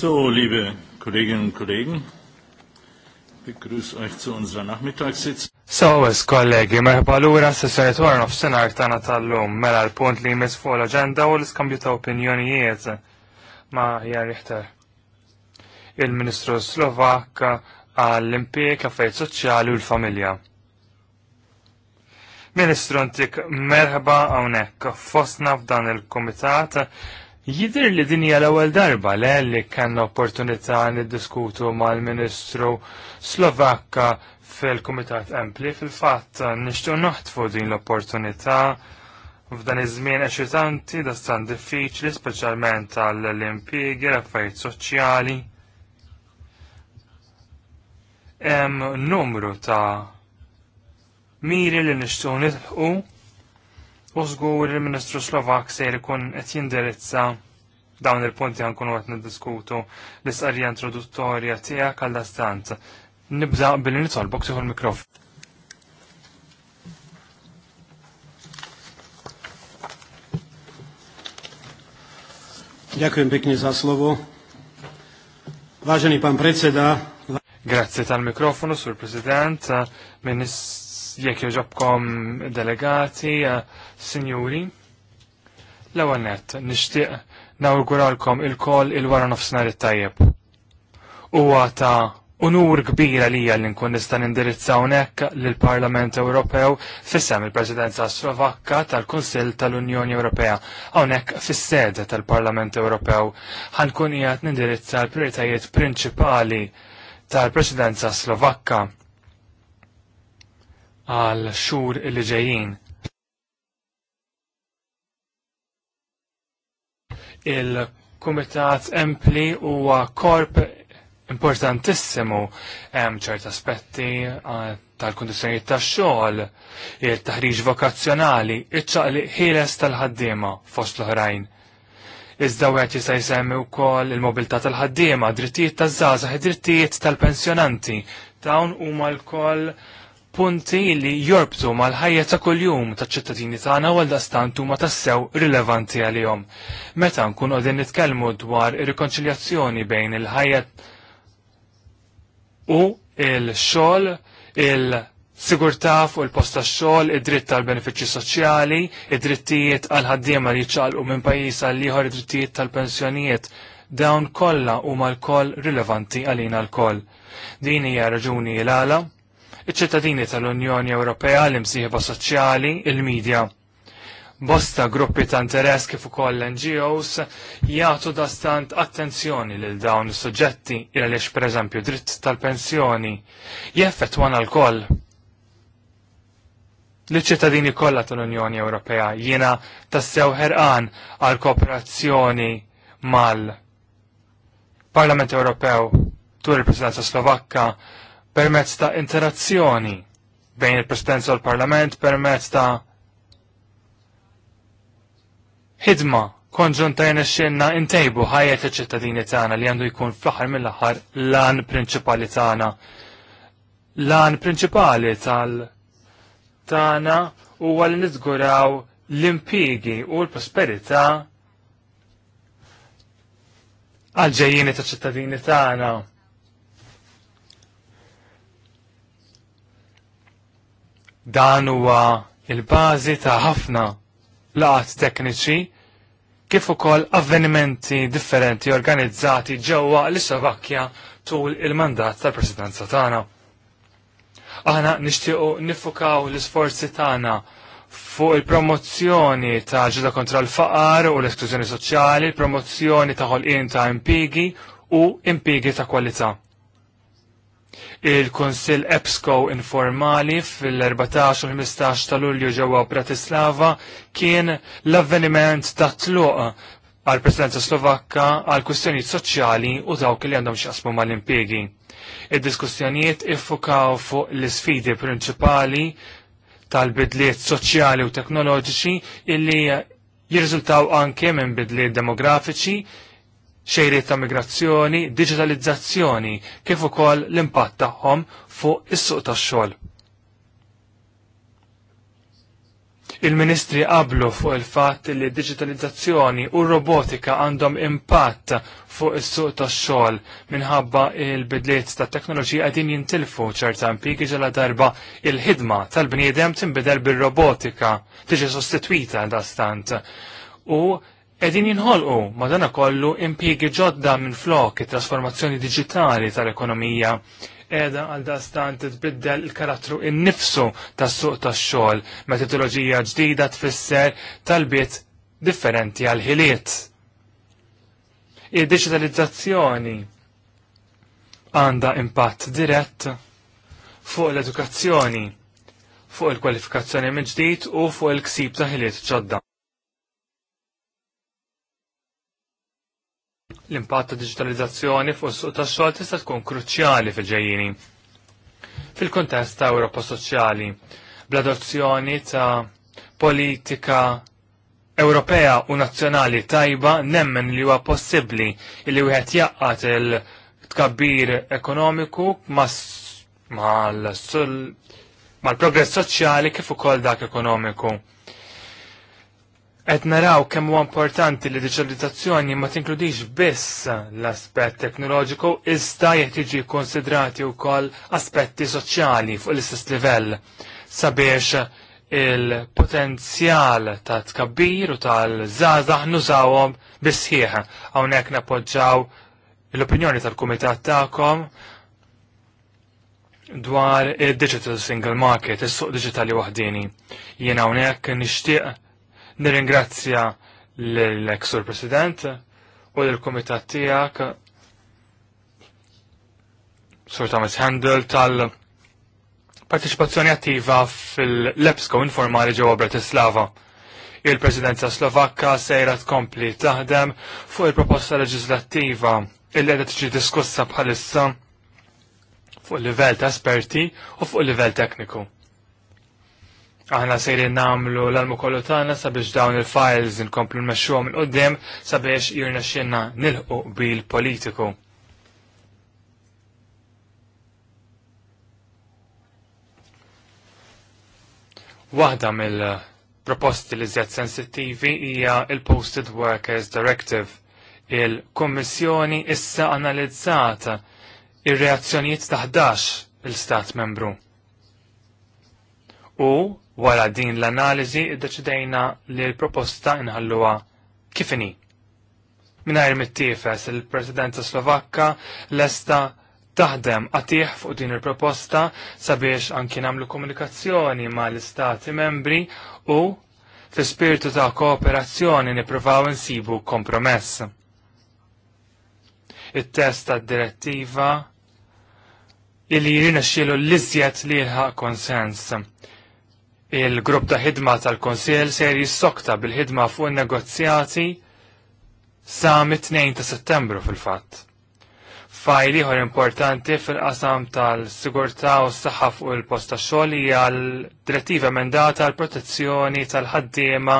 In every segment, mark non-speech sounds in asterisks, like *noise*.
So, liebe Kolleginnen und Kollegen, begrüße euch zu unserer Nachmittagssitzung. So, es kollegi, merħba l-ura s-sessjoni dwar nofsinar tana tal-lum, mela l-punt li jmiss fuq l-agenda u l-iskambju ta' opinjonijiet ma' jgħar iħtar. Il-Ministru Slovak għall-impiek, affarijiet soċjali u l-familja. Ministru, ntik merħba għonek, fosna f'dan il-komitat Jidir li dinja l-ewwel darba le li kanna opportunità niddiskutu mal-Ministru Slovakka fil-Kumitat Empli fil-fatt nixtu naħtfu din l-opportunità f'dan iż-żmien eċitanti da stan diffiċli speċjalment għall-impjiegi l-affarijiet soċjali. Hemm numru ta' miri li nixtu nilħu U il-Ministru Slovak se jkun qed jindirizza dawn il-punti għankunu għat niddiskutu l-istqarrija introduttorja tiegħek għal stant. Nibda billi nitolbok tieħu l-mikrof. Dziękuję pięknie za słowo. Ważny pan prezydent. Grazie tal mikrofonu, sur prezydent, ministr jekk joġobkom delegati, eh, sinjuri. L-ewwel nett nixtieq nawguralkom il-kol il-wara nofsinhar it-tajjeb. Huwa ta' unur kbira lija li nkun nista' nindirizza hawnhekk lill-Parlament Ewropew fissem il-Presidenza Slovakka tal-Kunsill tal-Unjoni Ewropea hawnhekk fis-sede tal-Parlament Ewropew ħankun qiegħed nindirizza l prioritajiet prinċipali tal-Presidenza Slovakka għal xhur li ġejjin. Il-Kumitat Empli huwa korp importantissimu hemm ċert aspetti eh, tal-kundizzjonijiet tax-xogħol, il-taħriġ vokazzjonali, iċ ħieles tal-ħaddiema fost l-oħrajn iżda wieħed jista' jsemmi wkoll il-mobilità tal-ħaddiema, drittijiet taż-żgħażagħ, drittijiet tal-pensjonanti. Dawn huma lkoll punti li jorbtu mal-ħajja ta' kuljum ta' ċittadini tagħna għal dastantu ma tassew rilevanti għalihom. Meta nkun qegħdin nitkellmu dwar ir-rikonċiljazzjoni bejn il-ħajja u il-xogħol, il-sigurtà fuq il posta tax-xogħol, id-dritt tal-benefiċċji soċjali, id-drittijiet għal ħaddiema li jċaqalqu minn pajjiż għal ieħor id-drittijiet tal-pensjonijiet dawn kollha huma l-koll rilevanti għalina l-koll. Din hija raġuni l-għala iċ-ċittadini tal-Unjoni Ewropea, l-imsieħba soċjali, il-medja. Bosta gruppi ta' interess kif ukoll NGOs jagħtu dastant attenzjoni lil dawn is-suġġetti għaliex pereżempju dritt tal-pensjoni jeffettwana l-koll. L-ċittadini kollha tal-Unjoni Ewropea jiena tassew ħerqan għal kooperazzjoni mal Parlament Ewropew tur il-Presidenza Slovakka permezz ta' interazzjoni bejn il-Presidenza u l-Parlament permezz ta' ħidma konġunta jnexxinna intejbu ħajjet iċ-ċittadini tagħna li għandu jkun fl-aħħar mill-aħħar lan prinċipali tagħna. Lan prinċipali tal tagħna huwa li niżguraw l-impigi u l-prosperità għal ġejjini ta' ċittadini tagħna. Ta Dan huwa il-bażi ta' ħafna laqat tekniċi kif ukoll avvenimenti differenti organizzati ġewwa l-Slovakkja tul il-mandat tal-Presidenza tagħna. Aħna nixtiequ nifukaw l-isforzi tagħna fuq il-promozzjoni ta' ġida kontra l-faqar u l-esklużjoni soċjali, promozzjoni ta' ħolqien ta' impigi u impigi ta' kwalità. Il-Konsil EPSCO informali fil-14 u 15 ta' Lulju ġewwa Bratislava kien l-avveniment ta' tluq għal presidenza Slovakka għal kwistjonijiet soċjali u dawk li għandhom x'jaqsmu mal-impjegi. Id-diskussjonijiet iffukaw fuq l-isfidi prinċipali tal-bidliet soċjali u teknoloġiċi illi jirriżultaw anke minn bidliet demografiċi, xejriet ta' migrazzjoni, digitalizzazzjoni, kif ukoll l-impatt tagħhom fuq is-suq tax-xogħol. Il-ministri qablu fuq il-fatt li digitalizzazzjoni u robotika għandhom impatt fuq is-suq tax-xogħol minħabba il-bidliet ta' teknoloġija qegħdin jintilfu ċerta impjiegi ġala darba il-ħidma tal-bniedem tinbidel bir-robotika tiġi sostitwita da stant u Edin jinħolqu madana kollu impiegi ġodda minn flok it-trasformazzjoni digitali tal-ekonomija edha għal dastan titbiddel il-karattru innifsu tas-suq tax-xogħol, metodoloġija ġdida tfisser talbiet differenti għal ħiliet. Id-digitalizzazzjoni għandha impatt dirett fuq l-edukazzjoni, fuq il-kwalifikazzjoni minn ġdid u fuq il-ksib ta' ħiliet ġodda. L-impatt ta' digitalizzazzjoni fuq is-suq tax-xogħol tista' tkun kruċjali fil-ġejjini. Fil-kuntest ta' Ewropa Soċjali, bl-adozzjoni ta' politika Ewropea u nazzjonali tajba nemmen li huwa possibbli li wieħed jaqqat il-tkabbir ekonomiku mal-progress soċjali kif ukoll dak ekonomiku. Qed naraw kemm huwa importanti li diġitalizzazzjoni ma tinkludix biss l-aspett teknoloġiku iżda tiġi konsidrati wkoll aspetti soċjali fuq l-istess livell sabiex il-potenzjal ta' tkabbir u tal-żgħażagħ nużawhom bisħieħ. Hawnhekk napoġġaw l-opinjoni tal-kumitat tagħkom dwar il-Digital Single Market, is-suq digitali waħdini. Jena hawnhekk nixtieq Nirringrazzja l-ex-sur president u l-komitat tijak Sur Thomas Handel tal partiċipazzjoni attiva fil-Lepsko informali ġewwa Bratislava. Il-Presidenza Slovakka sejra tkompli taħdem fuq il-proposta leġislattiva il qiegħda tiġi diskussa bħalissa fuq il livell ta' esperti u fuq il livell tekniku. Aħna sejrin namlu l-almu kollu tagħna sabiex dawn il-files nkomplu nmexxuhom il qudiem sabiex jirna xinna nilħu bil politiku. Waħda mill-proposti li żjed sensittivi hija il-Posted Workers Directive. Il-Kommissjoni issa analizzat ir-reazzjonijiet taħdax il-Stat membru. U Wara din l-analiżi deċidejna li l-proposta inħalluha kifini. Mingħajr mittiefes il-Presidenza Slovakka lesta taħdem għatiħ fuq din il-proposta sabiex anki nagħmlu komunikazzjoni mal-istati membri u fi spiritu ta' kooperazzjoni niprofaw insibu kompromess. Il-test ta' direttiva li jirina xilu l-izjet li jilħaq konsens. Il-grupp ta' ħidma tal-Konsil ser jissokta bil-ħidma fuq negozjati sa' mit-2 ta' settembru fil-fatt. Fajl ieħor importanti fil-qasam tal-sigurtà u s-saħħa fuq il-post ta' xogħol hija l-direttiva emendata għal protezzjoni tal-ħaddiema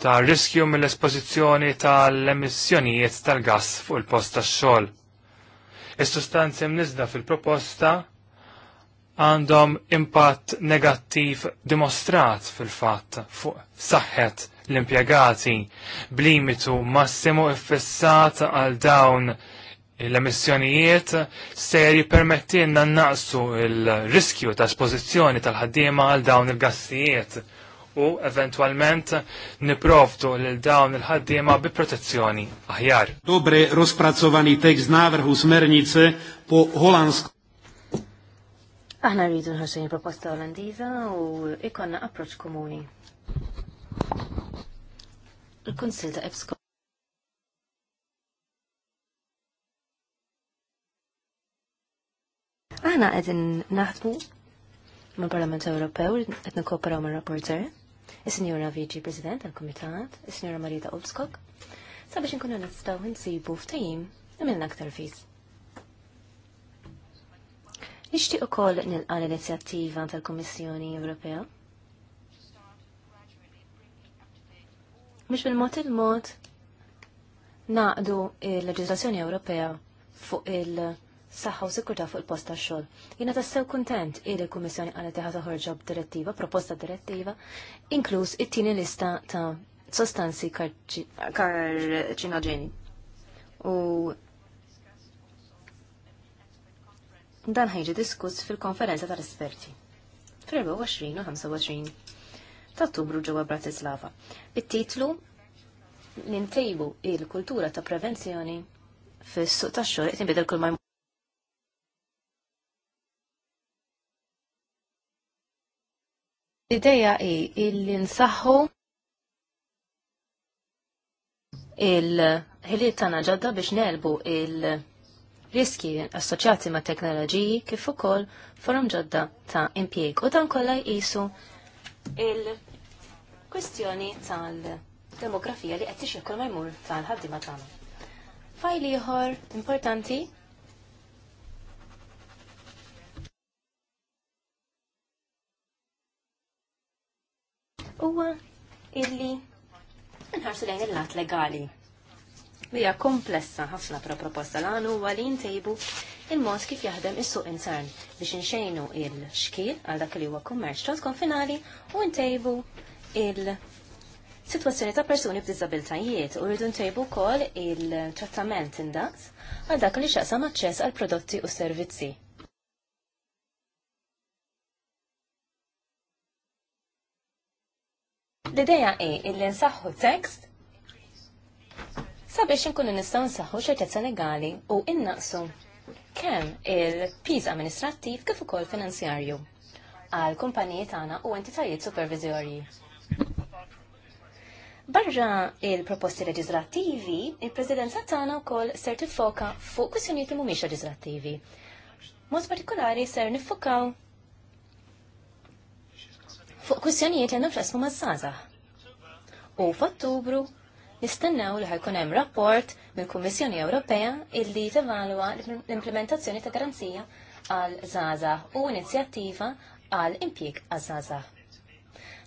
tar riskju mill-espożizzjoni tal-emissjonijiet tal-gass fuq il-post ta' xogħol. Is-sustanzi mniżda fil-proposta għandhom impatt negattiv dimostrat fil-fatt fuq saħħet l-impjegati blimitu massimu iffissat għal dawn l-emissjonijiet se jipermettilna naqsu il-riskju ta' espożizzjoni tal-ħaddiema għal dawn il-gassijiet u eventualment niprovdu lil dawn il-ħaddiema bi protezzjoni aħjar. Dobre rozpracowani tekst návrhu smernice po holandsku. Aħna rridu nħarsu proposta Olandiża u ikonna approċ komuni. Il-Kunsil ta' EBSCO. Aħna qegħdin naħdmu mal-Parlament Ewropew qed nikkooperaw mal rapporter is signora Vici President tal-Kumitat, is signora Marita Ulfskog, sabiex inkunu nistgħu nsibu ftajim, għamilna aktar fis. Nixtieq ukoll nilqa l-inizjattiva tal-Kummissjoni Ewropea. Mhux bil-mod il-mod naqdu l-leġiżlazzjoni Ewropea fuq il-saħħa u sikurta fuq il-post tax-xogħol. Jiena tassew kuntent il l-Kummissjoni qalet li toħorġa direttiva, proposta direttiva, inkluż it-tieni lista ta' sostanzi karċinogeni. U Dan ħajġi diskuss fil-konferenza tal-esperti. Fil-24 u 25 ta' Ottubru ġewwa Bratislava. It-titlu l-intejbu il-kultura ta' prevenzjoni fis-suq tax-xogħol qed inbidel kull ma' L-ideja i illi nsaħħu il-ħiliet tagħna ġodda biex nelbu il- riski assoċjati ma' teknoloġiji kif ukoll forum ġodda ta' impjieg u dan kollha jqisu il-kwestjoni tal-demografija li qed tixjekol ma jmur tal-ħaddiema tagħna. Fajl ieħor importanti huwa illi nħarsu lejn il-lat legali li hija komplessa ħafna pro proposta l għanu għalin li ntejbu il-mod kif jaħdem is-suq intern biex inxejnu il-xkil għal dak li huwa kummerċ transkonfinali u ntejbu il- Situazzjoni ta' persuni b'dizabiltajiet u rridu ntejbu kol il-trattament indaqs għal dak li xaqsam aċċess għal prodotti u servizzi. L-ideja il li nsaħħu tekst biex inkunu nistgħu nsaħħu ċertezza legali u innaqsu kemm il-piż amministrattiv kif ukoll finanzjarju għal kumpaniji tagħna u entitajiet supervizjorji. Barra il-proposti leġislattivi, il-Presidenza tagħna wkoll ser tiffoka fuq kwistjonijiet li mhumiex leġislattivi. Mod partikolari ser niffokaw fuq kwistjonijiet li għandhom x'asmu maż-żgħażagħ. U f'Ottubru nistennew li ħajkun hemm rapport mill-Kummissjoni Ewropea illi tevalwa l-implementazzjoni ta' garanzija għal zaza u inizjattiva għal impjieg għal zaza.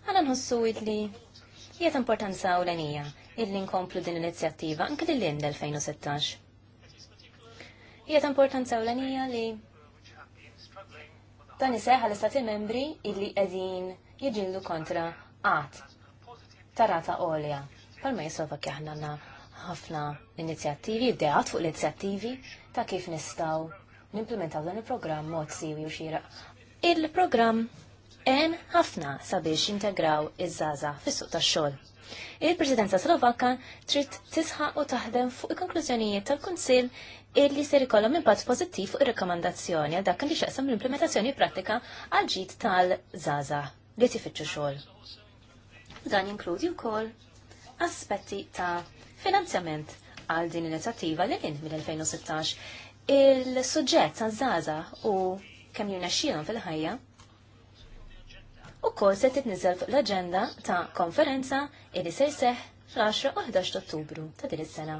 Għana nħossu li jiet importanza u l-enija illi nkomplu din l-inizjattiva anke l-lim 2016. Jiet importanza u l-enija li dan iseħ l istati membri illi edin jġillu kontra għat tarata olja Palma jisolva kjaħna ħafna inizjattivi, id-deħat fuq l-inizjattivi ta' kif nistaw nimplementaw dan il-programm mod siwi u xira. Il-programm en ħafna sabiex integraw iż-żaza fis-suq tax-xogħol. Il-Presidenza Slovakka trid tisħaq u taħdem fuq il-konklużjonijiet tal-Kunsill illi ser ikollhom impatt pożittiv fuq ir-rakkomandazzjoni għal dak li xaqsam l-implementazzjoni pratika għal ġid tal-żaza li tifittxu xogħol. Dan jinkludi wkoll aspetti ta' finanzjament għal din l-inizjattiva li kien mill-2016. Il-suġġett ta' Zaza u kemm jinaxxilhom fil-ħajja u kol se titniżel fuq l-agenda ta' konferenza li se jseħ 10 u 11 ottubru ta' din is-sena.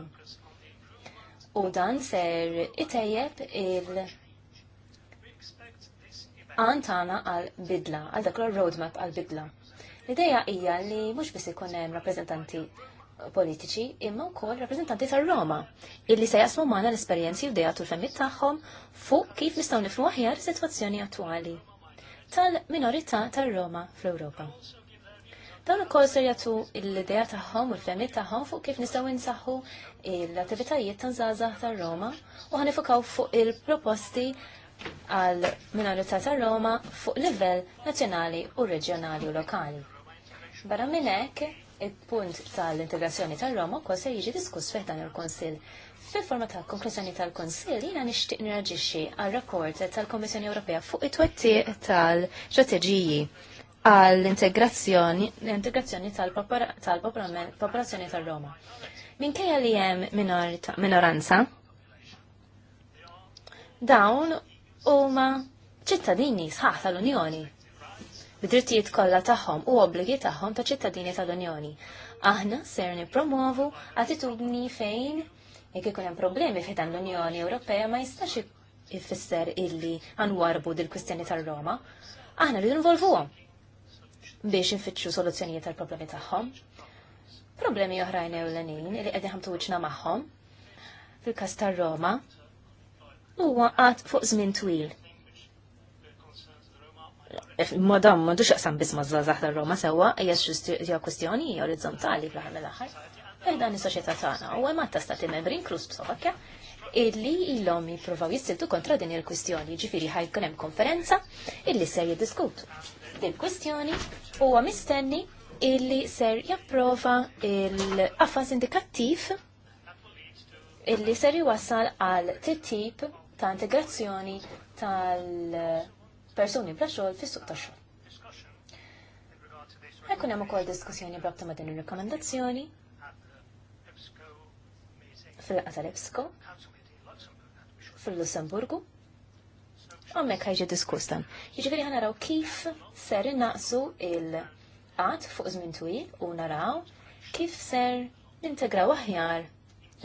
U dan ser itejjeb il- għan tagħna għal bidla, għal dak roadmap għal bidla. L-ideja hija li mhux biss ikun hemm rappreżentanti politiċi imma wkoll rappreżentanti tar-Roma illi se jaqsmu magħna l-esperjenzi u dejatu l-femmit tagħhom fuq kif nistgħu nifhmu aħjar sitwazzjoni attwali tal-minorità tar-Roma fl-Ewropa. Dawn ukoll se jagħtu l-idea tagħhom u l-femmit tagħhom fuq kif nistgħu insaħħu l-attivitajiet ta' żgħażagħ tar-Roma u ħanifukaw fuq il-proposti għal minorità tar-Roma fuq livell nazzjonali u reġjonali u lokali. Barra minn hekk, il-punt tal-integrazzjoni tal-Roma kwa se jiġi diskuss fiħdan il-Konsil. Fil-forma ta' konklużjoni tal-Konsil jiena nixtieq nirraġixxi għar-rapport tal komissjoni Ewropea fuq it twetti tal-strateġiji għall-integrazzjoni tal-popolazzjoni tal-Roma. Minkejja li hemm minoranza, dawn huma ċittadini sħaħ tal-Unjoni bid-drittijiet kollha tagħhom u obbligi tagħhom ta' ċittadini tal-Unjoni. Aħna ser nippromovu attitudni fejn jekk ikun hemm problemi fejn l-Unjoni Ewropea ma jistax ifisser illi għanwarbu dil-kwistjoni tal-Roma. Aħna rridu nvolvuhom biex infittxu soluzzjonijiet tal-problemi tagħhom. Problemi oħrajn ewlenin li qegħdin ħamtu wiċċna magħhom fil-każ tar-Roma huwa qatt fuq żmien twil madam m'għandux xaqsam biss ma' zazah tar-Roma sewwa hija hija kwestjoni orizzontali fl-aħħar mill-aħħar. Ejda eh, ni soċjetà tagħna u hemm ta' stati membri inkluż b'Slovakkja illi il-lom jiprofaw jissiltu kontra din il kustjoni ġifiri ħajkun hemm konferenza illi ser jiddiskutu. Din kwistjoni huwa mistenni illi ser japprova il-qafas indikattiv illi ser jwassal għal t-tip ta' integrazzjoni tal- persuni bla xogħol fis-suq tax-xogħol. Ekkun hemm ukoll diskussjoni b'rabta ma' din ir-rakkomandazzjoni fil-laqgħa tal-EBSCO fil-Lussemburgu. Għammek ħajġi diskuss dan. Jiġifieri ħa naraw kif ser innaqsu il-qatt fuq żmien twil u naraw kif ser nintegraw aħjar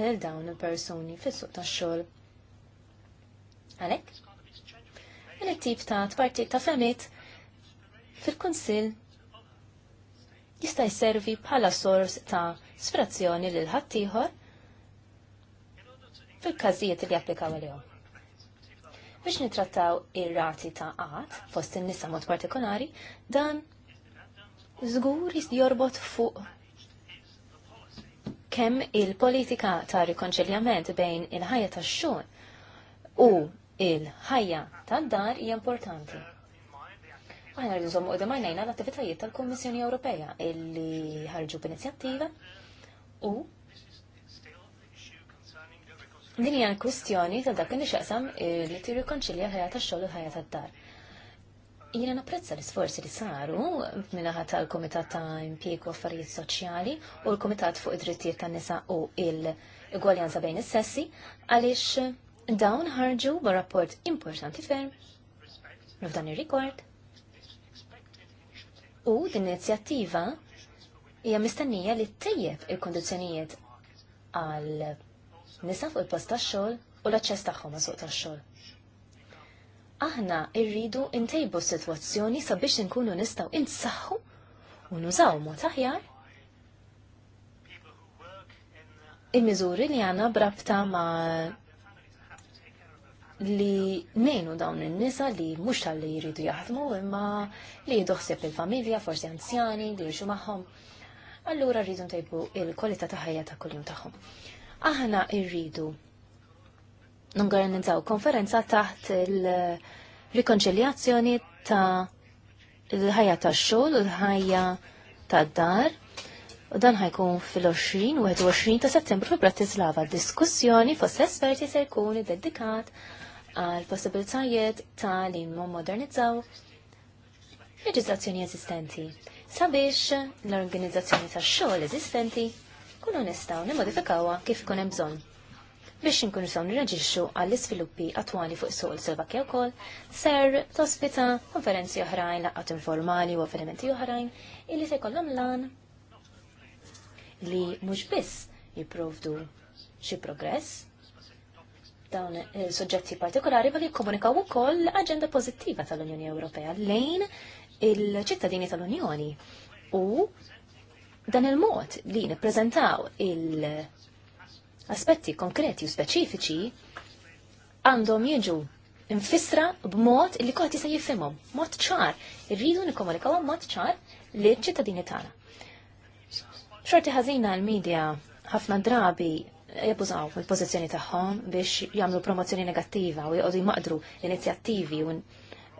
lil dawn il-persuni fis-suq tax-xogħol. Għalhekk? din it-tip ta' tpartit ta' femit fil-Kunsill jista' jservi bħala sors ta' sfrazzjoni lil ħaddieħor fil-każijiet li applikaw għalihom. Biex nitrattaw ir-rati ta' qat, fost in-nisa mod partikolari, dan żgur jorbot fuq kemm il-politika ta' rikonċiljament bejn il-ħajja tax-xogħol u il-ħajja tad-dar hija importanti. Aħna rridu nżommu qudiem għajnejna l-attivitajiet tal-Kummissjoni Ewropea illi ħarġu b'inizjattiva u din hija l-kwistjoni ta' dak li li tirrikonċilja l-ħajja tax-xogħol u l-ħajja tad-dar. Jiena napprezza l-isforzi li saru minnaħa tal kumitat ta' Impjieg u Affarijiet Soċjali u l kumitat fuq id-drittijiet tan-nisa u l-Igwaljanza bejn is-sessi għaliex Dawn ħarġu ba' rapport importanti ferm f'dan ir rekord U din inizjattiva hija mistennija li tejjeb il-kondizzjonijiet għal nisa fuq il-post tax-xogħol u l-aċċess tagħhom għas tax-xogħol. Aħna rridu ntejbu s-sitwazzjoni sabiex inkunu nistgħu insaħħu u nużaw mod aħjar il-miżuri li għandna brabta ma' li nejnu dawn il-nisa li mux tal-li jiridu jaħdmu imma li jidoħseb il-familja, forsi anzjani, li jirġu maħħom. Allura rridu ntajbu il kolita ta' ħajja ta' kuljum tagħhom. Aħna rridu ngarantizzaw konferenza taħt il-rikonċiljazzjoni ta' il-ħajja ta' xogħol u l-ħajja ta' dar. U dan ħajkun fil-20 u 21 ta' settembru fil Bratislava. Diskussjoni fost esperti se jkun dedikat għal possibilitajiet ta' li modernizzaw leġizlazzjoni eżistenti sabiex l-organizzazzjoni ta' xogħol eżistenti kunu nistgħu nimmodifikawha kif ikun hemm bżonn biex inkunu nistgħu nirreġixxu għall sviluppi attwali fuq suq il-Slovakkja wkoll ser tospita konferenzi oħrajn laqgħat informali u avvenimenti oħrajn illi se jkollhom lan li mhux biss jipprovdu xi progress dawn il eh, suġġetti partikolari ma jikkomunikaw ukoll l-aġenda pożittiva tal-Unjoni Ewropea lejn il-ċittadini tal-Unjoni. U dan il-mod li nippreżentaw il-aspetti konkreti u speċifiċi għandhom jiġu infissra b'mod li kħat jista' jifhimhom, mod ċar, irridu nikkomunikaw mod ċar li ċittadini tagħna. Xorti ħażina l-medja ħafna drabi jibbużaw il-pozizjoni tagħhom biex jagħmlu promozzjoni negattiva u jgħodu jmaqdru inizjattivi u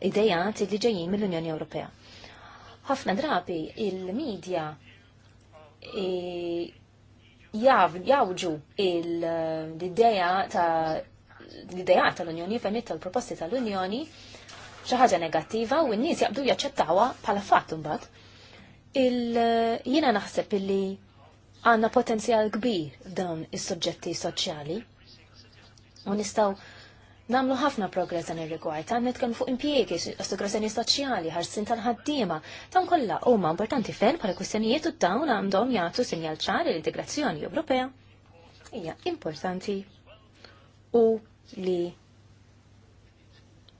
idejat li ġejjin mill-Unjoni Ewropea. Ħafna drabi il-medja jawġu l-ideja ta' l-ideja tal-Unjoni, femmit tal-proposti tal-Unjoni, ħaġa negattiva u n-nies jaqbdu jaċċettawha bħala fatt imbagħad. Jiena naħseb illi għanna potenzjal kbir f'dawn is-suġġetti soċjali. U nistaw namlu ħafna progress dan ir-rigward, għandna nitkellmu fuq impjiegi, assigurazzjoni soċjali, ħarsin tal-ħaddiema, dawn kollha huma importanti fejn bħala kwistjonijiet u dawn għandhom jagħtu sinjal ċar l-integrazzjoni Ewropea hija importanti u li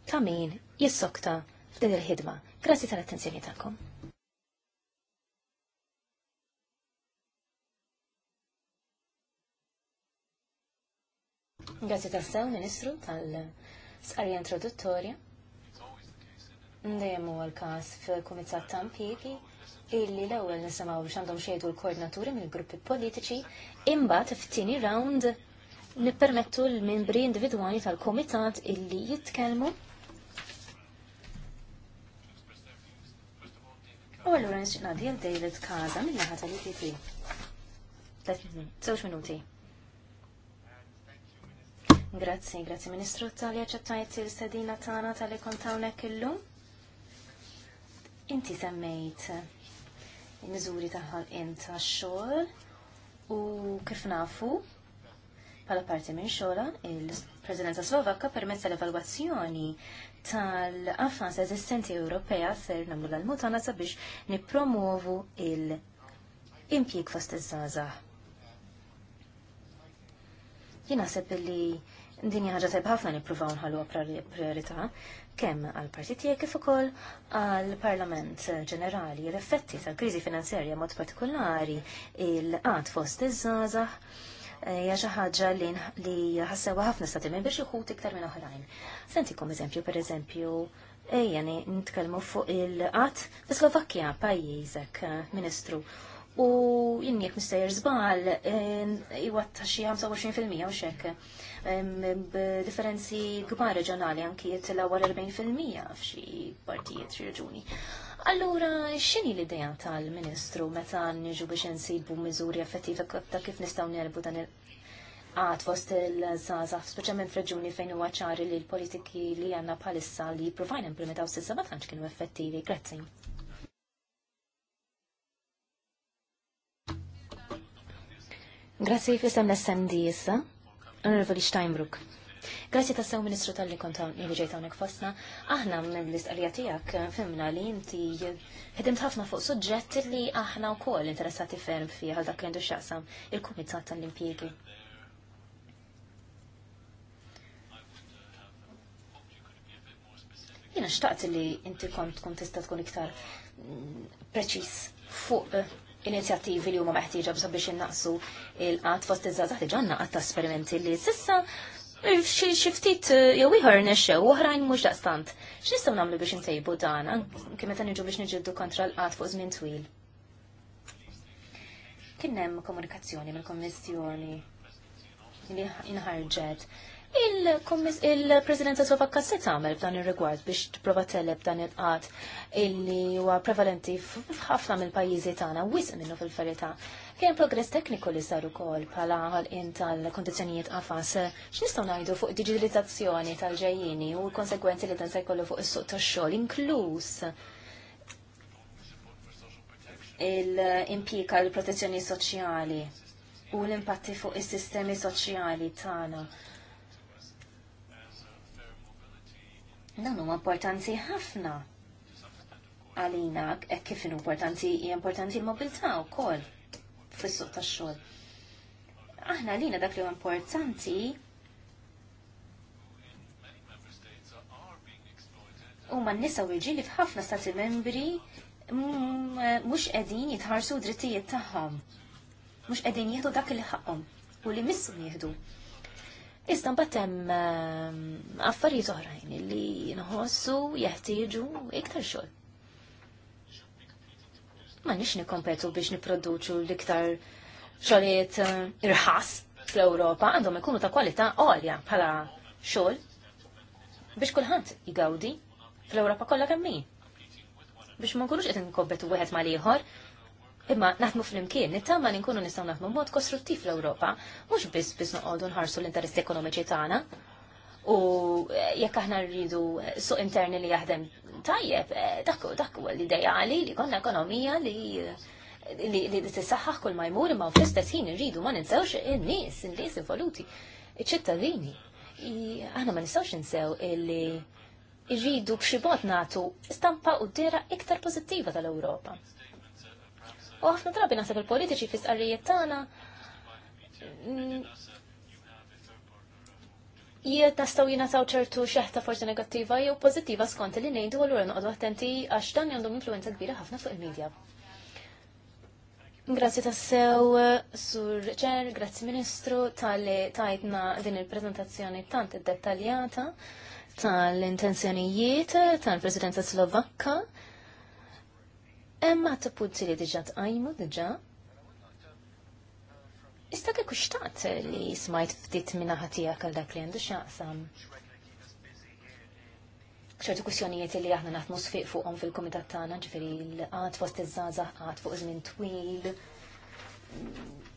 ta' min jissokta f'din il-ħidma. Grazzi tal-attenzjoni tagħkom. Grazie tassew, Ministru, tal-sqarja introduttorja. Dejjem għal-kas każ fil-Kumitat Tampiki illi l-ewwel nisimgħu biex għandhom xejdu l-koordinaturi mill-gruppi politiċi imbagħad f'tieni round nippermettu l-membri individwali tal-Kumitat illi jitkellmu U għallura nxinna David Kaza mill-ħata li tipi. Zewġ minuti. Grazzi, grazzi Ministru tal-li ċettajt il-sedina tana tal-li kontawnek illum. Inti semmejt il-mizuri taħħal inta għax-xogħol u kif nafu bħala parti minn xogħla il-Presidenza Slovakka permezz tal-evalwazzjoni tal-affans eżistenti Ewropea ser nagħmlu l-mutana sabiex nippromovu il impjik fost iż-żgħażagħ. Jien naħseb li Din hija ħaġa tajba ħafna nippruvaw nħalluha priorità kemm għal partitija kif ukoll għal Parlament Ġenerali l-effetti tal-kriżi finanzjarja mod partikolari il-qat fost iż-żgħażagħ hija xi ħaġa li ħassewa ħafna stati biex iħut iktar minn oħrajn. Sentikom eżempju pereżempju ejja nitkellmu fuq il-qatt fi Slovakkja pajjiżek Ministru u jinn jek mistajr zbal ta' xi 25% u xek. Differenzi kbar reġjonali anki jitilawar 40% f'xi partijiet xi reġuni. Allura, x'inhi l-idea tal-Ministru meta niġu biex insibu miżuri effettiva ta' kif nistgħu nerbu dan il- għad fost il-żaza, speċjalment f'reġuni fejn huwa ċari li l-politiki li għandna bħalissa li provajna implementaw sissa ma tantx kienu effettivi. Grazzi. Grazzi fissam l-SMD jissa, Onorevoli Steinbrook. Grazie ta' sew ministru tal-li konta li ġejta unek fosna, aħna minn l-istqalija tijak eh, fimna li inti ħedimt ħafna fuq suġġett li aħna u koll interessati ferm fi għal dak jendu xaqsam il-Kumitat tal-Impjegi. Jena xtaqt li inti kont tkun tista tkun iktar mm, preċis fuq inizjattivi li huma meħtieġa biex innaqsu il-qatt fost iż-żgħażagħ ġonna qatt esperimenti li sissa eh, xi ftit eh, jew ieħor nexxew oħrajn mhux daqstant. X'nistgħu nagħmlu biex intejbu dan anke meta niġu biex niġġieldu kontra l-qatt fuq żmien twil. Kien hemm komunikazzjoni mill-Kommissjoni li inħarġet Il-Presidenza Slovakka se tagħmel f'dan ir-rigward biex tipprova teleb dan il-qat illi huwa prevalenti f'ħafna mill-pajjiżi tagħna wisq minnu fil ferita Kien progress tekniku li sar ukoll bħala ħolqien tal-kondizzjonijiet qafas. X'nistgħu ngħidu fuq digitalizzazzjoni tal-ġejjini u l-konsegwenzi li dan se jkollu fuq is-suq tax-xogħol inkluż il impika l-protezzjoni soċjali u l-impatti fuq is-sistemi soċjali tagħna Dan huwa importanti ħafna għalina hekk kif importanti hija importanti l-mobilità wkoll fis-suq tax-xogħol. Aħna għalina dak li huwa importanti huma n-nisa u li f'ħafna stati membri mhux qegħdin jitħarsu drittijiet tagħhom. Mhux qegħdin jieħdu dak li ħakom u li missum jihdu. Iżda mbagħad hemm ehm, affarijiet oħrajn li nħossu jeħtieġu iktar xogħol. Ma nix nikompetu biex niproduċu l-iktar xogħlijiet eh, irħas fl-Ewropa għandhom ikunu ta' kwalità għolja bħala xogħol biex kulħadd jgawdi fl-Ewropa kollha kemm biex ma nkunux qed nkompetu wieħed mal ieħor imma naħdmu fl-imkien, nittama li nkunu nistgħu naħdmu mod kostruttiv fl-Ewropa, mhux biss biss noqogħdu nħarsu l-interessi ekonomiċi tagħna. U eh, jekk aħna rridu eh, suq interni li jaħdem tajjeb, eh, dak dak huwa l-ideali li konna ekonomija li li tissaħħaħ kull ma jmur imma fl-istess ħin irridu ma ninsewx in-nies, in-nies involuti, iċ-ċittadini. Aħna ma nistgħux insew illi irridu b'xi mod nagħtu stampa u dira iktar pożittiva tal-Ewropa. U ħafna drabi naħseb il-politiċi fi sqarrijiet tagħna mm, jiet nastaw taw ċertu xeħta forsi negattiva jew pozittiva skont li ngħidu allura noqogħdu attenti għax dan għandhom influenza kbira ħafna fuq il-medja. Grazzi tassew, Sur Ċer, grazzi Ministru, tal-li tajtna din il-prezentazzjoni tant dettaljata tal-intenzjonijiet tal-Presidenza Slovakka Emma ta' punti li diġa tqajmu diġa. Ista' kieku xtaqt li smajt ftit minna ħatija għal dak li għandu xaqsam. ċerti kussjonijiet li aħna naħdmu sfiq fuqhom fil-kumitat tagħna, ġifieri l qat fost iż-żgħażagħ qat fuq żmien twil.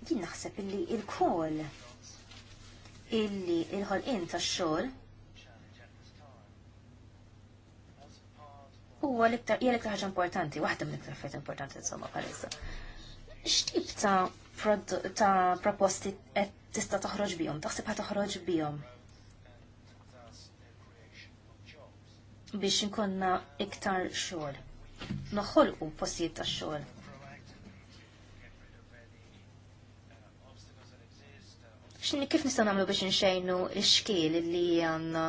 Jien naħseb illi l-kol illi l-ħolqien tax-xogħol huwa l-iktar jgħal l-iktar ħaġa importanti, waħda mill-iktar fejt importanti insomma bħalissa. X'tip ta' ta' proposti qed tista' toħroġ bihom, taħseb ħa toħroġ bihom biex nkunna iktar xogħol. Noħolqu postijiet ta' xogħol. X'inhi kif nistgħu nagħmlu biex inxejnu l-xkiel li għandna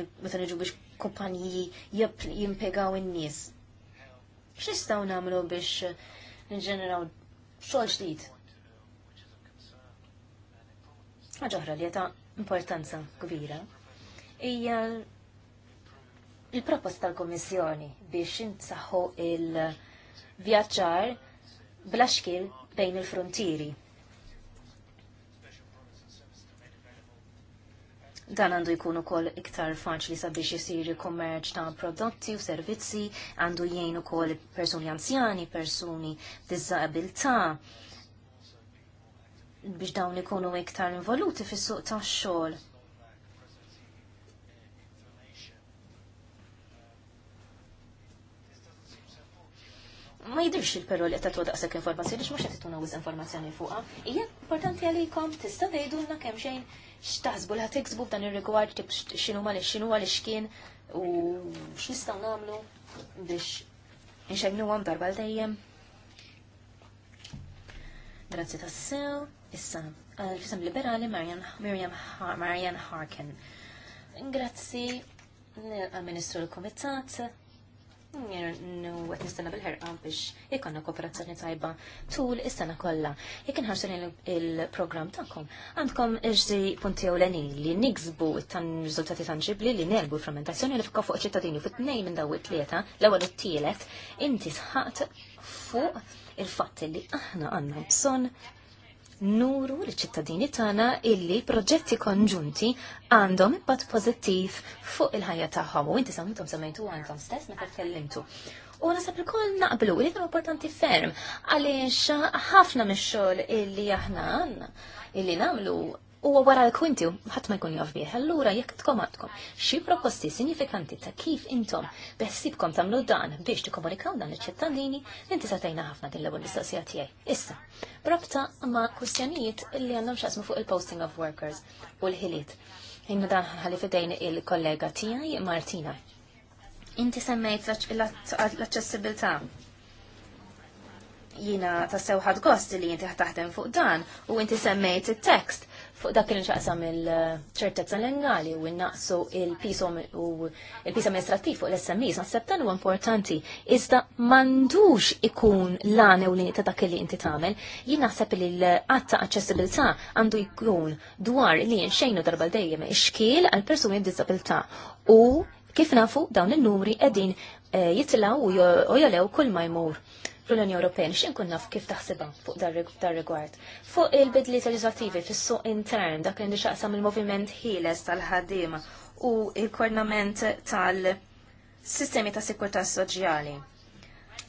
meta niġu biex kumpaniji jimpegaw in-nies. X'nistgħu nagħmlu biex nġeneraw xogħol ġdid? Ħaġa oħra li ta' importanza kbira hija il-proposta tal komissjoni biex insaħħu il-vjaġġar bla xkil bejn il-frontieri Dan għandu jkun ukoll iktar faċli sabiex isir kommerċ ta' prodotti u servizzi, għandu jgħin ukoll persuni anzjani, persuni b'diżabilità biex dawn ikunu iktar involuti fis-suq tax-xogħol. Ma jidirx il-peru li għetat daqsek informazzjoni, biex mux għetat tuna informazzjoni fuqa. Ija, importanti għalikom, tista' tgħidulna kemm xejn x'taħsbu li ħatiksbu f'dan ir-rigward tip xinu ma x'inhu għal x'kien u xnistaw nagħmlu biex nxegnu għam darba l dejjem. Grazzi tassew, issa fisem liberali Marian Harkin. Grazzi għal-Ministru l-Komitat għet nistenna bil ħerqa biex jikonna kooperazzjoni tajba tul is-sena kollha. Jekk il-programm tagħkom, għandkom iġdi punti u ewlenin li niksbu tan riżultati tanġibli li nelbu l-frammentazzjoni li fuq fuq ċittadini fuq tnejn minn daw it-tlieta, l-ewwel it-tielet, inti sħat fuq il fat li aħna għandna bżonn nuru l-ċittadini tagħna illi proġetti konġunti għandhom impatt pożittiv fuq il-ħajja tagħhom u inti sammitom semmejtu għandhom stess meta tkellimtu. U nasab il-koll naqblu li kien importanti ferm għaliex ħafna mix-xogħol illi aħna għandna illi nagħmlu u wara l-kunti ħadd ma jkun jaf għallura Allura jekk tkom xi proposti sinifikanti ta' kif intom bessibkom tagħmlu dan biex tikkomunikaw dan iċ-ċittadini, inti tagħtejna ħafna din l-ewwel mistoqsija tiegħi. Issa, Probta ma' kwistjonijiet li għandhom x'asmu fuq il-posting of workers u l-ħiliet. Imma dan ħalli il-kollega tiegħi Martina. Inti semmejt l-aċċessibilità jina ta' sewħad gost li jinti ħtaħdem fuq dan u inti semmejt il-tekst fuq dak il nxaqsam il-ċertezza l-ingali u naqsu il pisa amministrativ fuq l-SMIs, naħseb dan huwa importanti. Iżda m'għandux ikun l-għane u ta' dak li inti tagħmel, jien naħseb li l qatta ta' aċċessibilità għandu jkun dwar li nxejnu darba dejjem ixkiel għal persuni b'disabilità u kif nafu dawn in-numri qegħdin eh, jitilgħu u jolew kull ma jmur l-Unjoni Ewropea nixin kun naf kif taħsibha fuq dar rigward. Fuq il-bidliet leġislattivi fis-suq intern dak li xaqsam il-moviment ħieles tal-ħaddiema u il-kornament tal-sistemi ta' sikurtà soċjali.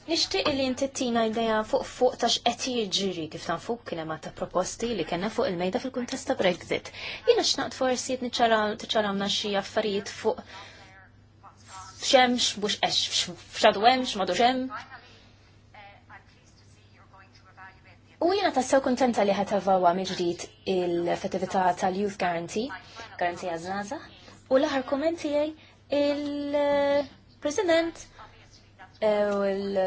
Nixtieq li inti tina idea fuq fuq tax qed jiġri kif tanfuk kien hemm ta' proposti li kellna fuq il-mejda fil-kuntest ta' Brexit. Jiena x'naqt forsi niċċaramna xi affarijiet fuq xemx, bux eċ, fxadu emx, madu xem, U jena sew kontenta li ħatavawa miġdijt il-fettività tal-Youth Guarantee, Guarantee għaznaza, u l-ħar kommenti il-President u il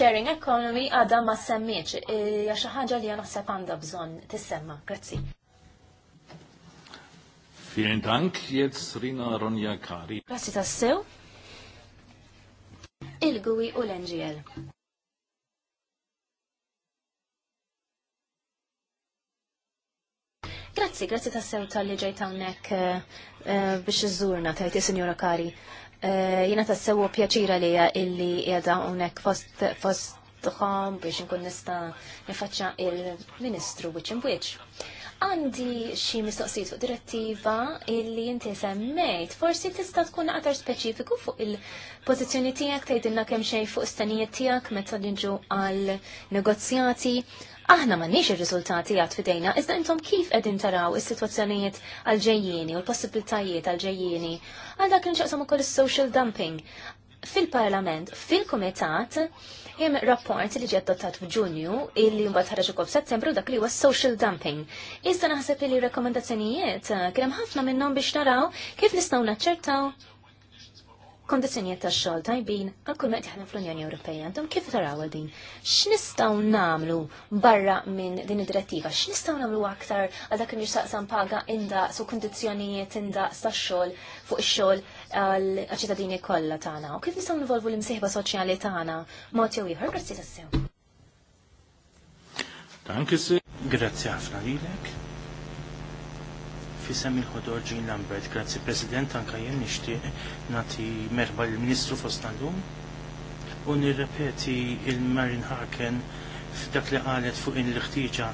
sharing economy għada ma semmiċ, jaxa ħagġa li naħseb għanda bżon tissemma, grazzi. Vielen Dank, jetzt Rina Ronja Kari. Grazie tassew il gwi u l-NGL. Grazzi, grazzi tassew tal-li ġejt hawnhekk eh, eh, biex iżurna tajti Sinjora Kari. Eh, Jiena tassew pjaċira li illi qiegħda hawnhekk fost tagħhom biex inkun nista' nifaċċa il-Ministru wiċċ imwiċċ. Għandi xi mistoqsijiet fuq direttiva illi inti semmejt, forsi tista' tkun għatar speċifiku fuq il-pożizzjoni tiegħek tgħidilna kemm xejn fuq stanijiet tiegħek meta niġu għal negozjati Aħna m'għandniex ir-riżultati għad fidejna, iżda intom kif edin taraw is-sitwazzjonijiet għal ġejjini u l-possibilitajiet għal ġejjini. għal dak li nxaqsam ukoll is-social dumping fil-Parlament, fil-Kumitat, jem rapport li ġi dottat f'Ġunju illi mbagħad ħareġ ukoll f'Settembru dak li huwa social dumping. Iżda naħseb li rekomendazzjonijiet eh, kien hemm ħafna minnhom biex naraw kif nistgħu naċċertaw kondizzjonijiet tax-xogħol tajbin għal kull meqt jaħdem fl-Unjoni Ewropea. Intom kif taraw din? X'nistgħu nagħmlu barra minn din id-direttiva? X'nistgħu nagħmlu aktar għal dak li saqsam paga indaqs u kondizzjonijiet indaqs tax-xogħol fuq ix-xogħol għal-ċittadini kollha tagħna u kif nistgħu nivolvu l-imsieħba soċjali tagħna mod jew ieħor grazzi tassew. Danke si. Grazzi ħafna lilek. Fisem il-ħodor ġin Lambert, grazzi President, anka jen nixtieq nagħti merba l-Ministru fostna llum u nirrepeti il-Marin Haken f'dak li qalet fuq in l-ħtieġa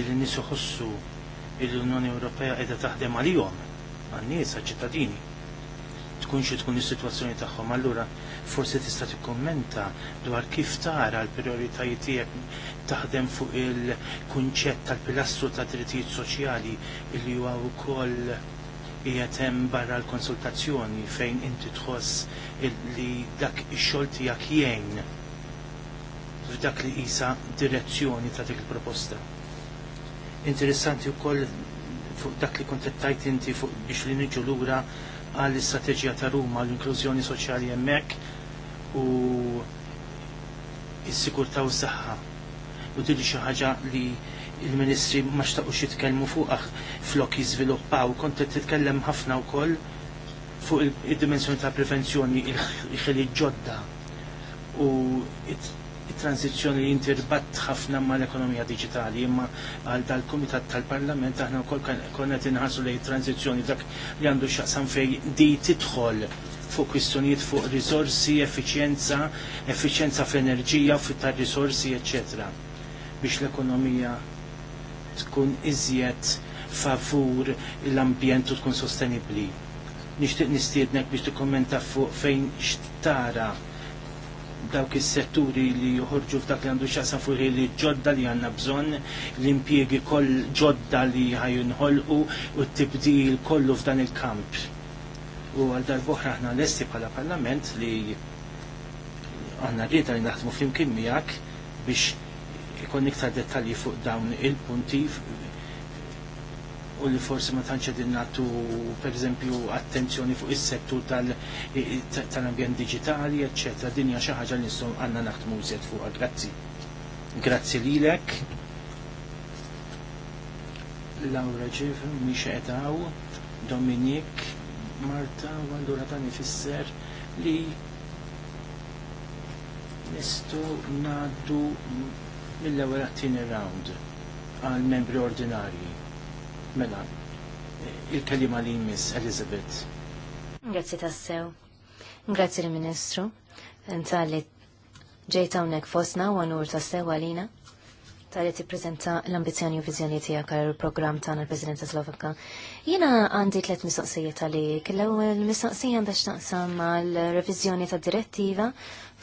il nisuħussu il-Unjoni Ewropea qiegħda taħdem għalihom għal nies għal ċittadini Tkun xi tkun is-sitwazzjoni tagħhom, allura forsi tista' tikkummenta dwar kif tara l prioritajiet tiegħek taħdem fuq il-kunċett tal-pilastru ta' drittijiet soċjali li huwa wkoll qiegħed hemm barra l-konsultazzjoni fejn inti tħoss li dak ix-xogħol tiegħek jgħin f'dak li qisha direzzjoni ta' dik il-proposta. Interessanti wkoll fuq dak li kont qed tajt inti fuq biex li niġu lura għall istrateġija ta' Ruma l-inklużjoni soċjali hemmhekk u s-sigurtà u s-saħħa. U dili xi ħaġa li il-ministri ma xtaqux jitkellmu fuq flok jiżviluppaw, kont qed titkellem ħafna wkoll fuq id-dimensjoni ta' prevenzjoni il-ħili ġodda u transizzjoni li jintirbatt ħafna mal ekonomija diġitali, imma għal dal komitat tal-Parlament aħna wkoll konna tinħarsu lejn transizzjoni dak li għandu x'aqsam fejn di titħol fuq kwistjonijiet fuq risorsi, effiċjenza, effiċjenza fl-enerġija, fit tar risorsi, eċetera. biex l-ekonomija tkun iżjed favur l-ambjent u tkun sostenibbli. Nixtieq nistiednek biex tikkommenta fuq fejn xtara dawk is-setturi li joħorġu f'dak li għandu xaqsa fuq li ġodda li għandna bżonn, l-impjiegi koll ġodda li ħajunħolqu u t-tibdil kollu f'dan il-kamp. U għal darbohra aħna esti bħala parlament li għanna rrida li naħdmu flimkien miegħek biex ikon iktar dettalji fuq dawn il-punti u li forsi ma tantx qegħdin nagħtu eżempju attenzjoni fuq is-settur tal-ambjent digitali ecc. Din hija xi ħaġa li nistgħu għandna naħdmu wżed fuq. Grazzi. Grazzi lilek. Laura Ġif, Misha Edaw, Dominik, Marta, u għallura fisser li nistu ngħaddu mill-ewwel round għal membri ordinarji Mela, il-kelima li jmiss Elizabeth. Grazie tassew. Grazzi il ministru. Intali li ġejta unnek fosna u għanur tassew għalina. Tali ti prezenta l-ambizjoni u vizjoni tiegħek għal program tagħna l-Presidenza Slovakka. Jiena għandi tliet mistoqsijiet għali. Killaw il-mistoqsija biex taqsam għal revizjoni ta' direttiva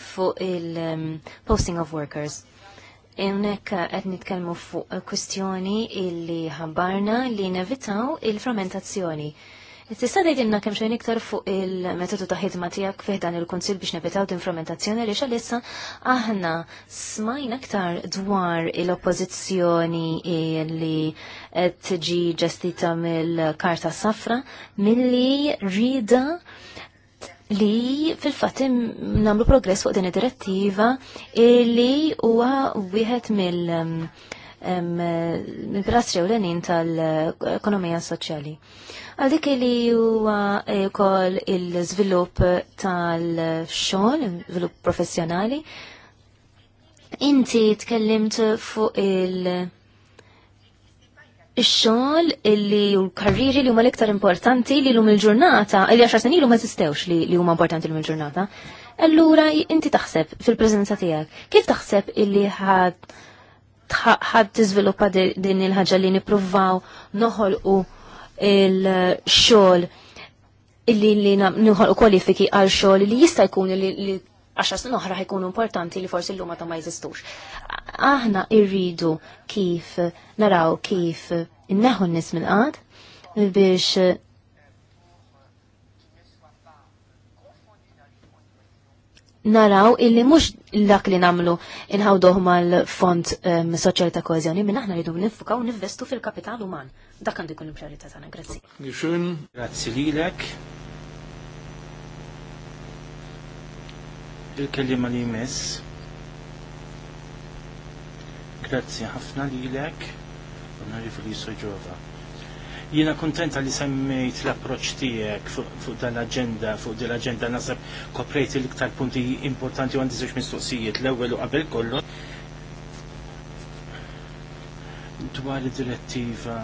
fuq il-posting of workers Hemmhekk qed nitkellmu fuq kwistjoni illi ħabbarna li nevitaw il-fermentazzjoni. Tista' tgħidilna kemm xejn iktar fuq il-metodu ta' ħidma tiegħek fih dan il-kunsil biex nevitaw din fermentazzjoni għaliex għalissa aħna smajna aktar dwar il-oppożizzjoni li qed tiġi ġestita mill-Karta Safra milli rida li fil-fatt namlu progress fuq din id-direttiva li huwa wieħed mill- mill-pilastri u l-enin tal-ekonomija soċjali. Għaldik li huwa eh, kol il-żvilupp tal-xogħol, żvilupp professjonali, inti tkellimt fuq il- xogħol illi u l-karriri li huma l-iktar importanti li lum il-ġurnata, illi għaxar snin ilu ma tistewx li huma importanti lum il-ġurnata. Allura inti taħseb fil-preżenza tiegħek, kif taħseb illi ħad tiżviluppa din il-ħaġa li nippruvaw noħolqu il-xogħol illi li nħolqu kwalifiki għal xogħol li jista' jkun li għaxa snin oħra ħajkunu importanti li forsi l ta' ma jizistux. Aħna irridu kif naraw kif inneħu n-nis minn qad biex naraw illi mux dak li namlu inħawduh mal-fond um, soċjal ta' kohezjoni minn aħna rridu nifukaw nivvestu fil-kapital uman. Dak għandu jkun il-priorità tagħna, grazzi. Grazzi lilek. il-kelima li jmiss. Grazzi ħafna li l-ek, onorifli soġova. Jina kontenta li semmejt l-approċ tijek fuq dan l-agenda, fuq dan l-agenda nasab koprejt l-iktar punti importanti għandi zewġ mistoqsijiet l-ewwel u qabel kollu. Dwar id-direttiva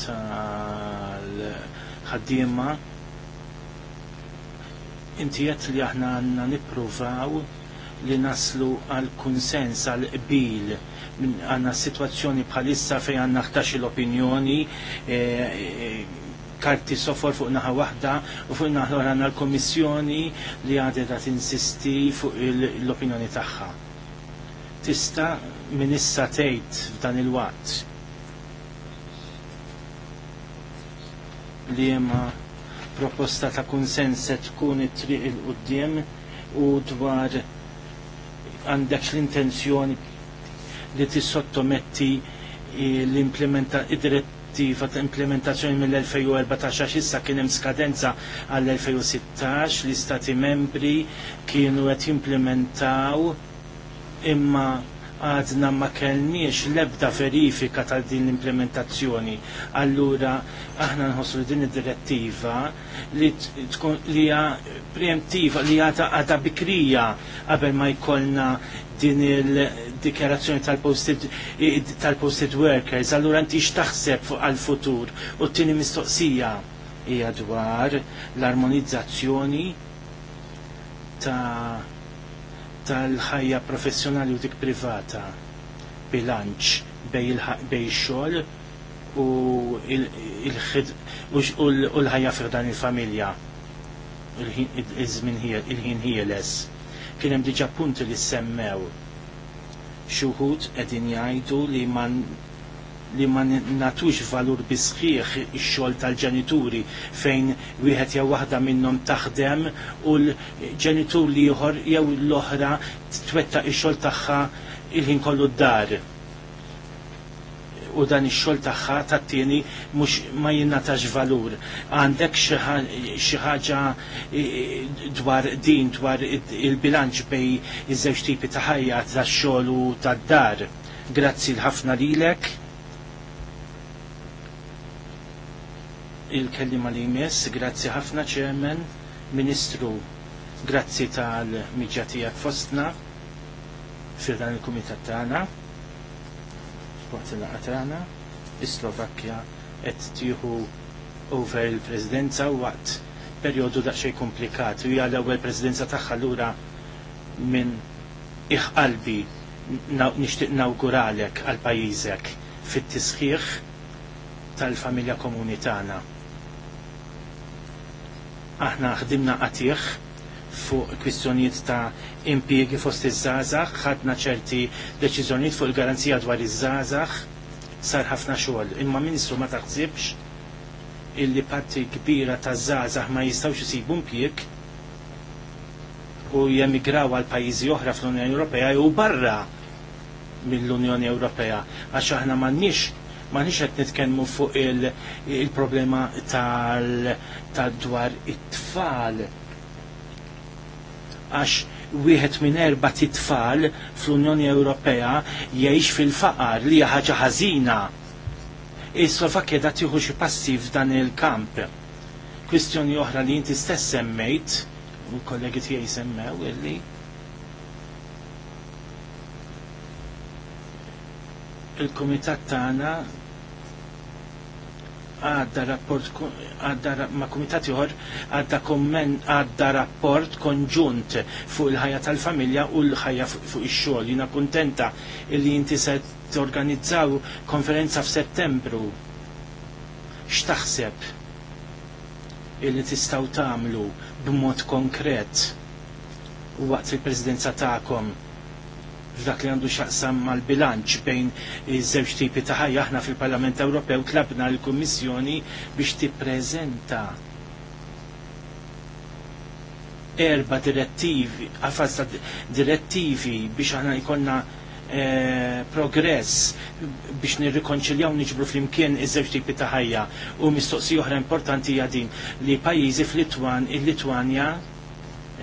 tal-ħaddiema Inti li aħna għandna nippruvaw li naslu għal kunsens għal qbil għanna situazzjoni bħalissa fejn għanna ħtax l-opinjoni e, e, karti sofor fuq naħa wahda u fuq naħa għanna l-komissjoni li għadeda tinsisti fuq l-opinjoni tagħha. Tista minissa issa tgħid f'dan il-waqt li proposta ta' konsens se tkun it-triq il-qudiem u dwar għandek l-intenzjoni li tissottometti l-direttiva ta' implementazzjoni mill-2014 issa kien hemm skadenza għall-2016 l-istati membri kienu qed jimplementaw imma għadna ma kellniex l-ebda verifika ta' din l-implementazzjoni. Allura aħna nħossu din id-direttiva li hija preemptiva li għadha bikrija qabel ma jkollna din il-dikjarazzjoni tal-posted tal workers. Allura nti x'taħseb għal-futur u t-tieni mistoqsija hija dwar l-armonizzazzjoni ta' tal-ħajja professjonali u dik privata bilanċ bej xogħol u l-ħajja f'dan il-familja il-ħin hieles. Kien hemm diġà punti li semmew xuħut edin qegħdin jgħidu li man li ma natux valur bisħiħ ix-xogħol tal-ġenituri fejn wieħed jew waħda minnhom taħdem u l-ġenitur li jħor jew l-oħra twettaq ix-xogħol tagħha il-ħin kollu d-dar u dan ix-xogħol tagħha tat-tieni mhux ma jinnatax valur. Għandek xi ħaġa dwar din dwar il-bilanċ bej iż-żewġ tipi ta' ħajja tax-xogħol u tad-dar. Grazzi l-ħafna lilek. il-kellima li jmiss, grazzi ħafna ċemen, ministru, grazzi tal-mijġa tijak fostna fil dan il-komitat tagħna, sport il-laqa tagħna, is-Slovakkja qed tieħu over il-presidenza waqt perjodu daqsxejn komplikat u hija l-ewwel presidenza tagħha lura minn iħqalbi nixtieq nawguralek għal pajjiżek fit-tisħiħ tal-familja komunitana. tagħna aħna ħdimna qatih fuq kwistjonijiet ta' impjiegi fost iż-żgħażagħ, ħadna ċerti deċiżjonijiet fuq il-garanzija dwar iż-żgħażagħ, sar ħafna xogħol. Imma Ministru ma taħsibx illi parti kbira ta' żgħażagħ ma jistgħux isibu impjieg u jemigraw għal pajjiżi oħra fl-Unjoni Ewropea jew barra mill-Unjoni Ewropea għax aħna m'għandniex ma nix qed nitkellmu fuq il-problema tal-dwar it-tfal. Għax wieħed minn erba' titfal fl-Unjoni Ewropea jgħix fil-faqar li hija ħaġa ħażina. Is-Slovakkja da tieħu xi passi f'dan il-kamp. Kwistjoni oħra li inti stess semmejt u kollegi tiegħi semmew illi il-Kumitat tagħna għadda rapport għadda ma' kumitat ieħor għadda kommen għadda rapport konġunt fuq il-ħajja tal-familja u l-ħajja fuq ix-xogħol. Jiena kuntenta li inti se torganizzaw konferenza f'Settembru. X'taħseb illi tistgħu tagħmlu b'mod konkret waqt il-presidenza tagħkom? f'dak li għandu xaqsam mal-bilanċ bejn iż-żewġ tipi ta' ħajja aħna fil-Parlament Ewropew tlabna l-Kummissjoni biex tippreżenta erba direttivi, għafasta direttivi biex aħna jkollna e, progress biex nirrikonċiljaw niġbru fl-imkien iż-żewġ tipi ta' ħajja u mistoqsija oħra importanti hija din li pajjiżi fl-Litwan il-Litwanja il litwanja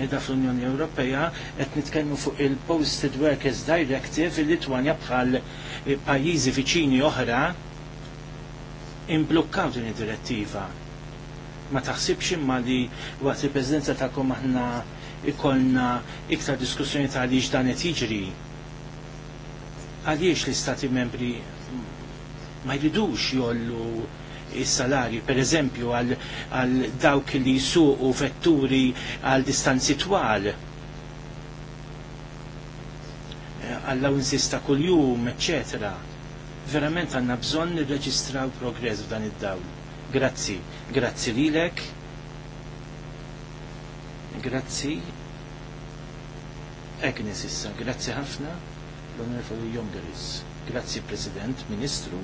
edha fl-Unjoni Ewropea qed nitkellmu fuq il-Posted Workers Directive il-Litwanja bħal pajjiżi viċini oħra imblukkaw din id-direttiva. Ma taħsibx imma li waqt il-Presidenza tagħkom aħna ikollna iktar diskussjoni ta' għaliex dan qed jiġri. Għaliex l-Istati membri ma jridux jollu il-salari, per eżempju għal dawk li jisuqu vetturi għal distanzi twal eh, għall-awnsis kull kuljum, eccetera. Verament għanna bżon nirreġistraw progress f'dan id-dawl. Grazzi, grazzi lilek. Grazzi. Agnes issa, grazzi ħafna l-Onorevoli Jongeris. Grazzi President, Ministru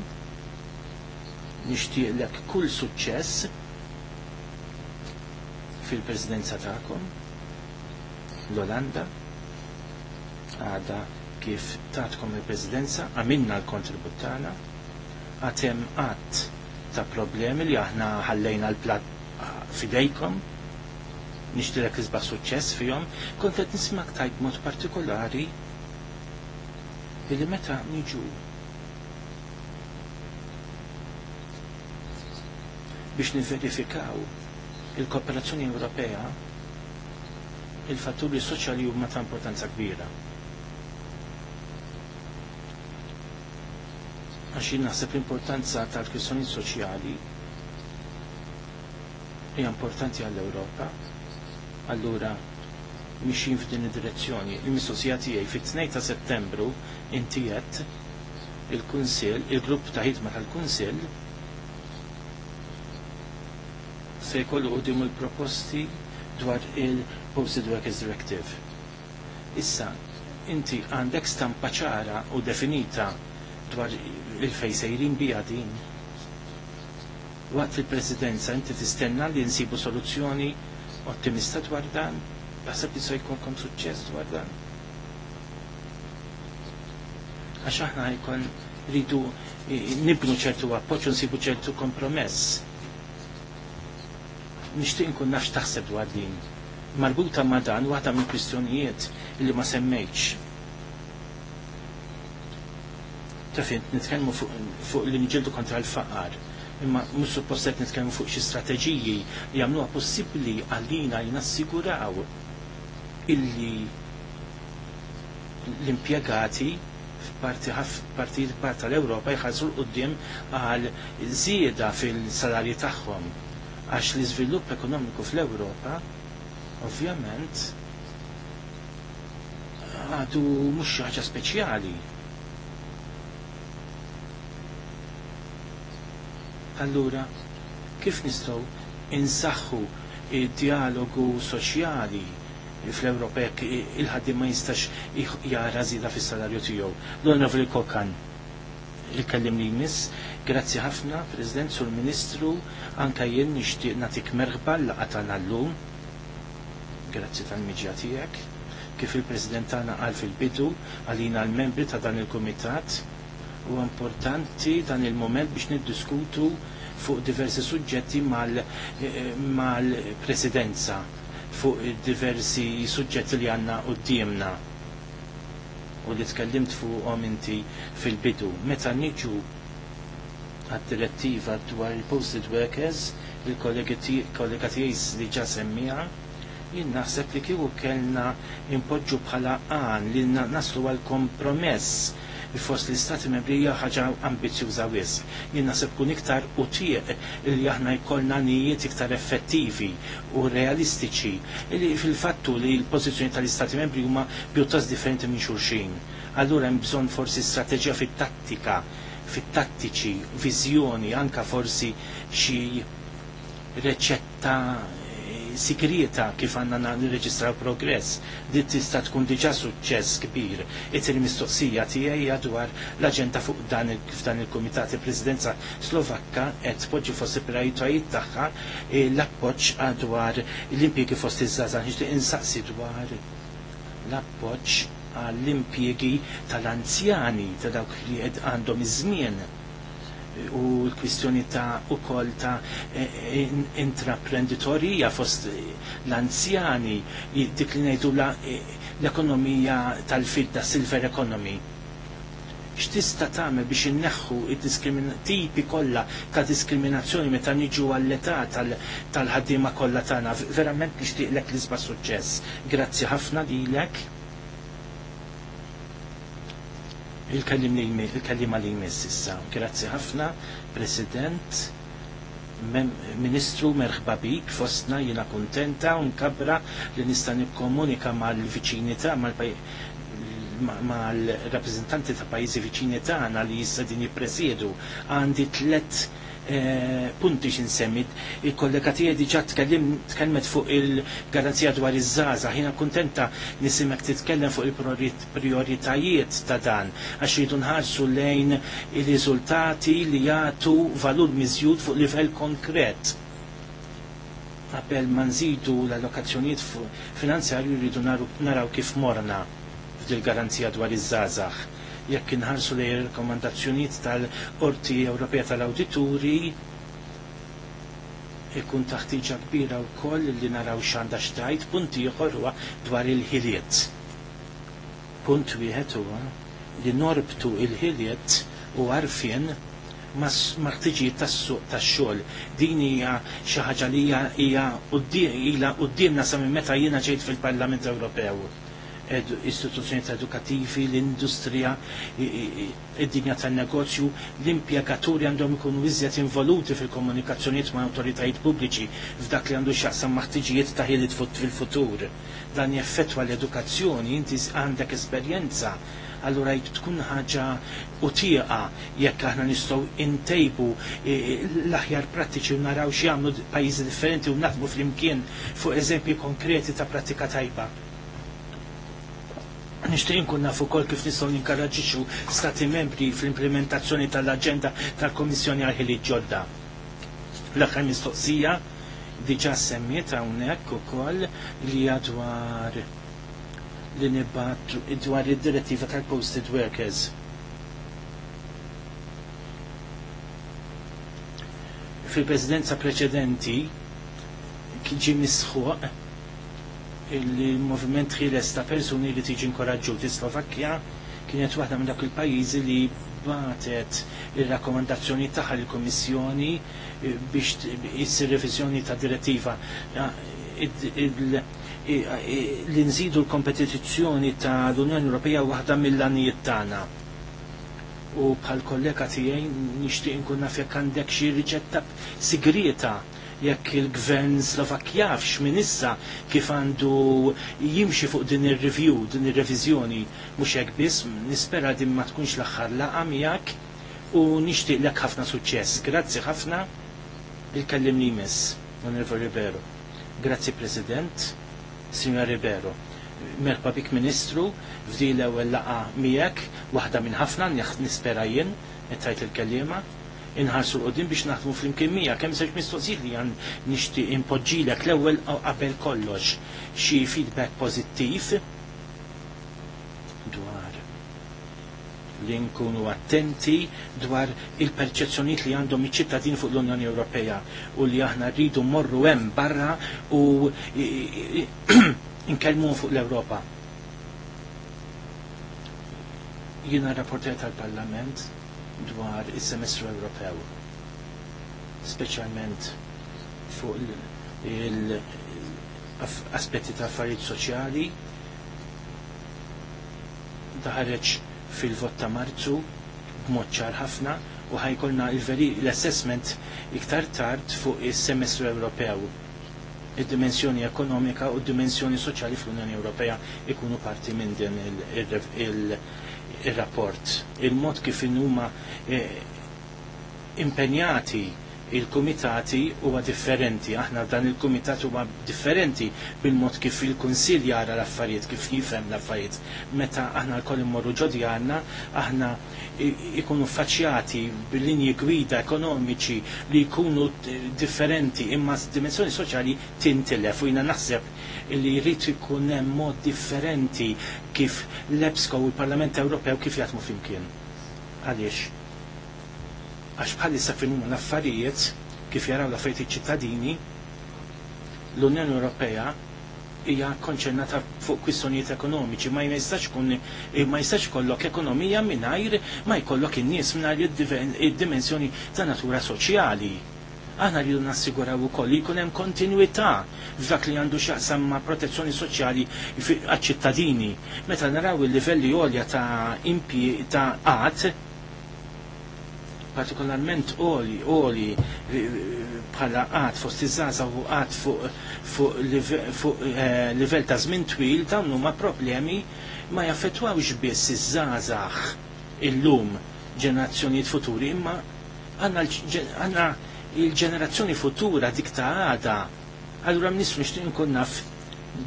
nixtieqlek kull suċċess fil-presidenza tagħkom l-Olanda għada kif tatkom il-presidenza għamilna l-kontribut tagħna għatem għat ta' problemi li aħna ħallejna l-plat fidejkom nixtilek izba suċċess fihom, kont qed nismak tajt mod partikolari li meta niġu biex nivverifikaw il-kooperazzjoni Ewropea il-fatturi soċjali huma ta' importanza kbira. Għax naħseb l-importanza tal-kwistjoni soċjali hija importanti għall-Ewropa. Allura mixin f'din id-direzzjoni. l mistoqsija tiegħi fit-2 ta' Settembru inti il-Kunsill, il-grupp ta' ħidma tal-Kunsill se jkollu quddiem il-proposti dwar il-Posted Workers Directive. Issa, inti għandek stampa ċara u definita dwar il-fej sejrin din. Waqt il-presidenza inti tistenna li nsibu soluzzjoni ottimista dwar dan, naħseb li se jkun suċċess dwar dan. Għax aħna jkoll ridu nibnu ċertu appoċ u nsibu ċertu kompromess nixtieq nkun nafx taħseb dwar din. Marbuta ma' dan waħda minn kwistjonijiet li ma semmejtx. Tafint, nitkellmu fuq li nġildu kontra l-faqar, imma mhux suppost qed nitkellmu fuq xi strateġiji li jagħmluha possibbli għalina li nassiguraw illi l-impjegati f'parti parti tal-Ewropa jħarsu l-qoddim għal żieda fil-salarji tagħhom għax l iżvilupp ekonomiku fl-Ewropa ovvjament għadu mhux ħaġa speċjali. Allura, kif nistgħu insaħħu id-dialogu soċjali fl-Ewropa jekk il-ħaddim ma jistax jara żieda fis-salarju tiegħu. l li Kokan il-kellim li jmiss. Grazzi ħafna, President, Sur Ministru, anka jien nixtieq nagħtik merħba l llum. Grazzi tal-miġja tiegħek. Kif il-President tagħna qal fil-bidu għalina l-membri ta' dan il-Kumitat u importanti dan il-moment biex niddiskutu fuq diversi suġġetti mal-presidenza fuq diversi suġġetti li għanna u d-diemna u li tkellimt fuqhom inti fil-bidu. Meta niġu għad-direttiva dwar il-posted workers, il-kollega tiegħis li ġa semmija, jien naħseb li kieku kellna impoġġu bħala għan li naslu għal kompromess fost l-istati membri hija ħaġa ambizjuża wis. Jien naħseb kun iktar utieq li aħna jkollna nijiet iktar effettivi u realistiċi li fil-fattu li l-pożizzjoni tal-istati membri huma pjuttost differenti minn xulxin. Allura hemm bżonn forsi strateġija fit-tattika, fit-tattiċi, viżjoni, anka forsi xi reċetta sikrieta kif għanna nirreġistraw progress, di tista' tkun diġa suċċess kbir. It-tieni mistoqsija tiegħi dwar l-aġenda fuq dan kif il kumitati presidenza Slovakka qed tpoġġi fossi il tagħha e, l-appoġġ dwar l impjegi fost iż-żgħażagħ nixtieq insaqsi dwar l-appoġġ għall-impjiegi tal-anzjani ta' dawk li għandhom iż-żmien u l-kwistjoni ta' u koll ta' e, e, intraprenditorija fost l-anzjani dik li ngħidu e, l-ekonomija tal-fidda silver economy. X'tista' tagħmel biex inneħħu id-tipi kollha ta' diskriminazzjoni meta niġu għall-età tal-ħaddiema kollha tagħna. Verament nixtieqlek l-isba' suċċess. Grazzi ħafna lilek. il-kalima li jmiss issa. Grazzi ħafna, President, Ministru merħba bik, fostna jina kontenta un kabra li nista' nikkomunika mal-viċini ta' mal-rappresentanti ta' pajizi viċini ta' għana li jissa din jippresiedu. Għandi tlet punti xinsemmit, Il-kollega tijaj diġa tkelmet fuq il-garanzija dwar iż-żaza. Ħina kontenta nisimek titkellem fuq il-prioritajiet ta' dan. Għax jidu nħarsu lejn il-riżultati li jgħatu valur miżjud fuq livell konkret qabel ma nżidu l-allokazzjonijiet finanzjarju jridu naraw kif morna fil-garanzija dwar iż-żazax jekk inħarsu li rekomandazzjoniet tal-Qorti Ewropea tal-Awdituri ikun taħtiġa kbira u koll li naraw xanda xtajt punti ieħor dwar il-ħiliet. Punt wieħed huwa li norbtu il-ħiliet u għarfien ma ħtiġijiet tas-suq tax-xogħol. Din hija xi ħaġa li hija hija qudiemna sa minn meta jiena ġejt fil-Parlament Ewropew istituzzjoni edukattivi, l-industrija, id-dinja tan-negozju, l-impjegaturi għandhom ikunu iżjed involuti fil-komunikazzjonijiet ma' autoritajiet pubbliċi f'dak li għandu x'jaqsam maħtiġijiet ta' ħiliet fil-futur. Dan jeffettwa l-edukazzjoni, inti għandek esperjenza allura tkun ħaġa u tiqa jekk aħna nistgħu intejbu l-aħjar prattiċi u naraw x'jagħmlu pajjiżi differenti u naħdmu flimkien fuq eżempji konkreti ta' prattika tajba. Nixtieq nkun naf ukoll kif nistaw ninkarraġiċu stati membri fl-implementazzjoni tal-aġenda tal-Kummissjoni għal ħili ġodda. L-aħħar mistoqsija diġa' semmiet hawnhekk ukoll li għadwar li nibbattu dwar id-direttiva tal-posted workers. Fil-presidenza preċedenti kien ġie misħuq il-moviment ħieles ta' persuni li tiġi inkoraġġut. Slovakkja kienet waħda minn dak il-pajjiżi li batet il-rakkomandazzjoni tagħha l-Kummissjoni eh, biex issir revizjoni ta' direttiva ah, L-inżidu l-kompetizzjoni ta' l-Unjoni Ewropea waħda mill-għanijiet tagħna. U bħal kollega tiegħi nixtieq inkun nafek għandek xi riċetta sigrieta jekk il-gvern Slovak jafx minn issa kif għandu jimxi fuq din ir-review, din ir-reviżjoni mhux hekk biss nispera din ma tkunx l-aħħar laqgħa miegħek u nixtieq lek ħafna suċċess. Grazzi ħafna il kellimni li jmiss, Onorevole Ribero. Grazzi President, Signor Ribero Merħba bik ministru f'di l-ewwel laqa miegħek waħda minn ħafna nispera jien qed tajt il-kelliema inħarsu l-qoddim biex naħdmu fl-imkien mija, kemm sex mistoqsijiet li għan nishti impoġġilek l-ewwel qabel kollox xi feedback pożittiv dwar li nkunu attenti dwar il-perċezzjoniet li għandhom iċ ċittadini fuq l-Unjoni Ewropea u li aħna rridu morru hemm barra u nkellmu fuq l-Ewropa. Jiena rapporter tal-Parlament dwar is-semestru Ewropew. Speċjalment fuq l-aspetti ta' affarijiet soċjali daħareġ fil-vot ta' Marzu b'mod ċar ħafna u ħajkolna l-assessment iktar tard fuq is-semestru Ewropew id-dimensjoni ekonomika u d-dimensjoni soċjali fl-Unjoni Ewropea ikunu parti minn din il il-rapport, il-mod kif huma eh, impenjati il-kumitati huwa differenti, aħna dan il-kumitat huwa differenti bil-mod kif il-kunsil jara l-affarijiet, kif jifhem l-affarijiet. Meta aħna l-koll immorru ġodi għandna, aħna ikunu faċjati bil-linji gwida ekonomiċi li jkunu differenti imma dimensjoni soċjali tintilef u jina naħseb li jrid ikun hemm mod differenti kif l-EBSCO u l-Parlament Ewropew kif jaħdmu flimkien. Għaliex? Għax bħalissa kif huma l-affarijiet kif jaraw l-affarijiet ċittadini l-Unjoni Ewropea hija konċernata fuq kwistjonijiet ekonomiċi, ma jistax kun ma jistax kollok ekonomija mingħajr ma jkollok in-nies mingħajr id-dimensjoni ta' natura soċjali. Aħna rridu nassiguraw ukoll li jkun hemm kontinwità f'dak li għandu x'aqsam ma' protezzjoni soċjali għaċ-ċittadini. Meta naraw il-livelli għolja ta' impi ta' qat, partikolarment għoli għoli eh, bħala għad fost iż-żaza u għad fuq eh, livell ta' żmien twil dawn huma problemi ma jaffettwawx biss iż-żazax illum ġenerazzjonijiet futuri imma għandna il-ġenerazzjoni futura dik ta' għada, allura ministru nixtieq nkun naf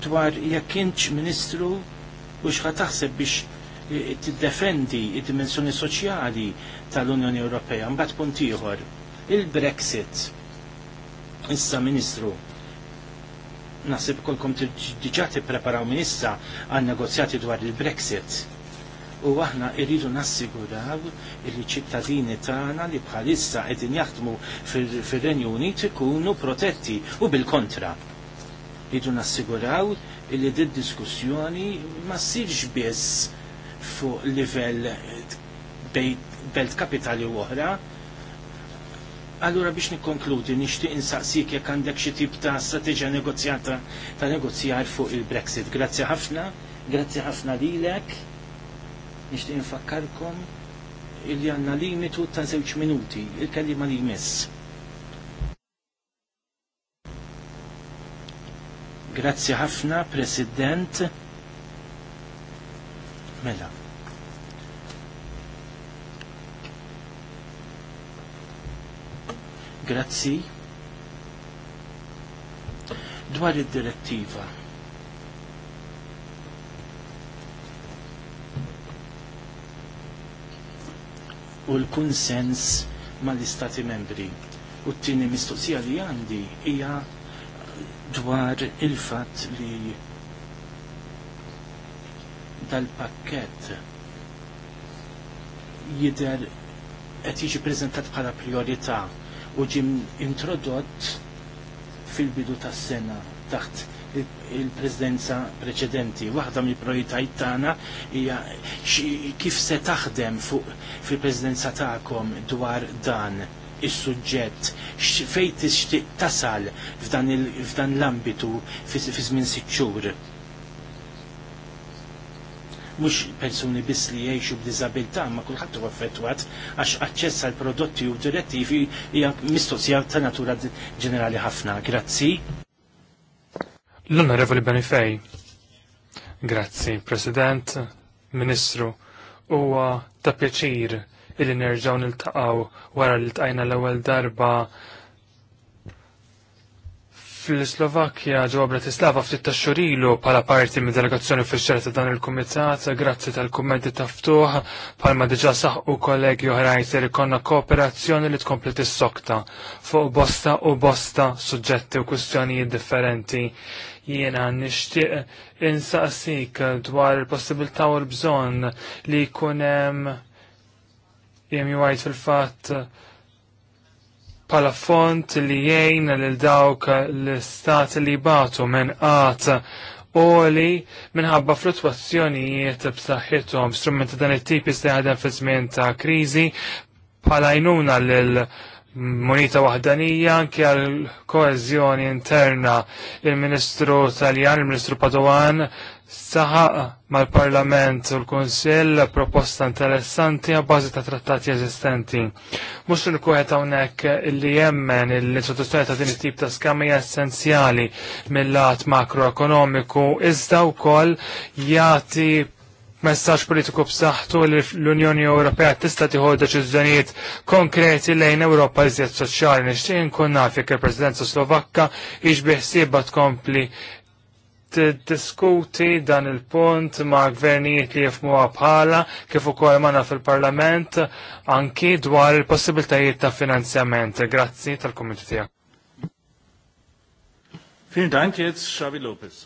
dwar jekk ministru u xħataħseb biex biex e, tiddefendi id-dimensjoni soċjali tal-Unjoni Ewropea. Mbagħad punt ieħor, il-Brexit. Issa Ministru, naħseb kolkom diġa preparaw minissa għal negozjati dwar il-Brexit u aħna irridu nassiguraw il-ċittadini tagħna li bħalissa qegħdin jaħdmu fir-Renju Unit ikunu protetti u bil-kontra. Irridu nassiguraw li din diskussjoni ma ssirx biss fuq livell belt kapitali u oħra, Allura biex nikkonkludi nixtieq insaqsik jekk għandek xi tip ta' strateġija negozjata ta' negozjar fuq il-Brexit. Grazzi ħafna, grazzi ħafna lilek nixtieq infakkarkom illi għandna limitu ta' żewġ minuti, il-kelliema li jmiss. Grazzi ħafna, President. Mela. Grazzi. Dwar id-direttiva u l-kunsens mal-istati membri. U t-tini mistoqsija li għandi hija dwar il-fat li dal-pakket jider qed jiġi preżentat bħala priorità u ġim introdott fil-bidu tas-sena taħt il prezidenza preċedenti. Waħda mill projtajt tagħna kif se taħdem fuq fil-presidenza tagħkom dwar dan is-suġġett fejt tixtieq tasal f'dan l-ambitu fi żmien sitt xhur mux persuni biss li jiexu b'dizabilta, ma kullħat u għaffetwat, għax aċċess l prodotti u direttivi hija mistoqsija ta' natura ġenerali ħafna. Grazzi. L-Onorevoli Benifej, grazzi, President, Ministru, huwa ta' pjaċir illi nerġaw niltaqgħu wara li tajna l-ewwel darba fil slovakja ġewwa Bratislava ftit ta' xurilu bħala parti minn delegazzjoni uffiċjali ta' dan il-kumitat, grazzi tal-kummenti taftuħ bħalma diġà saħqu kollegi oħrajn se ikonna kooperazzjoni li tkompli tissokta fuq bosta u bosta suġġetti u kwistjonijiet differenti jiena nixtieq insaqsik dwar il-possibilità u l-bżonn li jkun hemm jwajt fil-fatt pala font li jgħin lil dawk l-istat li batu minn qat u li minħabba fluttuazzjonijiet b'saħħithom strumenti dan it-tip jista' jaħdem fi żmien ta' kriżi pala jnuna lil Monita wahdanija anke għal koezjoni interna il-Ministru Taljan, il-Ministru Padoan saħaq mal-Parlament u l-Konsil proposta interessanti bazi ta' trattati eżistenti. Mux il-kuħet hawnhekk illi jemmen l-introduzzjoni ta' din it-tip ta' skamija essenzjali mill-lat makroekonomiku iżda wkoll jagħti messaġġ politiku b'saħħtu li l-Unjoni Ewropea tista' tieħu deċiżjonijiet konkreti lejn Ewropa iżjed soċjali. Nixtieq inkun naf jekk il-Presidenza Slovakka hix biħsiebha tkompli tiddiskuti dan il-punt ma' gvernijiet li jifmuha bħala kif ukoll magħna fil-Parlament anki dwar il-possibiltajiet ta' finanzjament. Grazzi tal-kummenti tiegħek. Fin Dank, jetzt Xavi Lopez.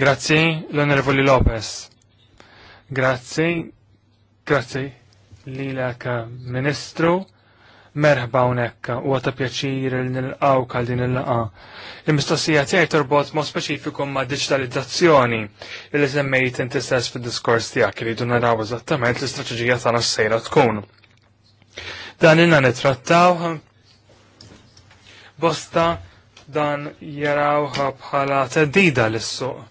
Grazzi, l-Onorevoli Lopez. Grazzi, grazie lila ka ministru, merħba unekka u għata pjaċir il nil għaw din il-laqa. Il-mistoqsija tiegħi torbot mod speċifiku ma' digitalizzazzjoni li semmejt inti stess fid-diskors tiegħek li jdu naraw eżattament l-istrateġija tagħna s-sejra tkun. Dan inna nitrattaw bosta dan jarawha bħala teddida l-suq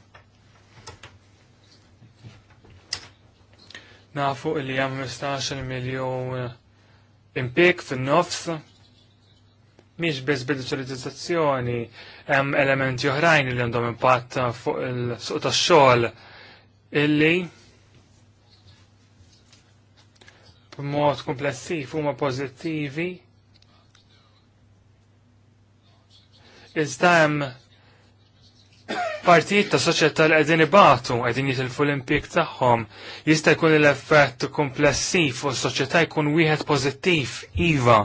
nafu li hemm 15 miljun impik fin-nofs miex biss bid-digitalizzazzjoni hemm elementi oħrajn li għandhom impatt fuq il-suq tax-xogħol illi b'mod komplessiv huma pożittivi iżda hemm partijiet ta' soċjetà li qegħdin ibatu qegħdin jitilfu l-impjeg tagħhom. Jista' jkun l-effett komplessiv fuq is-soċjetà jkun wieħed pożittiv iva,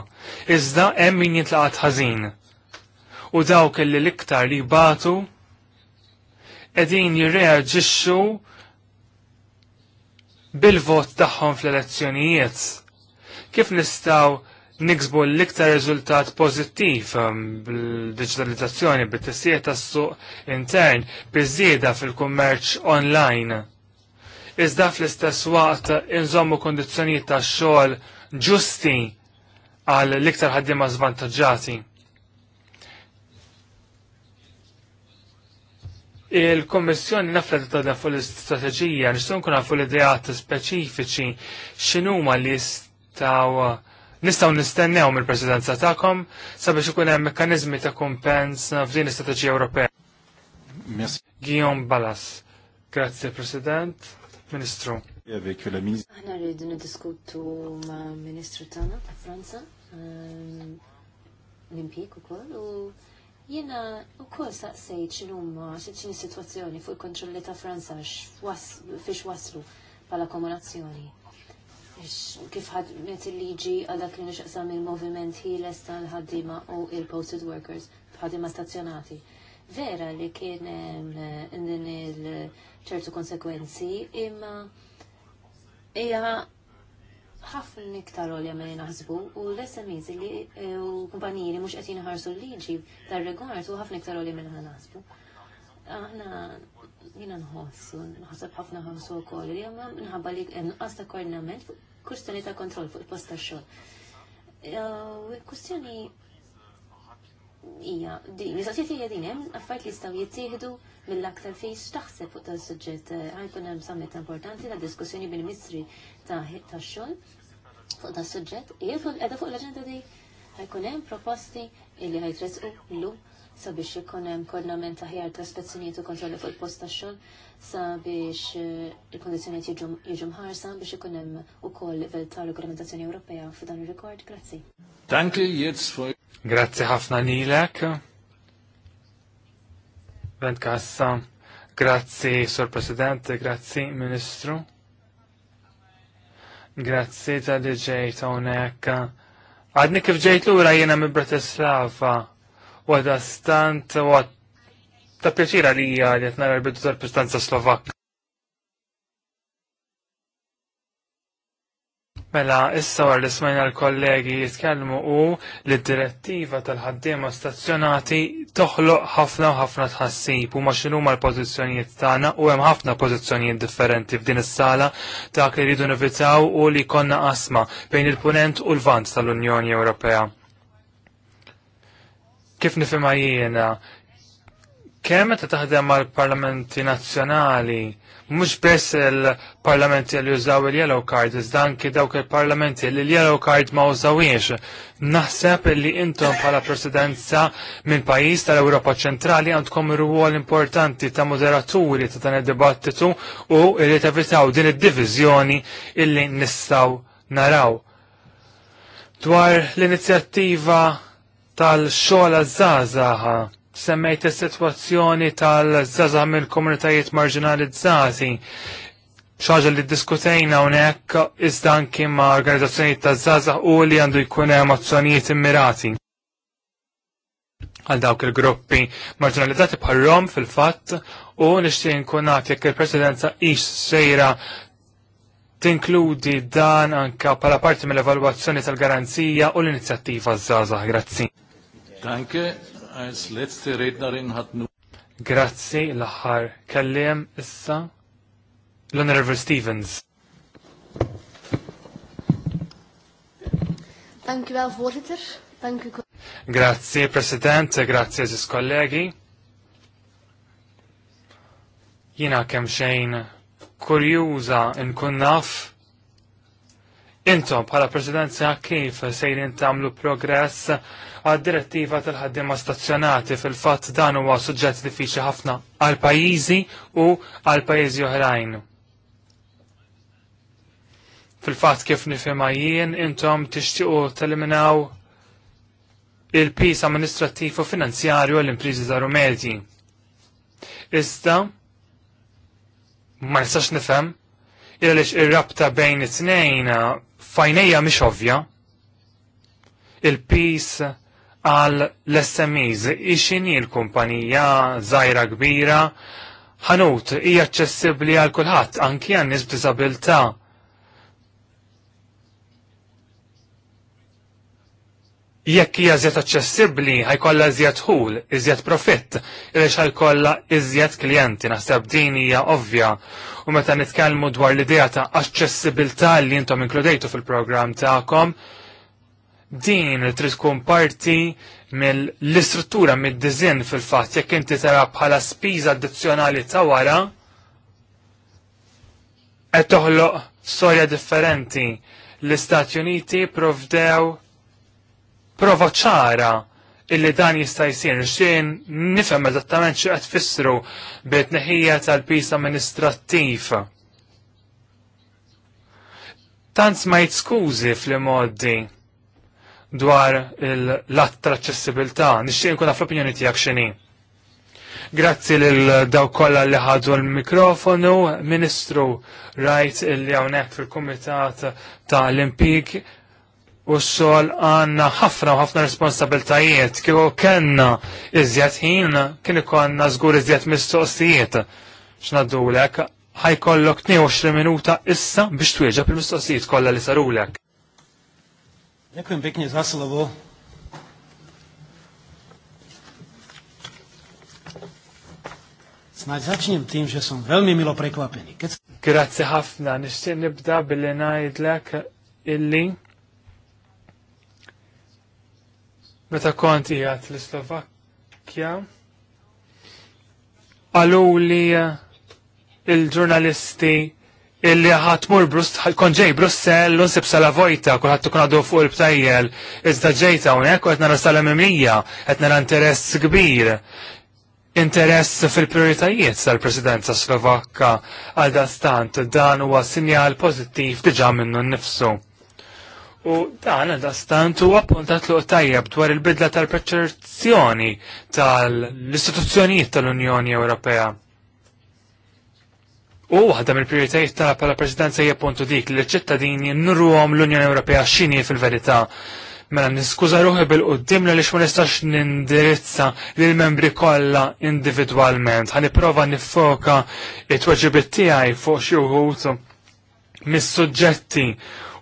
iżda hemm min jintlaqat ħażin. U dawk li l-iktar li jbatu qegħdin jirreaġixxu bil-vot tagħhom fl-elezzjonijiet. Kif nistgħu niksbu l-iktar riżultat pozittiv um, bil-digitalizzazzjoni bit-tessijiet tas-suq intern biż-żieda fil-kummerċ online. Iżda fl-istess waqt inżommu kondizjonijiet tax-xogħol ġusti għal l-iktar ħaddiema żvantaġġati. Il-Kommissjoni nafla ta' dan fuq l-istrateġija nistgħu nkun fuq l-ideat speċifiċi x'inhuma li jistgħu Nistaw nistennew mill-presidenza tagħkom sabiex ikun hemm mekkaniżmi ta' kumpens f'din l-istrateġija Ewropea. Guillaume Balas. Grazie President, Ministru. Aħna rridu niddiskutu ma' Ministru tagħna ta' Franza ehm, l ukoll u jiena wkoll kol x'inhuma xi xinċin sitwazzjoni fuq il-kontrolli ta' Franza fiex waslu bħala komunazzjoni kif met il-liġi għadak li nixqsam il-moviment ħiles tal-ħaddima u il-posted workers f'ħaddima stazzjonati. Vera li kien din il-ċertu konsekwenzi imma hija ħafna iktar olja minn naħsbu u l-SMEs li u kumpaniji li mhux qed jinħarsu l-liġi dar-rigward u ħafna iktar olja minn naħsbu aħna jina nħossu, nħossab ħafna ħossu u koll, jomma nħabba li nqas ta' koordinament fuq kustjoni ta' kontrol fuq il-post ta' xogħol. Kustjoni hija din, nisaċiet hija din hemm affarijiet li jistgħu jittieħdu mill-aktar fejn taħseb fuq dan suġġett għajkun eh, hemm summit importanti ta' diskussjoni bil mistri ta' xogħol fuq dan suġġett. Jien edha fuq l-aġenda di ħajkun hemm proposti li l llum sabiex ikun hemm koordinament aħjar ta' spezzinijiet u kontrolli fuq il-post tax-xogħol sabiex eh, il-kondizzjonijiet jiġu mħarsa biex ikun hemm ukoll livell ta' regolamentazzjoni Ewropea f'dan ir-rekord. Grazzi. you, jetzt for Grazzi ħafna nilek. Vent kassa. Grazzi Sur President, grazzi Ministru. Grazzi tal-li ġejt hawnhekk. Għadni kif ġejt lura jiena minn Bratislava Wada stant u ta' pjaċira li hija li nara l-bidu tal pistanza Slovak. Mela, issa għar li smajna l-kollegi jitkellmu u li d-direttiva tal-ħaddiema stazzjonati toħloq ħafna u ħafna tħassib u ma l-pożizzjonijiet tagħna u hemm ħafna pożizzjonijiet differenti f'din is-sala dak li rridu nivitaw u li konna qasma bejn il-punent u l-vant tal-Unjoni Ewropea kif nifhimha jiena kemm meta taħdem mal-parlamenti nazzjonali mhux biss il-parlamenti li jużaw il-yellow card, iżda anki dawk il-parlamenti li l-yellow card ma użawiex. Naħseb li intom bħala presidenza minn pajjiż tal-Ewropa ċentrali għandkom ruwol importanti ta' moderaturi ta' dan id-dibattitu u li vitaw din id divizjoni illi nistgħu naraw. Dwar l-inizjattiva tal-xogħol żgħażagħha semmejt is-sitwazzjoni tal-żgħażagħ mill-komunitajiet zazi. ċaġa li diskutejna unek iżda anki ma' organizzazzjoni ta' zaza u li għandu jkun hemm immirati. Għal dawk il-gruppi marġinalizzati bħal-rom fil-fatt u nixtieq nkun jekk il-presidenza ix sejra tinkludi dan anka pala parti mill-evalwazzjoni tal-garanzija u l-inizjattiva żgħażagħ. Grazie. Danke, als letzte Rednerin hat nu. Grazie, l-ħar kellem issa l-Honorable Stevens. Thank you, wel, voorzitter. Dank u. Grazie, president. Grazie, eżis kollegi. Jina kem xejn kurjuza nkun naf Intom bħala presidenza kif sejrin tamlu progress għad direttiva tal-ħaddiema stazzjonati fil-fatt dan huwa suġġett diffiċi ħafna għal pajjiżi u għal pajjiżi oħrajn. Fil-fatt kif nifhimha jien intom tixtiequ teliminaw il-pis amministrattiv u finanzjarju għall-impriżi żaru medji. Iżda ma nistax nifhem il-rabta bejn it-tnejn fajnija mish ovvja il-pis għal l-SMEs, ixini l-kumpanija zaħira kbira, ħanut hija aċċessibbli għal kulħadd anki għan nies b'diżabilità jekk hija żjed aċċessibbli ħajkollha iżjed ħul, iżjed profitt, għaliex ħajkollha iżjed klijenti naħseb din hija ovvja. U meta nitkellmu dwar l-idea ta' aċċessibilità li intom inkludejtu fil-programm tagħkom, din trid tkun parti mill-istruttura mid-diżinn fil-fatt jekk inti tara bħala spiża addizzjonali ta' wara qed toħloq storja differenti. L-Istati Uniti provdew prova ċara illi dan jista' jsir xejn nifhem eżattament xi qed tfissru bit neħija tal-pis amministrattiv. Tant ma skużi fl moddi dwar l-att tal-aċċessibilità, nixtieq nkun naf l-opinjoni tiegħek x'inhi. Grazzi lil daw kollha li ħadu l-mikrofonu, Ministru rajt li hawnhekk fil-Kumitat tal-Impik u s-sol għanna ħafna u ħafna responsabiltajiet kieku kenna iżjed ħin kien ikonna żgur iżjed mistoqsijiet x'nadulek ħajkollok 22 minuta issa biex twieġeb il-mistoqsijiet kollha li sarulek. Jekk bikni taslovu. Snad zaċnim tim xe son velmi milo prekvapeni. Grazzi ħafna, nixtieq nibda billi ngħidlek illi meta kont jgħat l-Slovakkja, għallu li eh, il-ġurnalisti illi ħatmur kon ġej Brussel l-unsib sala vojta, kun ħattu kun għadu fuq il-btajjel, iżda ġejta unek u għetna rasala mimija, għetna interess kbir. Interess fil-prioritajiet tal-presidenza slovakka għal dastant dan huwa sinjal pozittiv diġa minnu nnifsu. U dan da stant u appuntat l tajjeb dwar il-bidla tal perċerzjoni tal-istituzzjonijiet tal-Unjoni Ewropea. U waħda mill-prijoritajiet ta' pala presidenza hija appuntu dik li ċittadini nruhom l-Unjoni Ewropea xini fil-verità. Mela niskuża ruħi bil qoddim li ma nistax nindirizza lil membri kollha individwalment. Ħanipprova nifoka it-tweġibiet tiegħi fuq xi wħud mis-suġġetti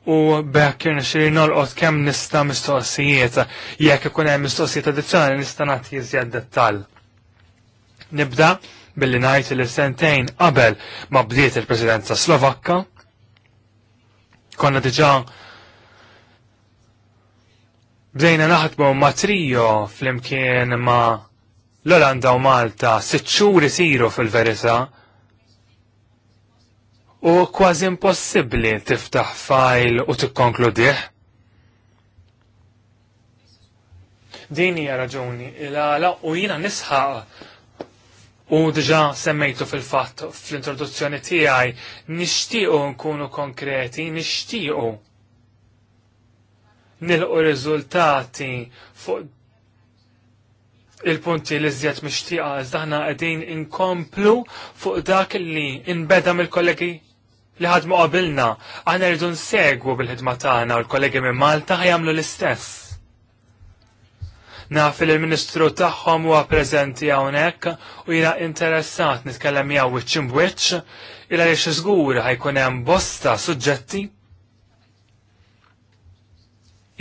u bekk xiri nolqot kemm nista mistoqsijiet jekk ikun hemm mistoqsijiet addizzjonali nista' nagħti iżjed dettall. Nibda billi ngħid li sentejn qabel ma bdiet il-Presidenza Slovakka konna diġà bdejna naħdmu ma' trio flimkien ma' l-Olanda u Malta sitt xhur isiru fil-verità u kważi impossibbli tiftaħ fajl u tikkonkludih. Din hija raġuni il-għala u jiena nisħaq U diġa semmejtu fil-fatt fl-introduzzjoni tiegħi nixtiequ nkunu konkreti, nixtiequ nilqu riżultati fuq il-punti li żjed mixtieqa iżda aħna qegħdin inkomplu fuq dak li inbeda mill-kollegi li ħadmu qabilna, għana rridu nsegwu bil-ħidma tagħna u l-kollegi minn Malta ħajamlu l-istess. Naf li l-Ministru tagħhom huwa preżenti hawnhekk u jiena interessat nitkellem miegħu wiċċ imwiċċ il li żgur ħajkun hemm bosta suġġetti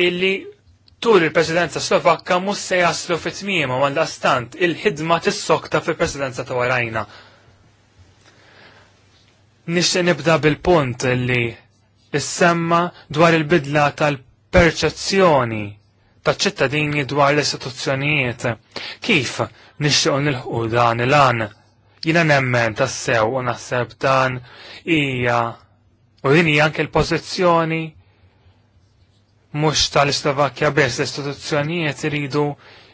illi tur il-Presidenza Slovakka mhux se jaslu fit-tmiema għal stant il-ħidma tis-sokta fil-Presidenza ta' warajna Nixtieq nibda bil-punt li issemma dwar il-bidla tal-perċezzjoni taċ-ċittadini dwar l-istituzzjonijiet. Kif nixtiequ nilħu dan il an Jina nemmen sew u naħseb dan hija u din hija anke l-pożizzjoni mhux tal-Slovakkja bes l-istituzzjonijiet iridu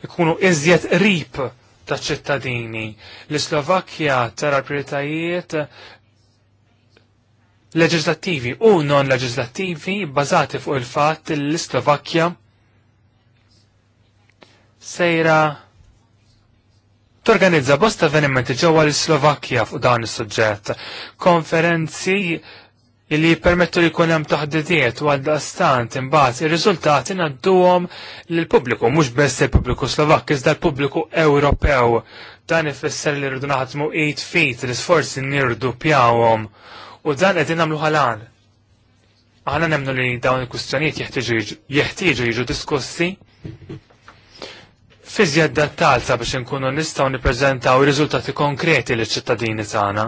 jkunu iżjed rip ta' ċittadini. L-Slovakkja tara prioritajiet leġislattivi u non leġislattivi bbażati fuq il-fatt li l-Slovakkja sejra torganizza bosta avvenimenti ġewwa l-Slovakkja fuq dan is-suġġett. Konferenzi li jippermettu li jkun hemm taħdidiet u għal daqstant imbagħad ir-riżultati ngħadduhom lill-pubbliku mhux biss il-pubbliku Slovakk iżda l-pubbliku Ewropew. Dan ifisser li rridu naħatmu 8 feet l sforzi nirdu pjawom. U dan qegħdin nagħmlu ħalan. Aħna nemnu li dawn il-kustjonijiet jeħtieġu jiġu diskussi fi żjadda talza biex inkunu nistgħu nippreżentaw riżultati konkreti liċ ċittadini tagħna.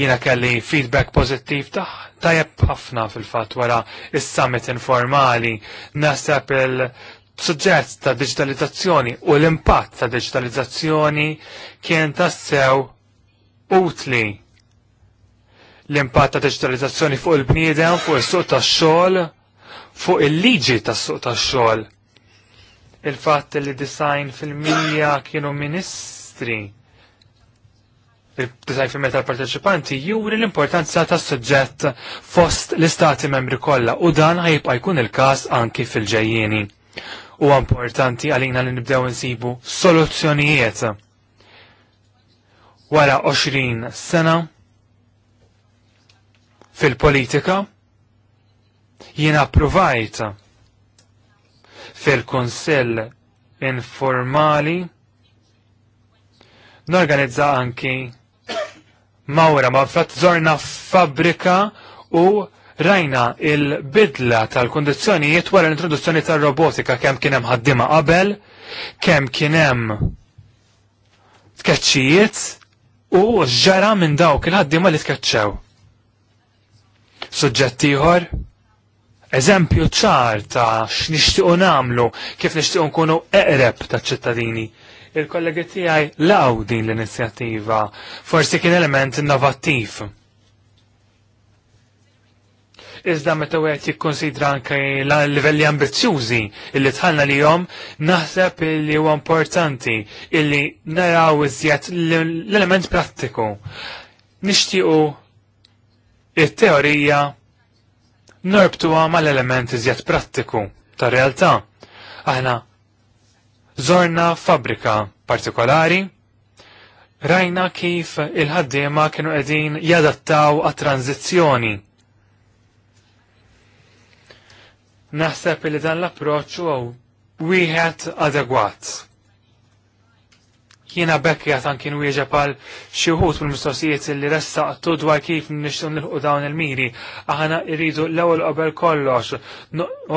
Jiena kelli feedback pożittiv taħ tajjeb ħafna fil-fatt wara is-summit informali nasab il suġġett ta' digitalizzazzjoni u l-impatt ta' digitalizzazzjoni kien tassew utli l-impatt ta' digitalizzazzjoni fuq il-bniedem, fuq is-suq tax-xogħol, fuq il-liġi tas-suq tax-xogħol. Il-fatt li design fil-mija kienu ministri il-design fil-mija tal-parteċipanti juri l-importanza tas suġġett fost l-istati membri kollha u dan ħajibqa' jkun il-każ anki fil-ġejjieni. U importanti għalina li nibdew insibu soluzzjonijiet. Wara 20 sena, Fil-politika jiena approvajt fil-Kunsill informali norganizza anki mawra ma' fat zorna fabrika u rajna il-bidla tal kondizjoni wara l-introduzzjoni tal-robotika kemm kien hemm qabel, kemm kien hemm tkeċċijiet u ġara minn dawk il ħaddima li tkeċċew. Suġġett ieħor eżempju ċar ta' x'nixtiequ nagħmlu kif nixtiequ nkunu eqreb taċ-ċittadini. Il-kollegi tiegħi law din l-inizjattiva, forsi kien element innovattiv. Iżda meta wieħed jikkonsidra anke livelli ambizzjużi illi tħallna li jom, naħseb li huwa importanti illi naraw iżjed l-element prattiku. Nixtiequ it-teorija norbtuha mal-element iżjed prattiku ta' realtà. Aħna zorna fabrika partikolari, rajna kif il-ħaddiema kienu qegħdin jadattaw għat-tranzizzjoni. Naħseb li dan l-approċċ huwa wieħed adegwat kiena bekkja tan kien wieġeb għal xi wħud mill-mistoqsijiet li ressaqtu dwar kif nixtieq nilħu dawn il-miri. Aħna irridu l-ewwel qabel kollox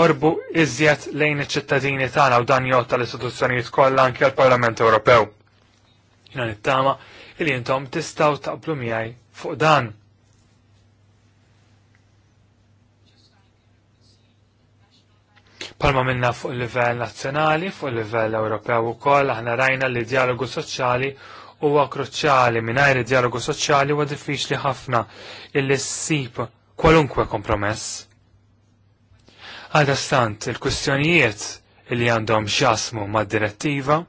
orbu iżjed lejn iċ-ċittadini tagħna u dan jgħod tal-istituzzjonijiet kollha anke l-Parlament Ewropew. Jiena nittama li intom tistaw taqblu miegħi fuq dan. Palma minna fuq il-livell nazzjonali, fuq il-livell Ewropew ukoll aħna rajna li dialogu soċjali huwa kruċjali mingħajr id-dialogu soċjali huwa diffiċli ħafna illi ssib kwalunkwe kompromess. Għada stant il-kwistjonijiet illi għandhom xasmu ma' direttiva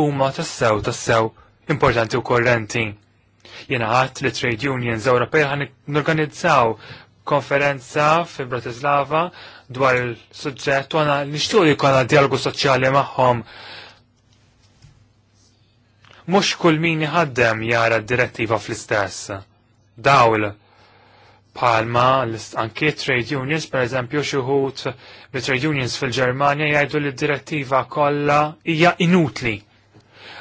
huma tassew tassew importanti u korrenti. Jena għat li trade unions Ewropej ħan norganizzaw konferenza fi Bratislava dwar il-suġġett u għana nishtuq li kona dialogu soċjali magħhom. Mhux kull min iħaddem jara d-direttiva fl-istess. Dawl palma anke trade unions, per eżempju, xi wħud bi trade unions fil-Ġermanja jgħidu li d-direttiva kollha hija inutli.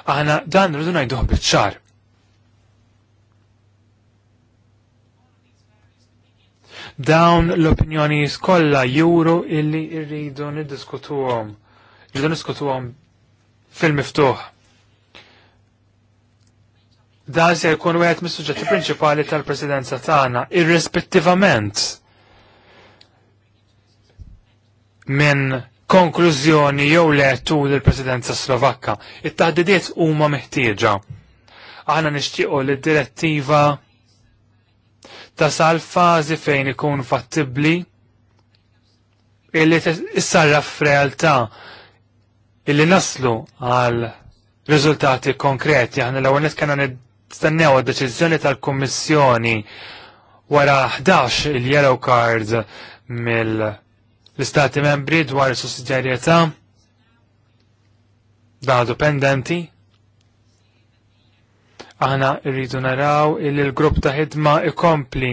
Aħna dan rridu ngħiduh biċ-ċar Dawn l-opinjonijiet kollha juru illi rridu niddiskutuhom. Irridu niskutuhom fil-miftuħ. Dan se jkun wieħed mis-suġġetti prinċipali tal-Presidenza tagħna, irrispettivament minn konklużjoni jew le tul il-Presidenza Slovakka. It-taħdidiet huma meħtieġa. Aħna nixtiequ li d-direttiva tasal fażi fejn ikun fattibli illi issarraf f'realtà illi naslu għal riżultati konkreti. Aħna l-ewwel nies kellna nistennew id-deċiżjoni tal-Kummissjoni wara 11 il-yellow card mill-istati membri dwar sussidjarjetà da dipendenti Aħna rridu naraw il l-grupp ta' ħidma ikompli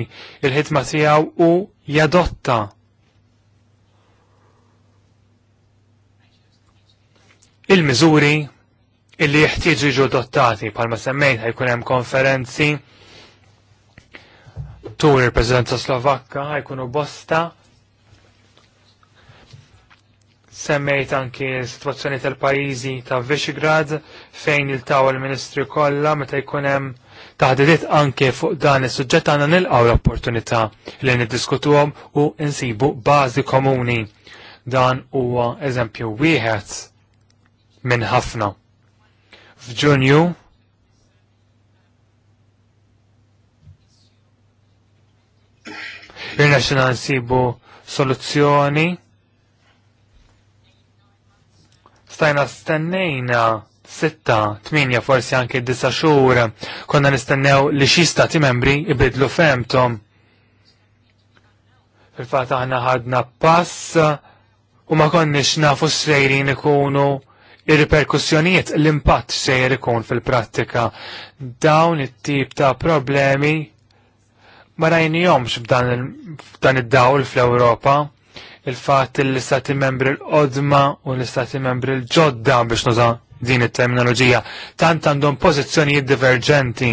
il-ħidma tiegħu u jadotta. Il-miżuri illi jeħtieġu jiġu adottati bħalma semmejt ħajkun hemm konferenzi tur il-Presidenza Slovakka ħajkunu bosta Semmejt anki situazzjoni tal-pajizi ta' Vixigrad fejn il-taw il-ministri kollha meta jkun hemm taħdidiet anke fuq dan is-suġġett għandna nilqgħu l-opportunità li niddiskutuhom u insibu bażi komuni. Dan huwa eżempju wieħed minn ħafna. F'Ġunju Irna xina nsibu soluzzjoni stajna stennejna sitta, tminja, forsi anke disa xhur konna nistennew li xi stati membri ibidlu femtom. Fil-fatt aħna ħadna pass u ma konniex nafu xejrin ikunu ir-reperkussjonijiet l-impatt xejn ikun fil-prattika. Dawn it-tip ta' problemi ma rajnijomx b'dan id-dawl fl-Ewropa il-fat l-istati membri l-qodma u l-istati membri l-ġodda biex nuża din it-terminoloġija tant għandhom pożizzjonijiet diverġenti.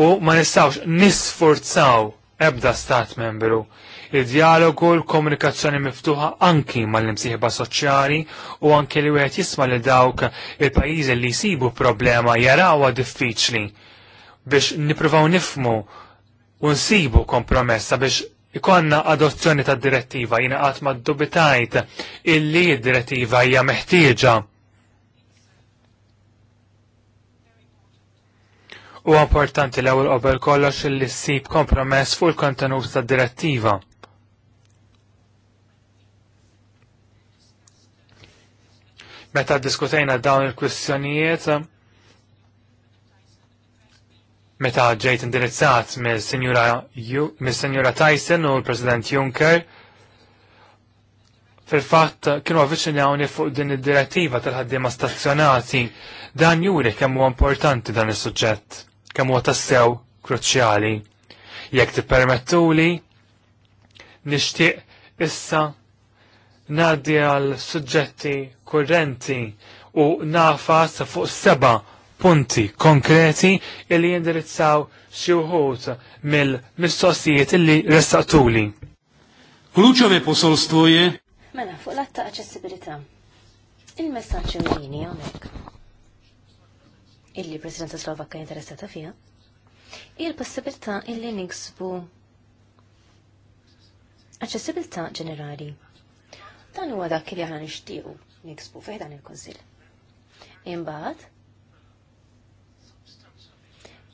U ma nistawx nisforzaw ebda stat membru. il dialogu l-komunikazzjoni miftuħa anki mal-imsieħba soċjali u anki li wieħed jisma' li dawk il-pajjiżi li jsibu problema jarawha diffiċli biex nippruvaw nifmu u nsibu kompromessa biex ikonna adozzjoni ta' direttiva jina qatt ma dubitajt illi direttiva hija meħtieġa. U importanti l-ewwel qabel kollox illi ssib kompromess fuq il-kontenut tad direttiva. Meta diskutejna dawn il-kwistjonijiet, meta ġejt indirizzat mill senjura Tyson u l-President Juncker fil-fatt kienu avviċinjawni fuq din id-direttiva tal-ħaddiema stazzjonati dan juri kemm huwa importanti dan is-suġġett, kemm huwa tassew kruċjali. Jekk tippermettuli nixtieq issa ngħaddi għal suġġetti kurrenti u nafas fuq seba' punti konkreti illi jindirizzaw xi wħud mill-mistoqsijiet illi restaqtuli. Kluċove me je. Mela, fuq l-atta aċċessibilità. Il-messaġġ ewlieni hawnhekk. Illi Presidenza Slovakka interessata fiha. Il-possibilità illi niksbu aċċessibilità ġenerali. Dan huwa dak li aħna nixtiequ niksbu fejn dan il-Kunsill. Imbagħad,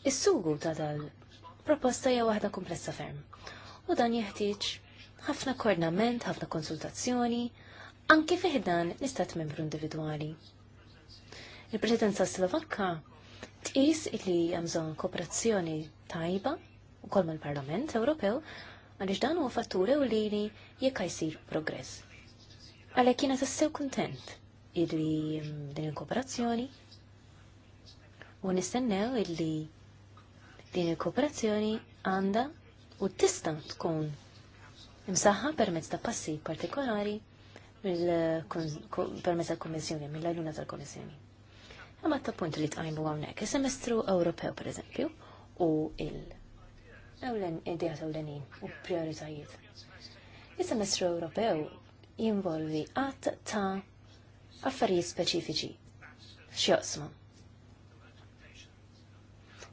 Is-sugu ta' dal proposta hija waħda komplessa ferm. U dan jeħtieġ ħafna koordinament, ħafna konsultazzjoni, anki dan l-istat membru individwali. Il-Presidenza Slovakka tqis li hemm bżonn kooperazzjoni tajba wkoll mal-Parlament Ewropew għaliex dan huwa fattur ewlieni jekk jsir progress. Għalhekk jiena tassew kuntent illi mm, din il-kooperazzjoni u nistennew illi Din il-kooperazzjoni għandha u tista' tkun imsaħħa permezz ta' passi partikolari permezz tal-Kommissjoni, mill-għajnuna tal-Kommissjoni. Għamma ta' punt li tqajmu għawnek, semestru Ewropew per eżempju, u il- Ewlen idejat ewlenin u prioritajiet. Il-semestru Ewropew jinvolvi għat ta' affarijiet speċifiċi. X'joqsma?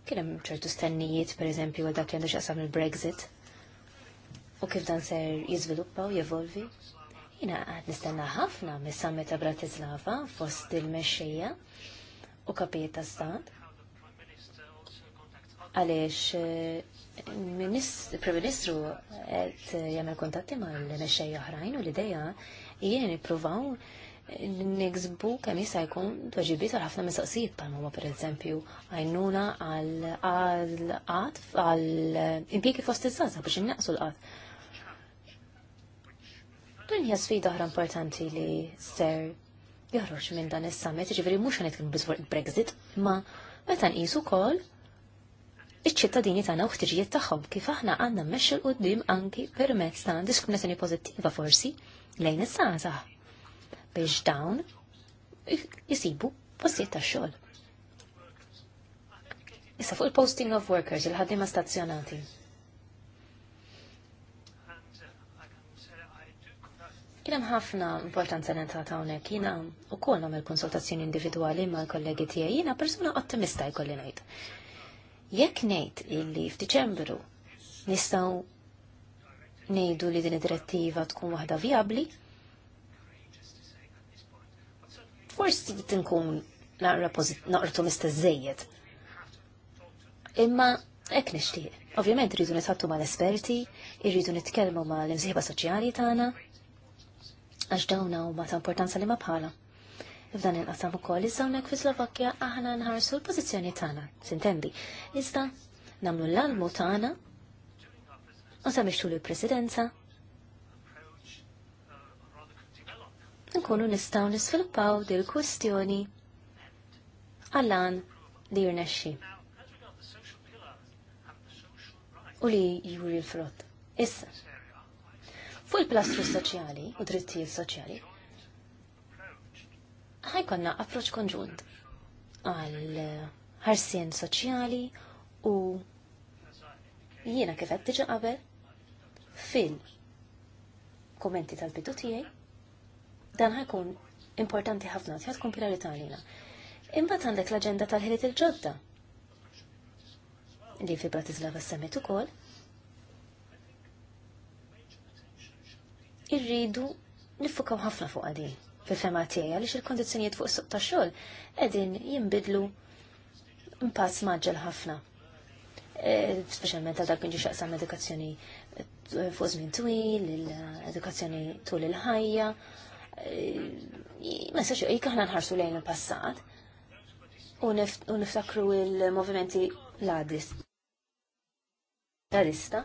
Kien hemm ċertu stennijiet, pereżempju, għal dak li għandu x'aqsam il-Brexit u kif dan ser jiżviluppa u jevolvi. Jina għad nistenna ħafna mis-summit ta' Bratislava fost il-mexxejja u kapijiet ta' stat għaliex eh, il-Prim-Ministru qed jagħmel kuntatti mal-mexxejja oħrajn u l-idea jien ippruvaw niksbu kemm jista' jkun tweġibiet għal ħafna mistoqsijiet bħal pereżempju għajnuna għal qatt għal impjiegi fost iż-żgħażagħ biex innaqsu l-qatt. Din hija sfida oħra importanti li ser joħroġ minn dan is-summit, jiġifieri mhux qed nitkellmu biżwar il-Brexit, ma meta nqisu wkoll iċ-ċittadini tagħna u ħtiġijiet tagħhom kif aħna għandna mmexxu l-qudiem anki permezz ta' diskriminazzjoni pożittiva forsi lejn is-sagħżagħ biex dawn jisibu postijiet ta' xogħol. Issa fuq il-posting of workers il-ħaddiema stazzjonati. Kien hemm ħafna importanza nentata hawnhekk jiena wkoll nagħmel konsultazzjoni individwali mal-kollegi tiegħi jiena persuna ottimista jkolli ngħid. Jekk ngħid illi f'Diċembru nistgħu ngħidu li din id-direttiva tkun waħda viabli, Forsi tinkun naqra naqrtu mistazzejiet. Imma ek nixtieq. Ovvjament rridu nitħattu ma l-esperti, irridu nitkellmu ma l-imsieħba soċjali tagħna, għax dawna huma ta' importanza li ma bħala. F'dan il-qasam ukoll iżda hawnhekk fi Slovakkja aħna nħarsu l-pożizzjoni tagħna, sintendi. Iżda nagħmlu l-almu tagħna u semmixtu lill presidenza nkunu nistgħu nisviluppaw dil kwistjoni għallan li jirnexxi. U li juri l-frott. Issa. Fuq il-plastru soċjali u drittijiet soċjali, ħajkonna approċ konġunt għal ħarsien soċjali u jiena kif qed diġa qabel fil kommenti tal-bidu tiegħi Dan ħajkun importanti ħafna, tħed tkun priorità għalina. Imbagħad għandek l-aġenda tal-ħiliet il-ġodda li fi Bratislava Summit ukoll. Irridu nifukaw ħafna fuq għadin fil-fema tiegħi li xil-kondizjoniet fuq suq tax-xogħol qegħdin jinbidlu mpass maġġel ħafna. E, speċjalment għal dak kien xaqsam edukazzjoni e, fuq żmien twil, l-edukazzjoni tul il-ħajja, Mesa xo, jika aħna nħarsu lejn il-passat u niftakru il-movimenti l-adis. Darista,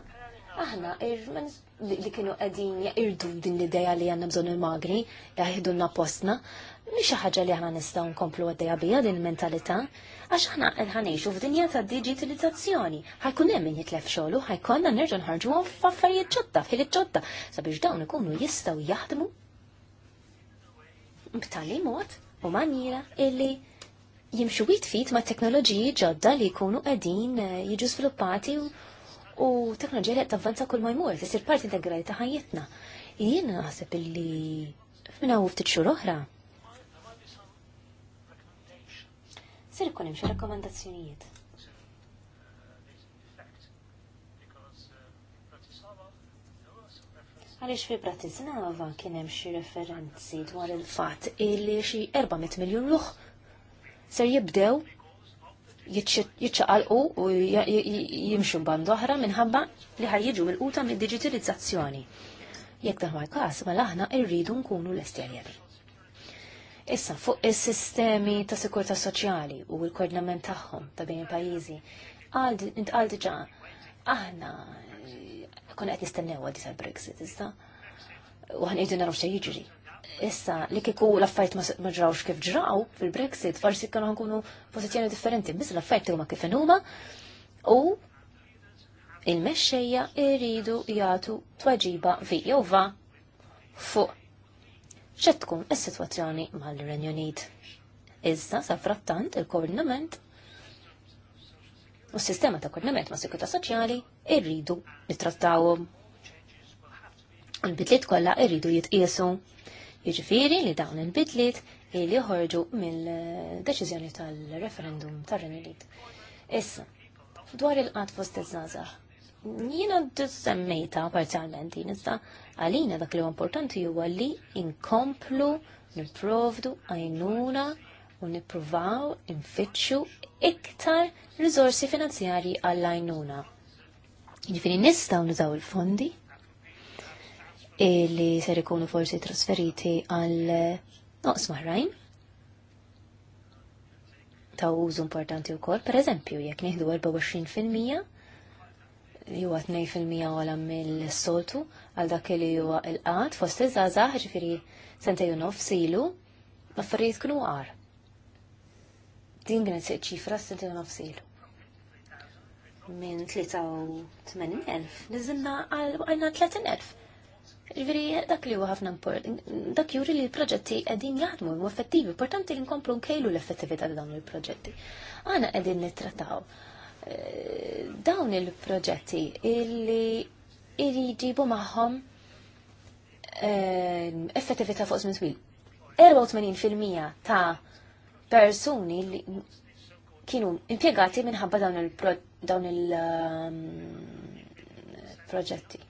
aħna li kienu qegħdin irdu din l-idea li għandna bżonn il-magri, jaħidunna postna, napostna xi ħaġa li aħna nistgħu nkomplu għaddeja bija din il-mentalità, għax aħna ħanejxu f'dinja ta' digitalizzazzjoni. Ħajkun hemm min jitlef xogħlu, ħajkonna nerġgħu nħarġuhom f'affarijiet ġodda, f'ħiliet ġodda, sabiex dawn ikunu jistgħu jaħdmu b'tali mod u maniera illi jimxu fit ma' teknoloġiji ġodda li jkunu qegħdin eh, jiġu sviluppati u teknoloġija li tavvanza kull ma jmur, tisir parti integrali ta' ħajjitna. Jien naħseb illi minna u ftit xhur oħra. Ser ikun hemm xi rakkomandazzjonijiet. għaliex fi Bratislava kien hemm xi referenzi dwar il-fatt illi xi 400 miljun ruħ ser jibdew jiċċaqalqu u jimxu band oħra minħabba li ħar jiġu mill-quta mid-digitalizzazzjoni. Jekk daħma każ mela aħna rridu nkunu l-esterjeri. Issa fuq is-sistemi ta' sikurta soċjali u l-koordinament tagħhom ta' bejn il-pajjiżi, għal diġà aħna konna qed nistennew għal tal-Brexit issa. U għan qegħdu naraw xejn jiġri. Issa li kieku l ma ġrawx kif ġraw fil-Brexit farsi kienu kunu pożizzjoni differenti, bis l-affarijiet huma kif huma u il-mexxejja iridu jagħtu tweġiba fi jowva fuq ċetkun tkun is-sitwazzjoni mal-Renju Unit. sa frattant il-koordinament u s-sistema ta' kornament ma' sekurta soċjali irridu nittrattawhom. Il-bidliet kollha irridu jitqiesu. Jiġifieri li dawn il-bidliet li joħorġu mill-deċiżjoni tal-referendum tar renilit Issa, dwar il-qatt fost iż-żgħażagħ. Jiena semmejta parzjalment issa, għalina dak li huwa importanti huwa li inkomplu nipprovdu għajnuna u nippruvaw infittxu iktar rizorsi finanzjarji għall-għajnuna. Ġifiri nistaw nużaw il-fondi li ser ikunu forsi trasferiti għal noqs maħrajn ta' użu importanti wkoll, per eżempju, jekk nieħdu 24% juwa 2% għala mill-soltu għal dak li huwa il-qat fost iż-żazax ġifiri sentejju nofs ilu, affarijiet kienu għar. Din għan se ċifra s-sidja nofsilu. Minn 83.000 nizzilna għajna 30.000. Ġviri, dak li huwa ħafna dak juri li l-proġetti qegħdin jaħdmu u effettivi, importanti li nkomplu nkejlu l-effettività ta' dawn il-proġetti. Għana qegħdin nittrataw eh, dawn il-proġetti illi ġibu maħħom eh, effettività fuq żmien 84% ta' persuni li kienu impiegati minħabba dawn il-dawn il-proġetti. Um,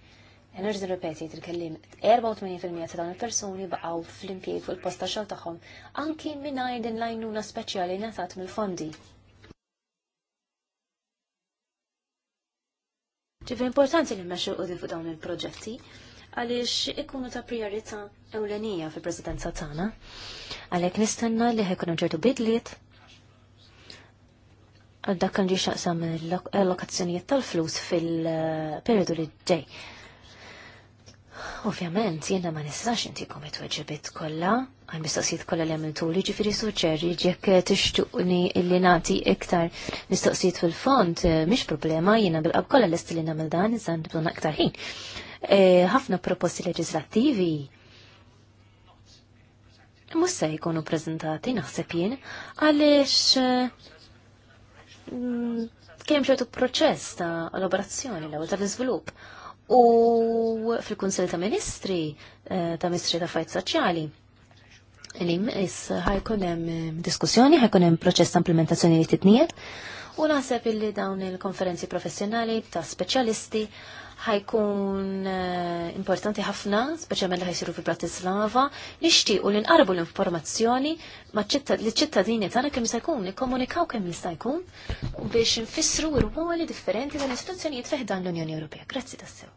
Nerġi ripeti il-kellim, 84% ta' dawn il-persuni baqgħu fl-impjeg fuq il-posta xogħol tagħhom anki mingħajr din lajnuna speċjali ngħatat mill-fondi. Ġifi importanti li mmexxu qudiem fuq dawn il-proġetti għaliex ikunu ta' priorita ewlenija fil prezidenza tagħna. Għalhekk nistenna li ħekunu ċertu bidliet għal dak kan xaqsam l-allokazzjonijiet tal-flus fil-periodu li ġej. Ovvjament, jiena ma nistax inti it-tweġibit kollha, għal mistoqsijiet kollha li għamiltu li ġifieri suġġeri jekk tixtuqni illi nati iktar mistoqsijiet fil-fond mhix problema jiena bil-qab kollha lest li nagħmel dan iżda iktar aktar ħin. E, ħafna proposti leġislattivi mhux se jkunu preżentati naħseb jien għaliex e, mm, kemm ċertu proċess ta' elaborazzjoni l-ewwel tal-iżvilupp. U fil kunsell e, ta' Ministri ta' Ministri ta' Fajt Soċjali ħaj ħajkun hemm diskussjoni, ħajkun hemm proċess ta' implementazzjoni li titniet u naħseb illi dawn il-konferenzi professjonali ta' speċjalisti ħajkun eh, importanti ħafna, speċjalment li ħajsiru fi Bratislava, nixtiequ li nqarbu l-informazzjoni l-ċittadini tagħna kemm jista' jkun, nikkomunikaw kemm jista' jkun biex nfissru rwoli differenti tal-istituzzjonijiet fih dan l-Unjoni Ewropea. Grazzi tassew.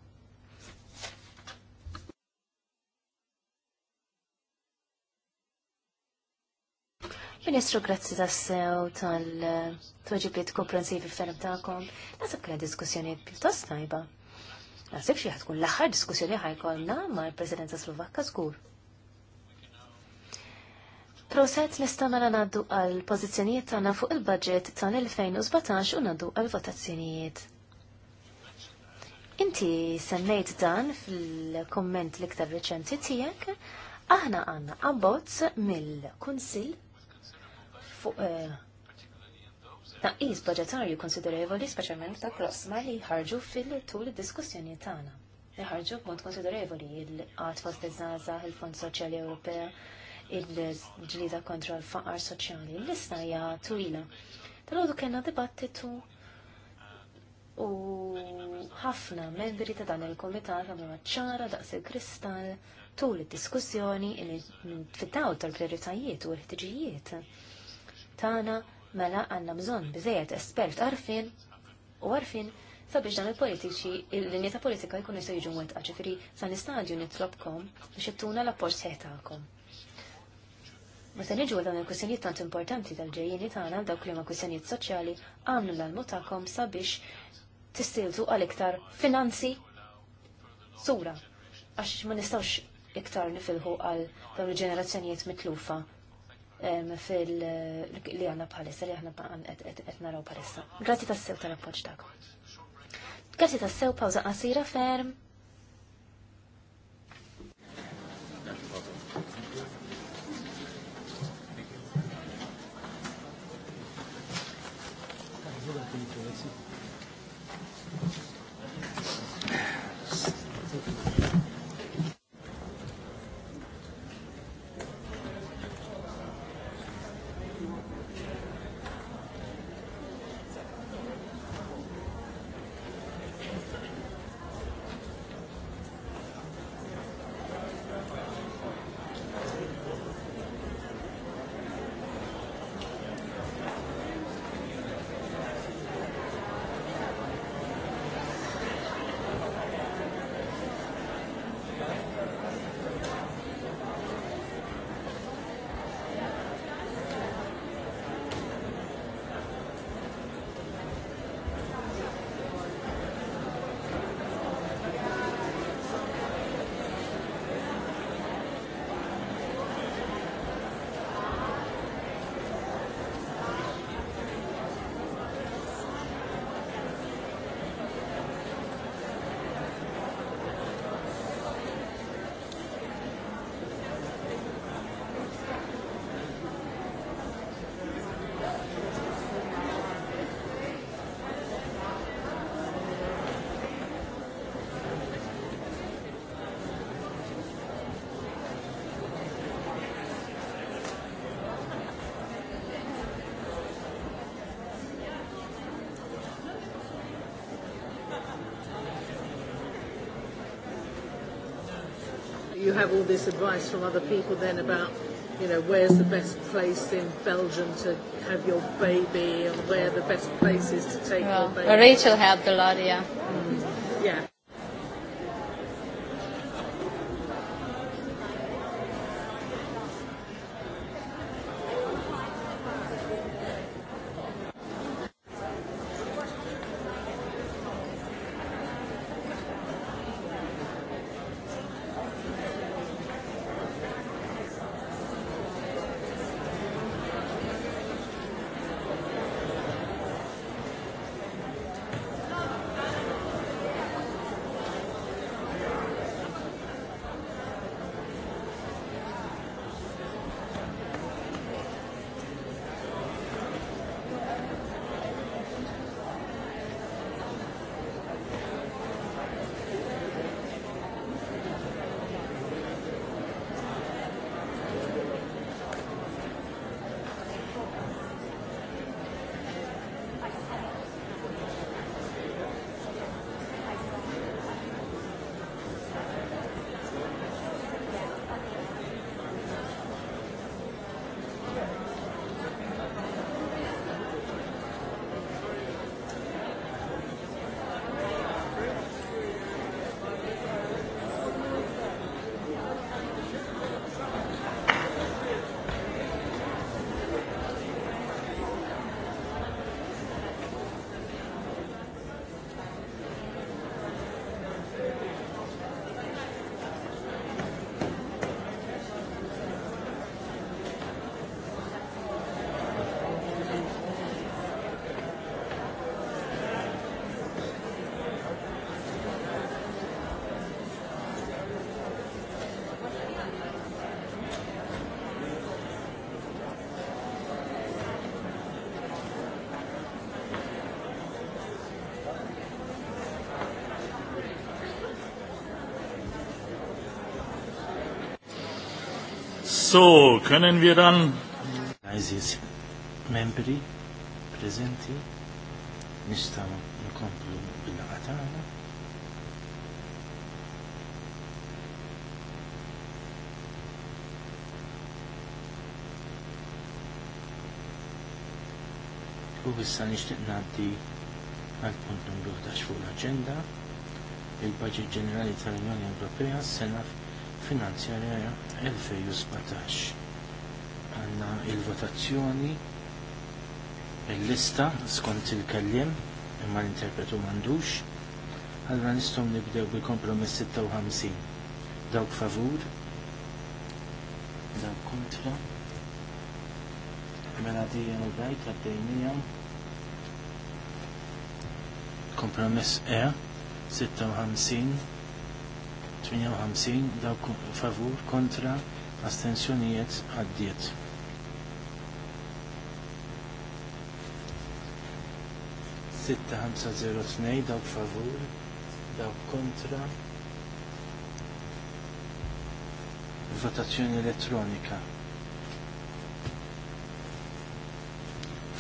Ministru, grazzi tassew tal-toġibiet komprensivi ferm ta'kom. Nasab kena diskussjoni pjuttost tajba. Nasibx li ħatkun l-aħħar diskussjoni ħajkolna ma' il presidenza Slovakka żgur. Proset nista' mela ngħaddu għal pożizzjonijiet tagħna fuq il-budget tal-2017 u ngħaddu għal votazzjonijiet. Inti semmejt dan fil-komment l-iktar reċenti tiegħek, aħna għandna abbozz mill-Kunsill fuq eh, tnaqqis budġetarju konsiderevoli speċjalment ta' prosma li ħarġu fil-tul diskussjoni tagħna. Li ħarġu b'mod konsiderevoli il-qatt fost iż-żgħażagħ il-Fond Soċjali Ewropea, il-ġlida kontra l-faqar soċjali. L-lista hija twila. Tal-għodu kena dibattitu u ħafna membri ta' dan il-komitat għamlu ċara daqs il-kristall tul id-diskussjoni fit fittaw tal-prioritajiet u l-ħtiġijiet tagħna mela għandna bżonn biżejjed espert għarfien u għarfien sabiex dan il-politiċi, il-linja ta' politika jkun jistgħu jiġu wentqa, ġifieri sa nistadju nitlobkom biex jittuna l apport seħtakom. tagħkom. Meta niġu dan il-kwistjonijiet tant importanti tal-ġejjini tagħna dawk li ma' kwistjonijiet soċjali għamlu l-almu tagħkom sabiex tistiltu għal iktar finanzi sura għax ma nistgħux iktar nifilħu għal dawn il-ġenerazzjonijiet mitlufa fil li għanna bħalissa li għanna għet naraw bħalissa. Grazie tassew tal-appoġġ tagħkom. Grazzi tassew pawza qasira ferm. have all this advice from other people then about, you know, where's the best place in Belgium to have your baby and where the best place is to take yeah. your baby. Rachel helped a lot, yeah. So, können wir dann... Aziz, membri, prezenti, nistaw nkomplu bil-qatana. U bissa nishtiq naddi għal punt numru 11 fuq l-agenda il-Budget Ġenerali tal-Unjoni Ewropea s-sena finanzjarja 2017 e għanna il-votazzjoni il-lista skont il-kellim imma l-interpretu mandux għallra nistgħu nibdew bil kompromiss 56 dawk favur dawk kontra mela dijen u bajt għaddejnija kompromess E 56 58 dawk favur kontra astensjonijiet għaddiet. Sitta ħamsa zero tnej dawk favur, dawk kontra. Votazzjoni elettronika.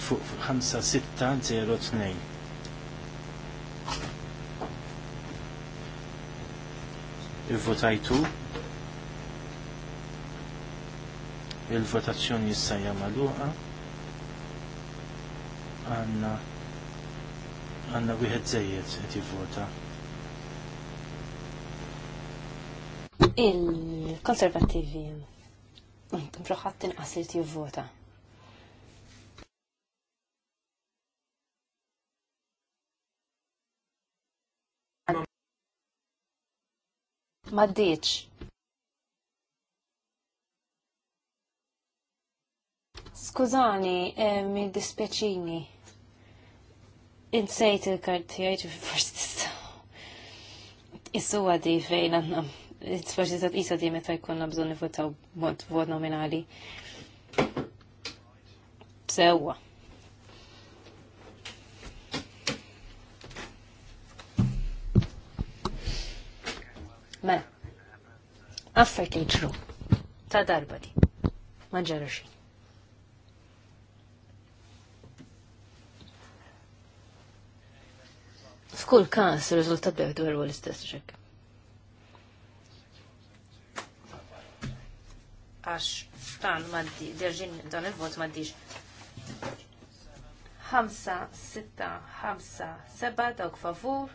Fuq ħamsa sitta zero tnej. Ivvotajtu. Il-votazzjoni issa hija għanna għanna wieħed żejjed qed jivvota. Il-konservattivi, mħikum proħat tinqasir jivvota. vota maddiċ. Skużani, eh, mi dispjaċini. Insejt il-karti għajġi forsi tista. Issu għaddi fejn għanna. Forsi ta' isa di meta jkunna bżon nifutaw mod vot nominali. Sewa. Mela, affert li ġru, ta' darba di, ma ġara F'kull kas, il riżultat bieħdu huwa għal istess ċek. Għax dan maddi, derġin dan il-vot maddix. 5, 6, 5, 7 dawk favur,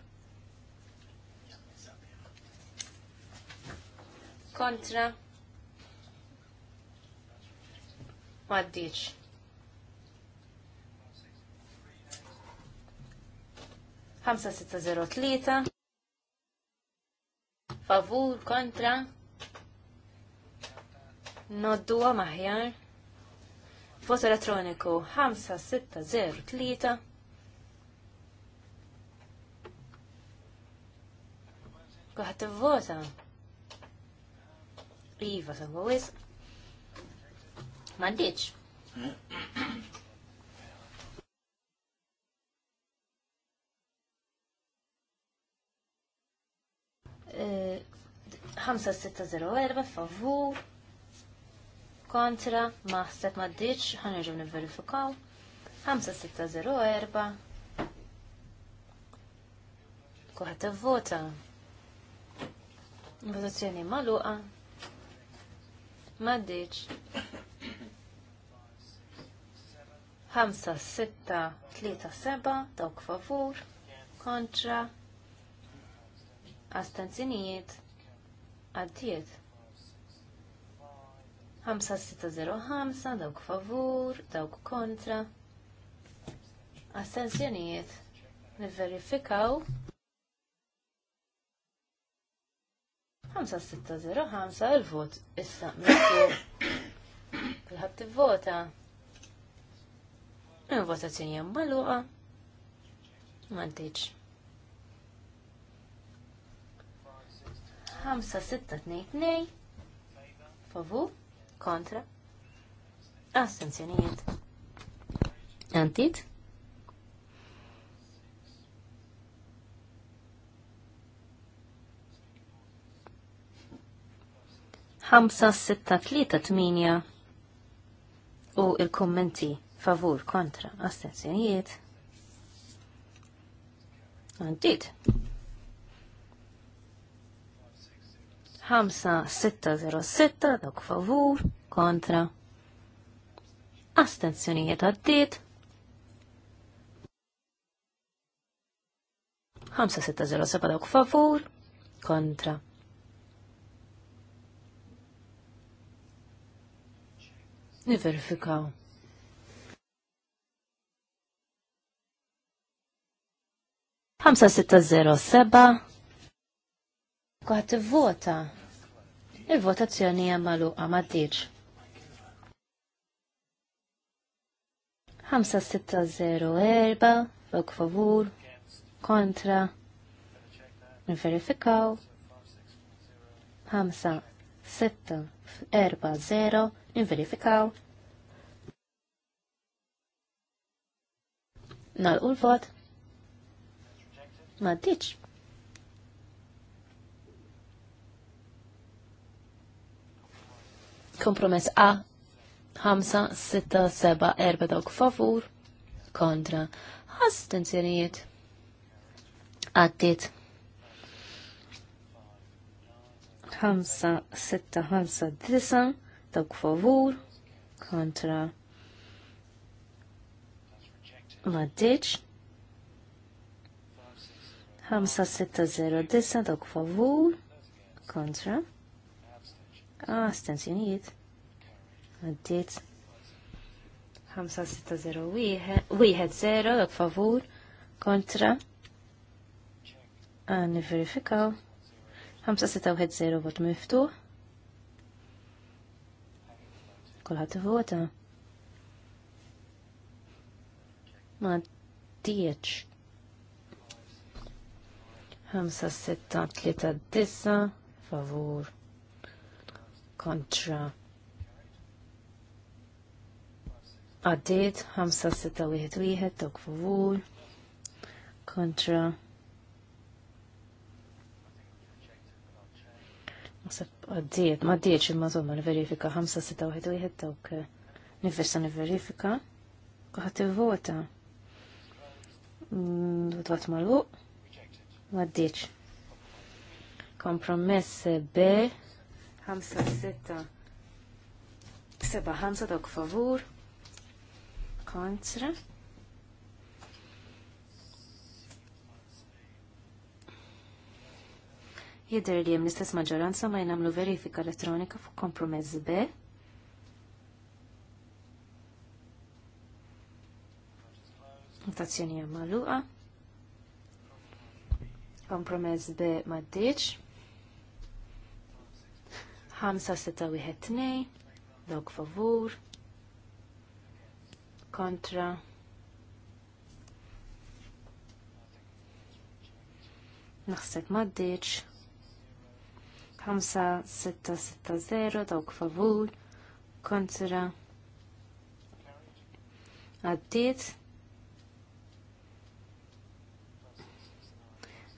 kontra maddiċ. ħamsa sitta zero tlita favur kontra noddua maħjar vot elettroniku sitta 5603 Kuħat t-vota. Iva, sawa wis. Mandiċ. Eh, ħamsa sitta zero erba favur kontra maħseb maddiċ ħanerġu nivverifikaw 5604 kuħat vota votazzjoni maluqa Maddiċ. Ħamsa, sitta, tlieta, seba, dawk favur, kontra, astenzjonijiet, għaddiet. hamsa, dawk favur, dawk kontra, astenzjonijiet, niverifikaw. 5-6-0-5 il-vot issa mittu tivvota. Il-votazzjoni hemm magħluqa m'għandix. 5-6-2-2 favu kontra astenzjonijiet. Antit? 5-6-3-8 u il-kommenti favur kontra astenzjonijiet. Għaddit. 5-6-0-6 dok favur kontra astenzjonijiet għaddit. 5-6-0-7 dok favur kontra niverifikaw. Hamsa sitta zero seba. Kwaħt vota. Il-votazzjoni għamaddiċ. Hamsa sitta zero erba. vok favur kontra Niverifikaw. Hamsa sitta erba zero. Nivverifikaw. Nal l-vot. Ma ddiċ. Kompromess A. Hamsa sitta, seba erba dawk favur. Kontra. Astenzjonijiet. Għaddit. Hamsa, sitta, hamsa, disa. Dawk favur kontra 5-6-0 5609 dawk favur kontra astensjonijiet għaddiet 5601 dawk favur kontra għan verifikaw 5610 vot miftuħ kolħat vota. Ma tieċ. Hamsa setta tlieta 9, favur. Kontra. Għaddiet, 5, setta wieħed wieħed, tok favur. Kontra għaddiet, ma għaddiet imma zomma verifika 5-6-1 1 dawk verifika eh, niverifika. Kħat vota mm, Vot malu, għaddiet. Kompromess B, 5-6-7-5 dawk favur, kontra, Jidher li hemm l-istess maġġoranza ma jnamlu verifika elettronika fuq kompromess B. Notazzjoni hemm magħluqa. Kompromess B m'għaddiex. 5-6-1-2 log favur Kontra Naħseb maddiċ 5660 dawk favur kontra għaddiet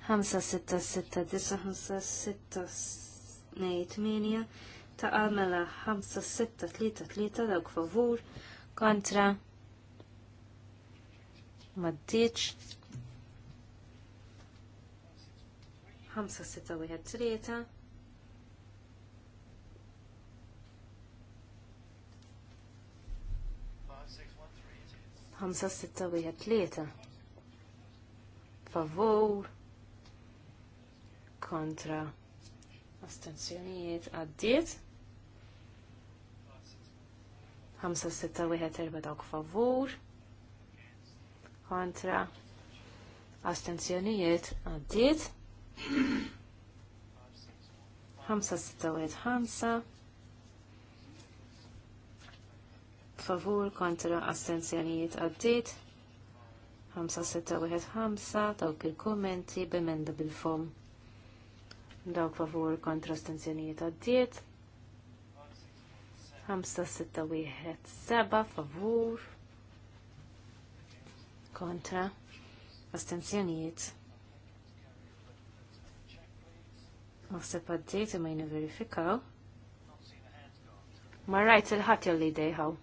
5-6-6-9-8 ta' għamela 5 6 Tlita Tlita dawk favur kontra maddiċ 5-6-1-3 خمسة ستة 1 تلاتة favur كونترا astenzjonijiet għaddiet خمسة ستة 1 تربة دوك favur كونترا astenzjonijiet għaddiet خمسة ستة 1 5 favur kontra astenzjonijiet għaddit 5615 dawk il-kommenti b'emenda bil-fom dawk favur kontra astenzjonijiet għaddiet 5617 favur kontra astenzjonijiet Maħseb għaddiet imma jina verifikaw. Ma rajt il-ħat jolli dejħaw.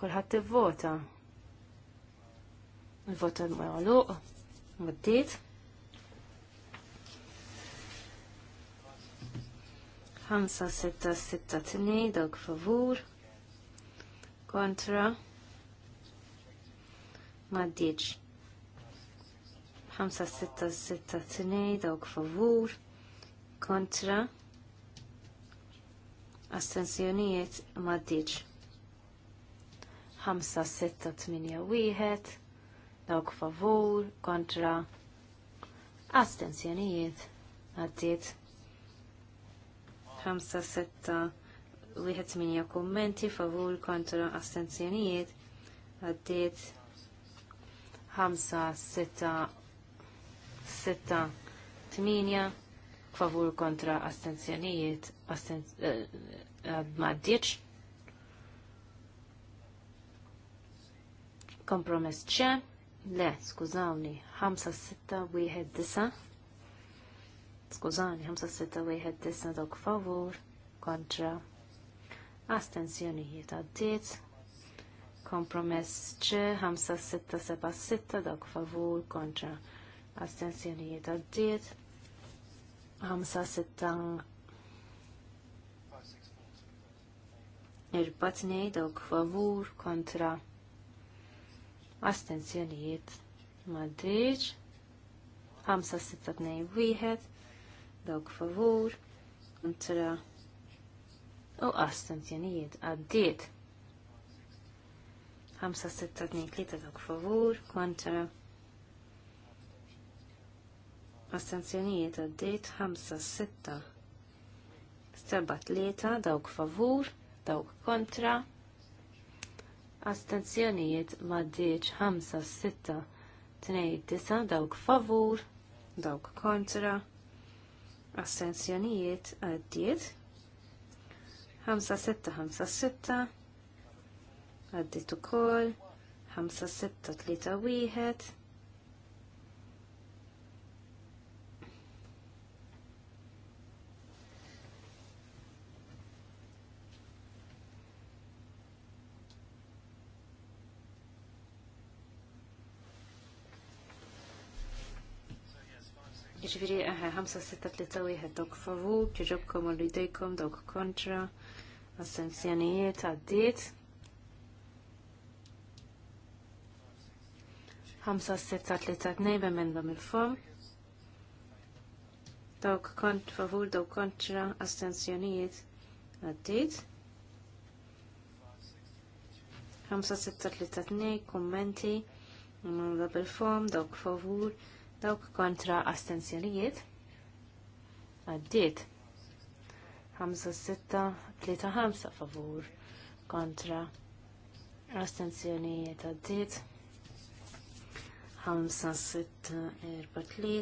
Kulħadd ivvota. Il-vota magħluq, muddiet. Ħamsa sitta sitta tnej dawk favur. Kontra. Maddiċ. Ħamsa sitta sitta tnej dawk favur. Kontra. Astensjonijiet maddiċ. 5-6-8-1 dawk favur kontra astenzjonijiet għaddiet 5-6-1-8 kummenti favur kontra astenzjonijiet għaddiet 5-6-8 favur kontra astenzjonijiet astenzjonijiet ma' Kompromess ċe? Le, skużawni, 5-6-1-9. Skużawni, 5-6-1-9 dok favur, kontra. Astenzjonijiet għaddit. Kompromess ċe? 5-6-7-6 dok favur, kontra. Astenzjonijiet għaddit. 5-6 1 9 Irbatnej dawk favur kontra astenzjonijiet maddiċ 5 6 dawk favur kontra u astenzjonijiet għaddiet 5623 dawk favur kontra astenzjonijiet għaddiet 5-6 7-3 dawk favur dawk kontra astenzjonijiet maddiċ 5-6-2-9 dawk favur, dawk kontra, astenzjonijiet għaddiet 5-6-5-6 għaddiet u kol 5-6-3-1 Ġifiri, aha, 5-6-3-1, dawk favur, u l jdejkom, dawk kontra, assenzjonijiet, għaddit. 5-6-3-2, bemendom il-fom. Dawk kont favu, dawk kontra, assenzjonijiet, għaddit. 5 6 3 nej kommenti, għamlu bil-fom, dawk favur, dawk kontra astenzjonijiet għaddiet 5-6-3-5 favur kontra astenzjonijiet għaddiet 5-6-4-3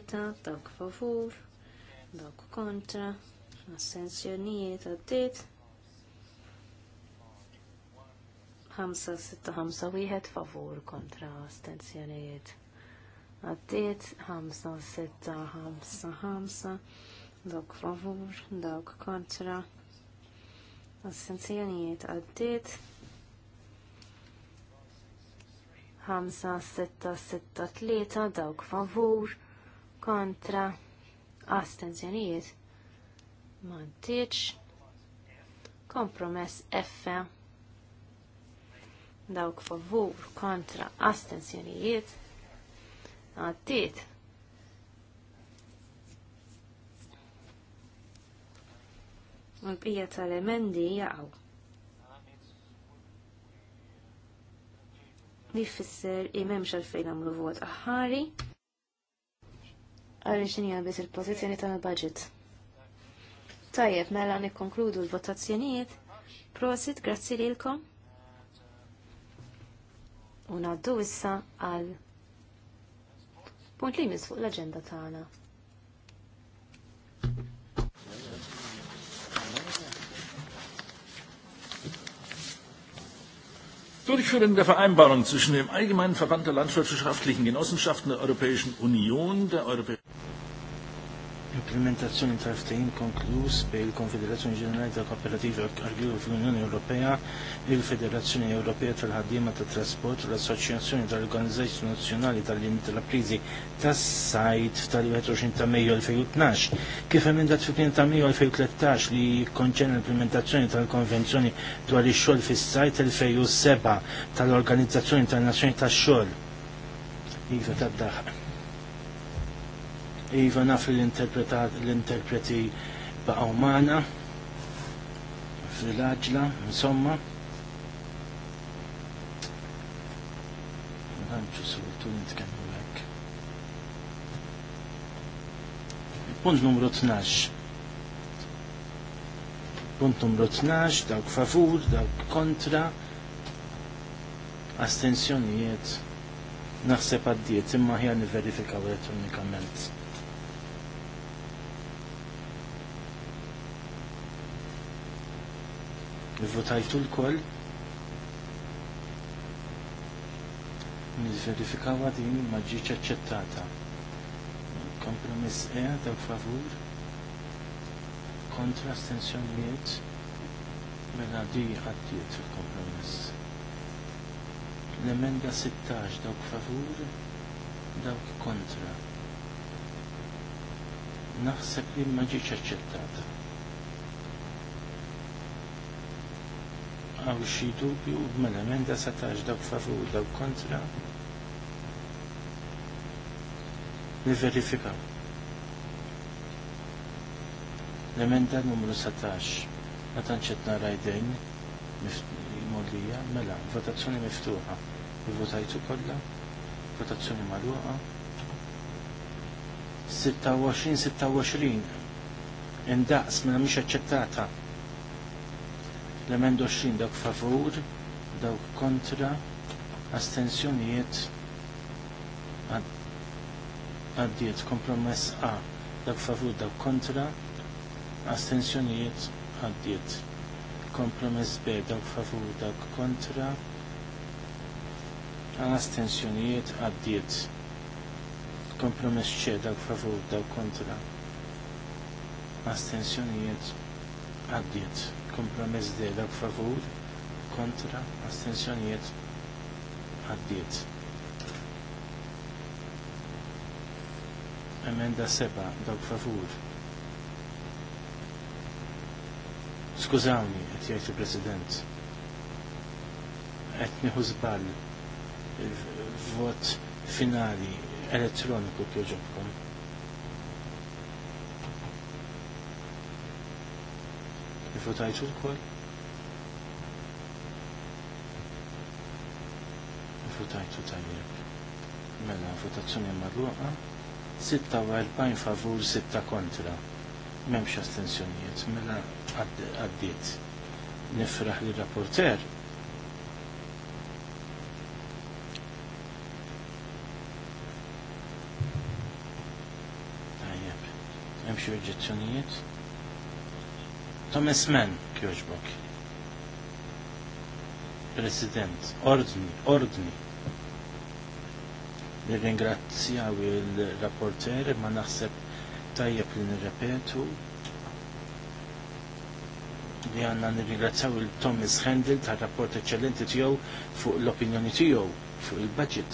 dawk favur dawk kontra astenzjonijiet għaddiet 5-6-5-1 favur kontra astenzjonijiet għaddiet, ħamsa, setta, ħamsa, ħamsa, dawk favur, dawk kontra, assenzjonijiet għaddiet, ħamsa, setta, setta, tlieta, dawk favur, kontra, assenzjonijiet, maddiċ, kompromess F, dawk favur kontra astensjonijiet, għattiet. U l tal-emendi jaqaw. Li fisser imemx għalfejn għamlu vot aħħari għalli xini għabis il-pozizjoni tal-budget. Tajjeb, mela nikkonkludu l-votazzjonijiet. Prosit, grazzi lilkom. Unaddu issa għal Punt li jmiss fuq l-agenda tagħna. Durchführung der Vereinbarung zwischen dem allgemeinen Verband der landwirtschaftlichen Genossenschaften der Europäischen Union, der Europäischen implementazzjoni tal-ftehim konkluż bej il-Konfederazzjoni Ġenerali ta' Kooperativi Argilu fl-Unjoni Ewropea, il-Federazzjoni Ewropea tal-Ħaddiema tat Trasport, l-Assoċjazzjoni tal-Organizzazzjoni Nazzjonali tal-Intraprizi tas-sajt tal-21 ta' Mejju 2012, kif emendat fil-2 ta' Mejju 2013 li konċen l-implementazzjoni tal-Konvenzjoni dwar ix-xogħol fis-sajt 2007 tal-Organizzazzjoni tan-Nazzjoni tax-xogħol. Iva tad-daħħal Iva naf l-interpreti ba' mana fil-ħagġla, insomma. Għanċu surtu nitkellmu għek. Punt numru 12. Punt numru 12, dawk favur, dawk kontra, astensjonijiet. Naħseb għaddiet imma ħjar niverifikaw elettronikament. Nivvotajtu l-koll. Nizverifikawa din ma ġiċ aċċettata. Kompromiss E daw favur. Kontra stensjoniet Mela di għaddiet il kompromiss L-emenda 16 dawk favur, dawk kontra. Naħseb li ma ġiċ aċċettata. għaw xi dubju mela emenda sataġ dawk favur dawk kontra niverifikaw l-emenda numru 17 ma tanċet nara jdejn mollija mela votazzjoni miftuħa votajtu kollha votazzjoni magħluqa 26-26 indaqs mela mhix aċċettata L-emend 20 dawk favur, dawk kontra, astensjonijiet għaddiet kompromess A dawk favur dawk kontra, astensjonijiet għaddiet. Kompromess B dawk favur dawk kontra, astensjonijiet għaddiet. Kompromess C dawk favur dawk kontra, astensjonijiet għaddiet kompromess D dak favur kontra astensjonijiet għaddiet. Emenda seba dawk favur. Skużawni, qed jgħid il-President. Qed nieħu żball il-vot finali elettroniku kjoġobkom. Ifotajtu l-kol? Ifotajtu tajjeb. Mela, votazzjoni marruqa. 46 favur, 6 kontra. Memx astensjonijiet. Mela, għaddiet. Nifraħ li rapporter. Tajjeb. Memx oġġezzjonijiet. Thomas Mann, kjoġbok. President, ordni, ordni. Nirringrazzjaw il-rapporter ma naħseb tajjeb li nirrepetu li għanna nirringrazzjaw il-Thomas Handel ta' rapport eccellenti tiegħu fuq l-opinjoni tiegħu fuq il-budget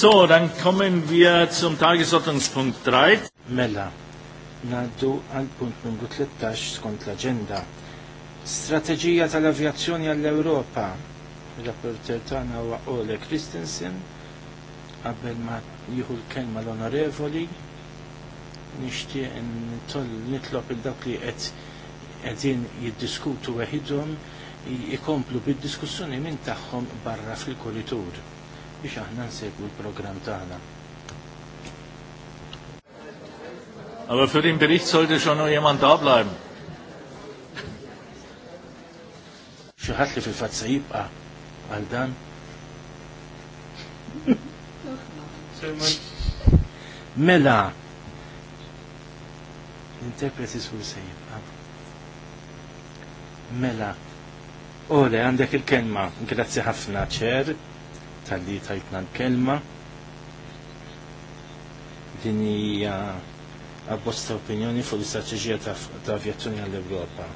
So, dann kommen wir zum Tagesordnungspunkt 3. Mela, naddu għal punt numru 13 skont l-agenda. Strategija tal-avjazzjoni għall-Europa. Rapporter tagħna wa Ole Christensen. Qabel ma jieħu l-kelma l-onorevoli, nixtieq nitlob il dak li qed qegħdin jiddiskutu weħidhom ikomplu bid-diskussjoni minn tagħhom barra fil-korritur biex aħna nsegwu l-programm tagħna. Aber für den Bericht sollte schon noch jemand da bleiben. Xi hat li fil-fatt se jibqa' għal dan. Mela, l-interpreti sur se jibqa'. Mela, ole għandek il-kelma, grazzi ħafna ċer tal-li tajtna l-kelma. Din hija abbosta opinjoni fuq l-istrateġija ta' avjazzjoni għall-Ewropa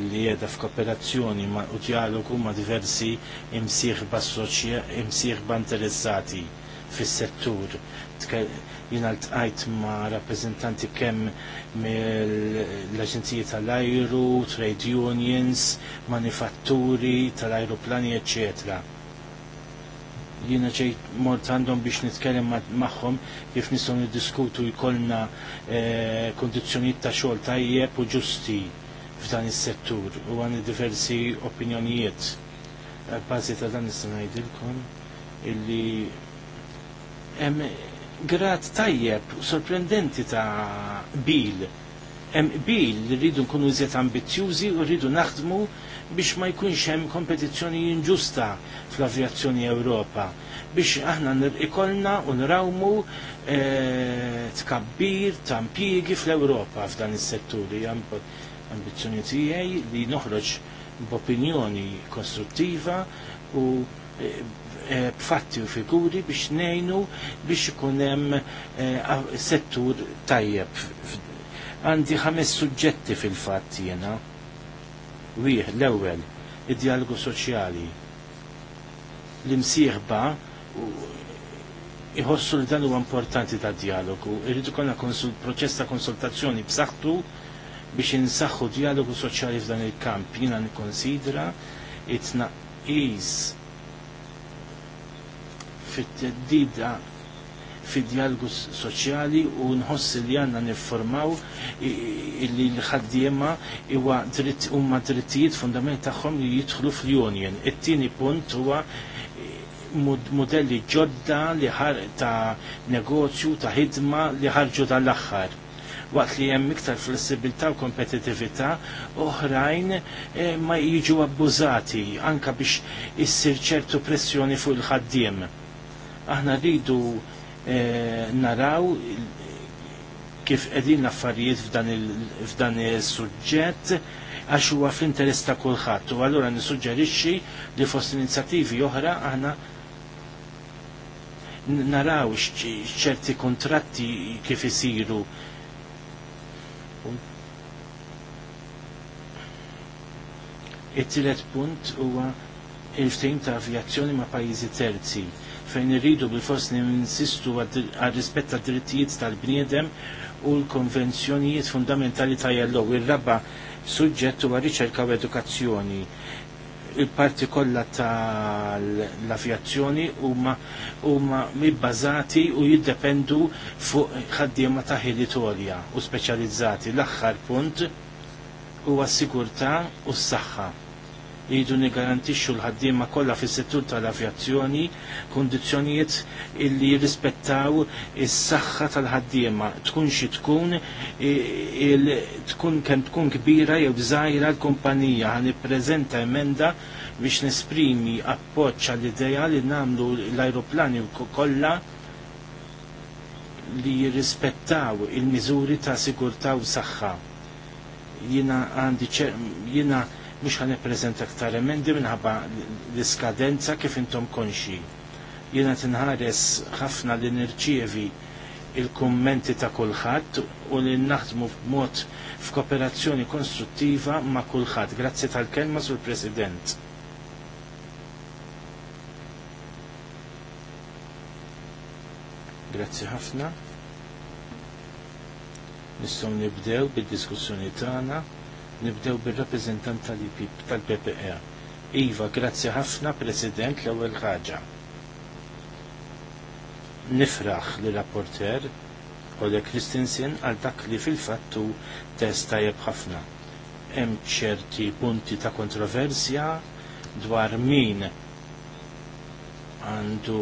illi jedha f'kooperazzjoni ma' u dialogu ma' diversi imsieħba imsieħba interessati fis-settur. Jina l-tqajt ma' rappresentanti kemm mill aġenzija tal-Ajru, Trade Unions, Manifatturi, tal-Ajruplani, eccetera jiena ċejt mort għandhom biex nitkellem magħhom kif nistgħu niddiskutu jkollna eh, kondizzjonijiet ta' xogħol tajjeb u ġusti f'dan is-settur u għandi diversi opinjonijiet. Eh, bażi ta' dan nista' ngħidilkom illi hemm grad tajjeb sorprendenti ta' bil. Hemm bil li rridu nkunu iżjed ambizzjużi u rridu naħdmu biex ma jkunx hemm kompetizzjoni inġusta fl-avjazzjoni Ewropa biex aħna ikolna u nrawmu eh, tkabbir ta' impjiegi fl-Ewropa f'dan is-settur ambizzjoni tiegħi li noħroġ b'opinjoni kostruttiva u eh, eh, b'fatti u figuri biex nejnu biex ikun hemm settur tajjeb. Għandi ħames suġġetti fil-fatt jiena Wieħ, l-ewwel id-dialogu soċjali l-imsieħba iħossu li dan huwa importanti ta' dialogu. Irridu konna proċess ta' konsultazzjoni b'saħħtu biex insaħħu dialogu soċjali f'dan il-kamp. Jiena nikkonsidra it-tnaqqis fit-teddida fid-dialgu soċjali u nħoss li għanna nifformaw li l-ħaddiema huwa dritt huma drittijiet fundament tagħhom li jidħlu fl-union. It-tieni punt huwa eh, modelli ġodda li ħar ta' negozju ta' ħidma li ħarġu tal-aħħar waqt li hemm iktar flessibilità u kompetitività oħrajn eh, ma jiġu abbużati anka biex issir ċertu pressjoni fuq il-ħaddiem. Aħna rridu Eh, naraw kif qegħdin l-affarijiet f'dan is-suġġett għax huwa fl-interess ta' kulħadd. U allura nissuġġerixxi li fost inizjattivi oħra aħna naraw ċerti kontratti kif isiru it-tielet punt huwa il-ftehim ta' avjazzjoni ma' pajjiżi terzi fejn irridu bil-fors ninsistu għal rispett tad drittijiet tal-bniedem u l-konvenzjonijiet fundamentali ta' jellow. Ir-raba suġġett huwa riċerka u edukazzjoni il-parti kollha tal-avjazzjoni huma huma mibbażati u jiddependu fuq ħaddiema ta' ħilitorja u speċjalizzati. L-aħħar punt huwa s-sigurtà u s-saħħa jridu nigarantixxu l-ħaddiema kollha fis-settur tal-avjazzjoni kondizzjonijiet illi jirrispettaw is-saħħa tal-ħaddiema tkun xi tkun tkun kemm tkun kbira jew żgħira l-kumpanija ħan emenda biex nesprimi appoġġ għall-idea li nagħmlu l-ajruplani kollha li jirrispettaw il-miżuri ta' sigurtaw u saħħa jina għandi jina mhux ħan ippreżenta aktar emendi minħabba l-iskadenza kif intom konxi. Jiena tinħares ħafna li nirċievi il-kummenti ta' kulħadd u li naħdmu b'mod f'kooperazzjoni konstruttiva ma' kulħadd. Grazzi tal-kelma sur President. Grazzi ħafna. Nistgħu nibdew bid-diskussjoni tagħna. Nibdew bil reprezentant tal ipip tal-PPE. Iva, grazzi ħafna, President, l-ewwel ħaġa. Nifraħ li rapporter Ole Kristinsen għal dak li fil-fattu test tajjeb ħafna. Hemm ċerti punti ta' kontroversja dwar min għandu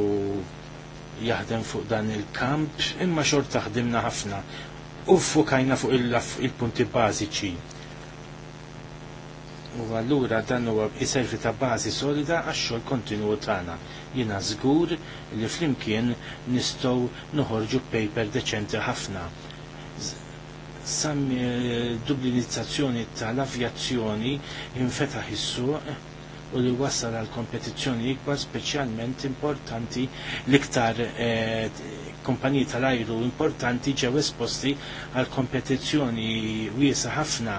jaħdem fuq dan il-kamp imma xorta ħdimna ħafna u fukajna fuq il-punti bażiċi U allura dan huwa iservi ta' bażi solida għax-xogħol kontinwu tagħna. Jiena żgur li flimkien nistgħu noħorġu paper deċenti ħafna. Sam eh, dublinizzazzjoni tal-avjazzjoni infetaħ is-suq u li wassal għal kompetizzjoni ikbar speċjalment importanti l-iktar eh, kumpaniji tal-ajru importanti ġew esposti għal kompetizzjoni wiesa ħafna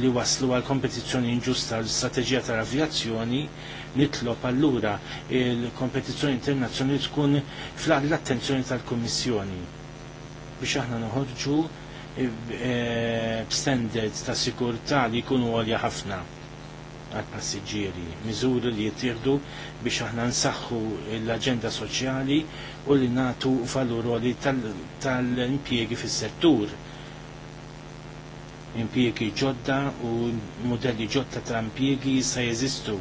li waslu għal kompetizzjoni inġusta l strateġija tal-avjazzjoni nitlob allura il-kompetizzjoni internazzjonali tkun fl l-attenzjoni tal-Kummissjoni biex aħna noħorġu eh, b'standards ta' sigurtà li jkunu għolja ħafna għal-passiġġieri, miżuri li jittieħdu biex aħna nsaħħu l-aġenda soċjali u li natu valuroli tal-impjiegi fis-settur. Impjiegi ġodda u modelli ġodda ta' impjiegi sa jeżistu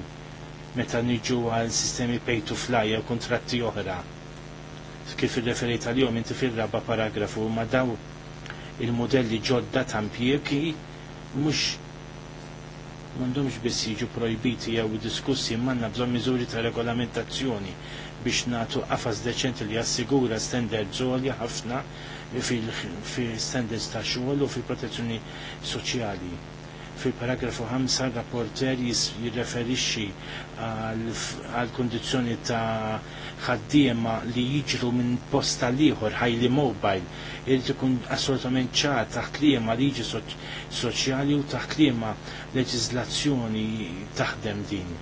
meta niġu għal sistemi pay to fly u kontratti oħra. Kif ir-referi tal-jom inti fil-raba paragrafu ma daw il-modelli ġodda ta' impjiegi mhux m'għandhomx biss jiġu projbiti jew diskussi manna bżonn miżuri ta' regolamentazzjoni biex nagħtu qafas deċenti li jassigura standard żolja ħafna fi standards ta' xogħol u fil-protezzjoni soċjali. Fil-paragrafu 5 rapporter jirreferixxi għal kondizzjoni ta' ħaddiema li jiġru minn posta liħor ħajli mobile irrid ikun assolutament ċar taħt liema liġi soċjali u taħt liema leġiżlazzjoni taħdem din.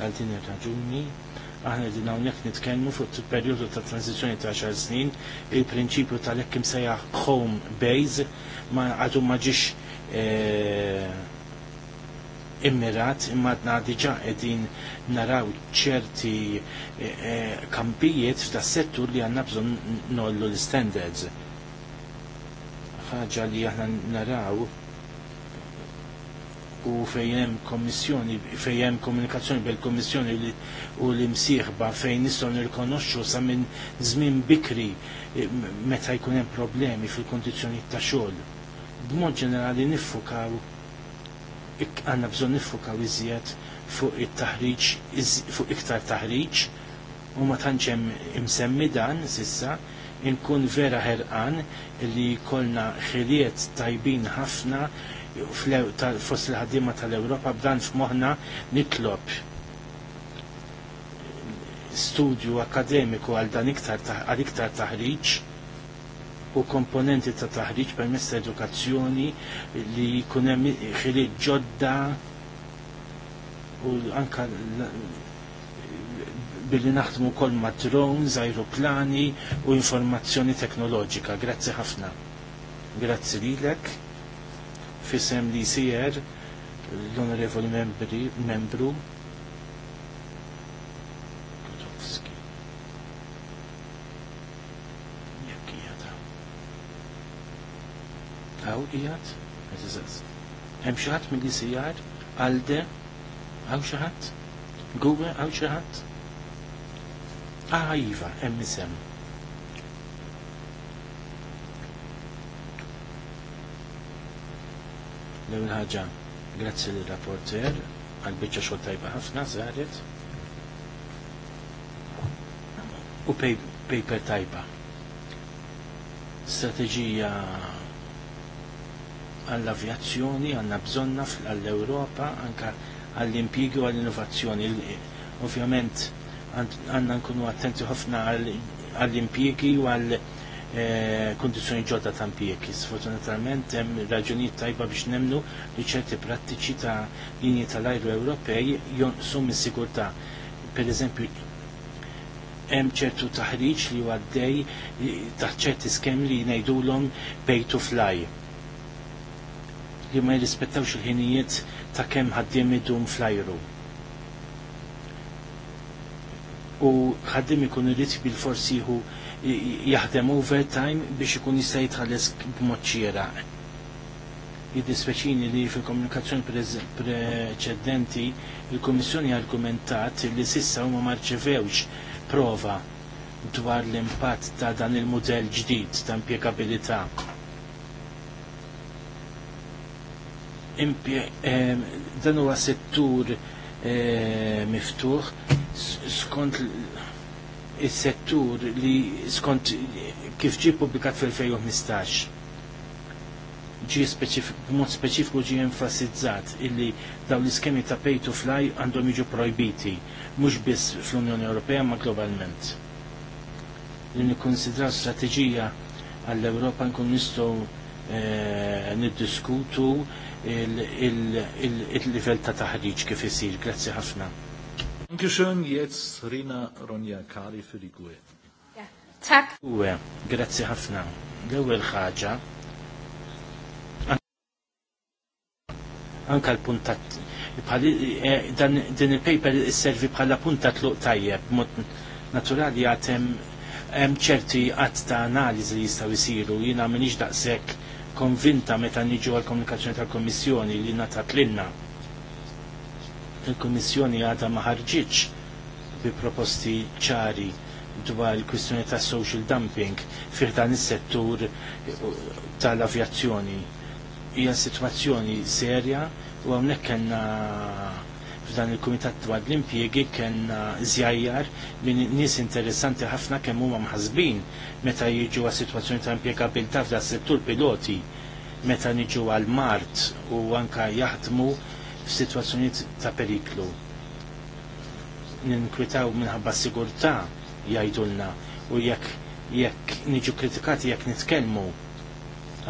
Għal din ir-raġuni aħna din hawnhekk nitkellmu fuq perjodu ta' tranzizzjoni ta' xar snin, il-prinċipju tal-hekk imsejjaħ home base ma għadu ma ġiex eh, immirat imma għadna diġa qegħdin naraw ċerti eh, eh, kampijiet f'ta' settur li għandna bżonn nollu l-standards. Ħaġa li aħna naraw u fejjem kommissjoni fejjem komunikazzjoni bil-kommissjoni u l-imsieħba fejn nistgħu nirkonoxxu sa minn żmien bikri eh, meta jkun hemm problemi fil-kondizzjonijiet ta' xogħol. B'mod ġenerali nifukaw għanna bżon nifukaw iżjed fuq it-taħriġ, fuq iktar taħriġ, u ma tantxem imsemmi dan, sissa, inkun vera ħerqan li kolna xiliet tajbin ħafna fost il ħadima tal-Europa b'dan f'moħna nitlob studju akademiku għal dan iktar għal iktar taħriġ u komponenti ta' taħriġ permess ta' edukazzjoni li jkun hemm ġodda u anka billi naħdmu kol ma' drones, aeroplani u informazzjoni teknoloġika. Grazzi ħafna. Grazzi lilek. Fisem li sijer l-onorevoli membru għaw ijat, għazizaz. Hemm xaħat minn sijar għalde għaw xaħat, għuwe għaw xaħat. Għajiva, hemm nisem. L-ewwel ħaġa, grazzi l rapporter għal-biċċa xogħol tajba ħafna zaħret. u paper tajba. Strategija għall-avjazzjoni għanna bżonna għall-Ewropa anka għall-impjiegi u għall-innovazzjoni. Ovvjament għandna nkunu attenti ħafna għall-impjiegi u għall eh, kondizjoni ġodda ta' impjiegi. Sfortunatament hemm raġunijiet tajba biex nemnu li ċerti prattiċi ta' linji tal-ajru Ewropej jonqsu mis-sigurtà. Per eżempju, hemm ċertu taħriġ li għaddej taħċerti ċerti skem li jgħidulhom pay to fly li ma jirrispettawx il-ħinijiet ta' kemm ħaddiem idum flajru. U ħaddiem ikun irid bil-forsi jaħdem overtime biex ikun jista' jitħalles b'mod xieraq. Jiddispeċini li fil-komunikazzjoni preċedenti il-Kummissjoni argumentat li sissa huma rċevewx prova dwar l-impatt ta' dan il-modell ġdid ta' impjegabilità dan huwa settur eh, miftuħ skont is-settur li skont kif ġie ppubblikat fil-2015 ġi mod speċifiku ġi enfasizzat illi dawn l-iskemi ta' pay to fly għandhom jiġu projbiti, mhux biss fl-Unjoni Ewropea ma' globalment. Li nikkonsidraw strateġija għall-Ewropa nkun nistgħu Eh, niddiskutu il-livell ta' taħriġ kif isir. Grazzi ħafna. Dankeschön, jetzt Rina Ronja Kari für Tak. Uwe, grazzi ħafna. L-ewwel ħaġa. Anka l-puntat eh, din il-paper servi bħala punta tluq tajjeb, naturali għatem hemm ċerti għat ta' analiżi li jistgħu jsiru, jiena m'iniex daqshekk konvinta meta niġu għal-komunikazzjoni tal-Komissjoni li natat l-inna. Il-Komissjoni għadha ma ħarġitx bi proposti ċari dwar il-kwistjoni ta' social dumping fir dan is-settur tal-avjazzjoni. Hija sitwazzjoni serja u hawnhekk kellna f'dan il-Kumitat dwar l-impjiegi kien żjajjar minn nies interessanti ħafna kemm huma mħasbin meta jiġu għas sitwazzjoni ta' impjegabilità f'dan settur piloti meta niġu għal mart u anka jaħdmu f'sitwazzjonijiet ta' periklu. Ninkwitaw minħabba sigurtà jgħidulna u jekk jekk niġu kritikati jekk nitkellmu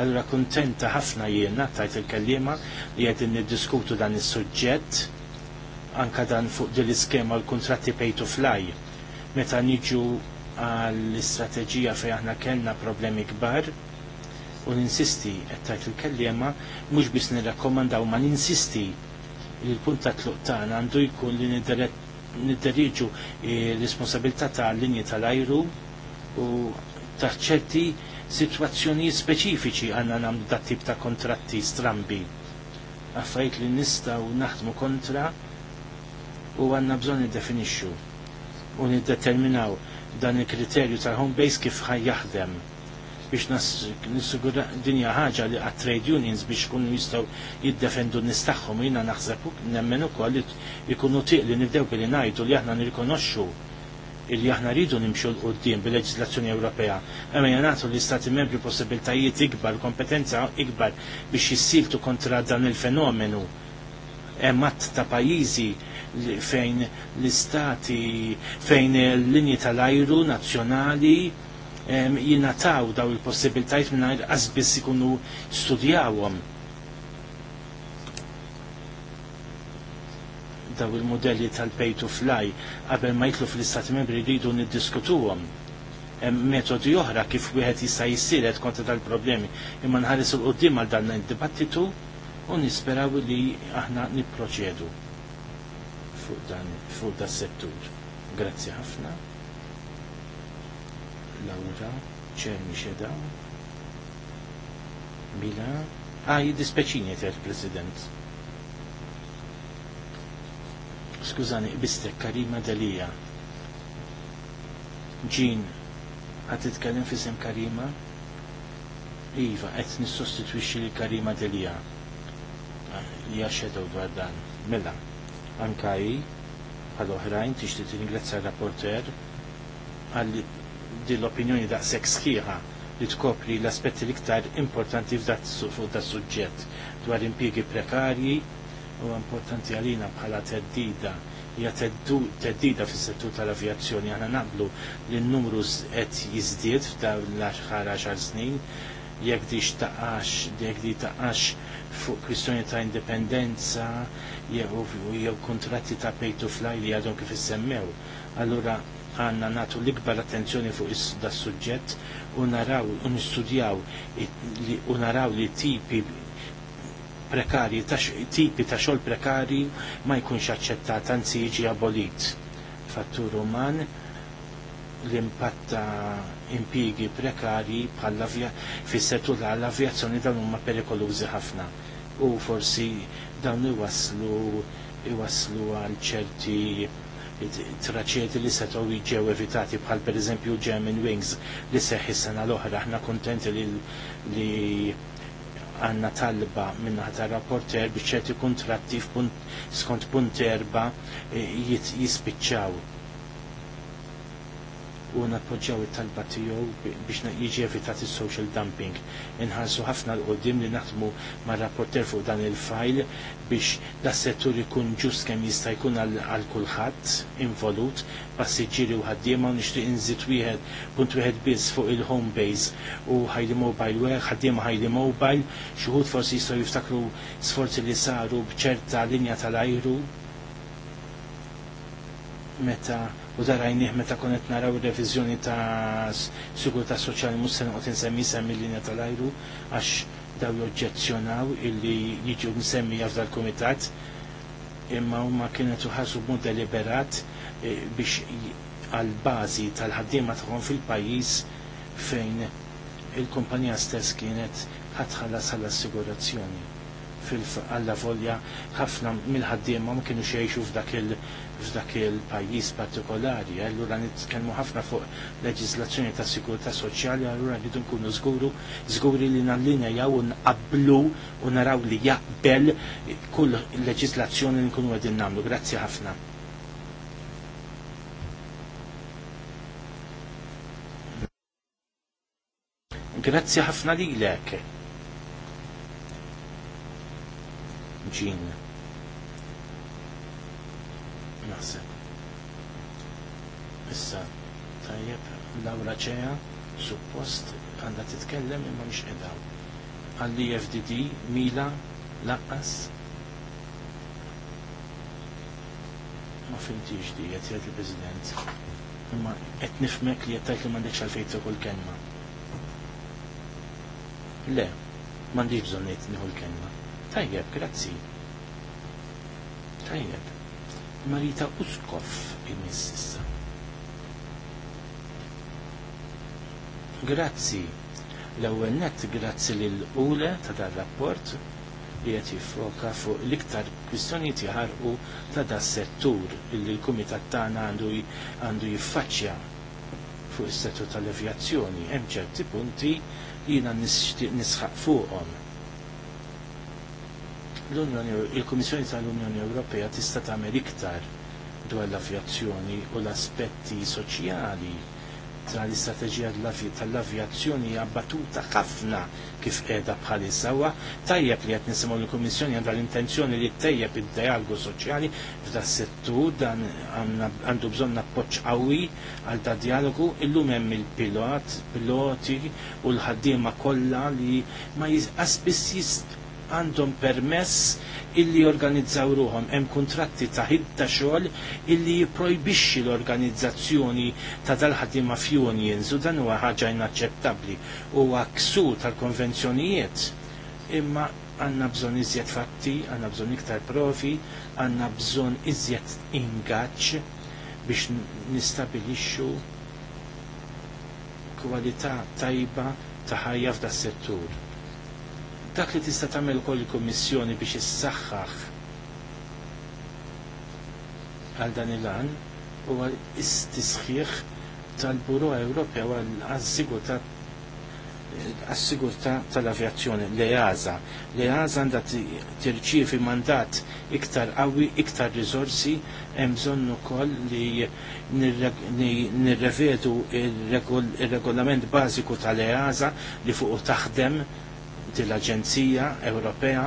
Allura kuntenta ħafna jien tajt il-kellima li qegħdin niddiskutu dan is-suġġett anka dan fuq din l-iskema l-kontratti pay to fly. Meta niġu għall-istrateġija fejn aħna kellna problemi kbar, u ninsisti qed tajt il-kellima mhux biss nirrakkomandaw ma ninsisti li l-punt ta' tluq tagħna għandu jkun li nidderiġu l-responsabilità tal-linji tal-ajru u ta' ċerti situazzjonijiet speċifiċi għanna nagħmlu dat tip ta' kontratti strambi affajt li u naħdmu kontra u għanna bżon niddefinixxu u niddeterminaw dan il-kriterju tal-home base kif ħaj jaħdem biex nisugura dinja ħaġa li għat trade unions biex kun jistaw jiddefendu nistaxħom jina naħseb nemmen ukoll li jkunu tiq li nibdew billi ngħidu li aħna nirrikonoxxu illi aħna rridu nimxu l-qoddim bil-leġislazzjoni Ewropea. Għamma jgħanatu li stati membri possibiltajiet ikbar, kompetenza ikbar biex jissiltu kontra dan il-fenomenu hemm ta' pajjiżi fejn l-istati fejn l-linji tal-ajru nazzjonali jinataw daw il-possibilitajt minn għazbis ikunu studjawom. daw il-modelli tal-pay to fly qabel ma jitlu fl-istati membri rridu niddiskutuhom metodi oħra kif wieħed jista' jissiret kontra tal-problemi imma nħares il qudiem għal dan id-dibattitu u nisperaw li aħna nipproċedu fuq dan fuq da settur. Grazzi ħafna. Laura, ċemmi xeda. Mila, ah, jiddispeċini ter president. Skużani, bistek Karima Dalija. Ġin, għat titkellem fisem Karima? Iva, qed nissostitwixxi li Karima Dalija. Ah, ja dwar dan. Mela, anka hi bħal oħrajn tixtieq l rapporter għal din l-opinjoni daqshekk sħiħa li tkopri l-aspetti l-iktar importanti f'dat fuq da suġġett dwar impjiegi prekarji u importanti għalina bħala teddida hija teddida fis-settur tal-avjazzjoni aħna naqblu li n-numru qed jiżdied f'dawn l-aħħar 10 snin jekk di xtaqax, jekk di taqax fuq kwistjoni ta' indipendenza jew kontratti ta' pay to fly li għadhom kif issemmew. Allura għanna natu l-ikbar attenzjoni fuq da suġġett u naraw, u nistudjaw, u naraw li tipi prekari, tipi ta' xol prekari ma jkunx aċċettat, anzi jiġi abolit. Fattur uman l-impatta impigi prekarji bħalla fis-settur l avjazzjoni dan huma perikolużi ħafna u forsi dawn iwaslu iwaslu għal ċerti traċieti li setgħu jiġew evitati bħal per eżempju German Wings li is sena l-oħra aħna kontenti li għanna talba minna ta' rapporter biex ċerti kontratti skont punt erba jispiċċaw u nappoġġaw it-talba tiegħu biex jiġi evitat is-social dumping. Inħarsu ħafna l qudiem li naħdmu mar rapporter fuq dan il-fajl biex da settur ikun ġust kemm jista' jkun għal kulħadd involut passiġġieri u ħaddiema u nixtieq inżid wieħed punt wieħed biss fuq il-home base u ħajli mobile wieħed ħaddiema ħajli mobile xi wħud forsi jistgħu jiftakru sforzi li saru bċerta linja tal-ajru meta u darajnih meta konet naraw revizjoni ta' sigurta soċjali mhux se noqgħod insemmi semmi linja tal-ajru għax daw joġġezzjonaw illi jiġu msemmi l kumitat imma huma kienet uħasu b'mod deliberat eh, biex għal bażi tal-ħaddiema tagħhom fil-pajjiż fejn il-kumpanija stess kienet ħatħallas għall-assigurazzjoni fil-għalla volja ħafna mill-ħaddiema ma mkienu xiexu f'dak il- pajjiż partikolari, allura nitkellmu ħafna fuq leġislazzjoni ta' sigurtà soċjali, allura rridu nkunu żguru żguri li nallinjaw jaw unqablu u naraw li jaqbel kull leġislazzjoni li nkunu qegħdin nagħmlu. Grazzi ħafna. Grazzi ħafna lilek. ġin. Naħseb. Issa, tajjeb, Laura ċeja, suppost għandha titkellem imma mhix qedaw. Għalli FDD, Mila, laqqas. Ma fintix di, qed il-President. Imma qed nifmek li qed tgħid li m'għandekx għalfejn kull kelma. Le, m'għandix bżonn ngħid nieħu l-kelma. Tajjeb, grazzi. Tajjeb. Marita Uskov imississa. Grazzi. L-ewwel nett grazzi lil ule ta' dar rapport li qed jiffoka fuq l-iktar kwistjonijiet jħarqu ta' da' settur li l-kumitat tagħna għandu għandu jiffaċċja fuq is-settur tal-avjazzjoni hemm ċerti punti li jiena nisħaq fuqhom l-Unjoni il-Kummissjoni tal-Unjoni Ewropea tista' tagħmel iktar dwar l-avjazzjoni u l-aspetti soċjali tal-istrateġija tal-avjazzjoni hija battuta ħafna kif qiegħda bħalissa huwa tajjeb li qed nisimgħu l-Kummissjoni għandha l-intenzjoni li tejjeb id dialgu soċjali f'da settur dan għandu bżonn appoġġ qawwi għal da dialogu illum hemm il-pilot, piloti u l-ħaddiema kollha li ma jis biss għandhom permess illi jorganizzaw ruhom. Hemm kuntratti ta' ħidda xogħol illi jipprojbixxi l-organizzazzjoni ta' dal-ħaddiema f'unions u dan huwa ħaġa inaċċettabbli u għaksu tal-konvenzjonijiet. Imma għandna bżonn iżjed fatti, għandna bżonn iktar profi, għandna bżonn iżjed ingaġġ biex nistabilixxu kwalità tajba ta' ħajja f'da settur dak li tista' tagħmel ukoll il-Kummissjoni biex issaħħaħ għal dan il-għan huwa istisħiħ tal-Buru Ewropew għal-sigurtà għas-sigurtà tal-avjazzjoni l-EASA. L-EASA għandha tirċievi mandat iktar qawwi, iktar riżorsi, hemm bżonn ukoll li nirrevedu ir-regolament bażiku tal-EASA li fuq taħdem dil-Aġenzija Ewropea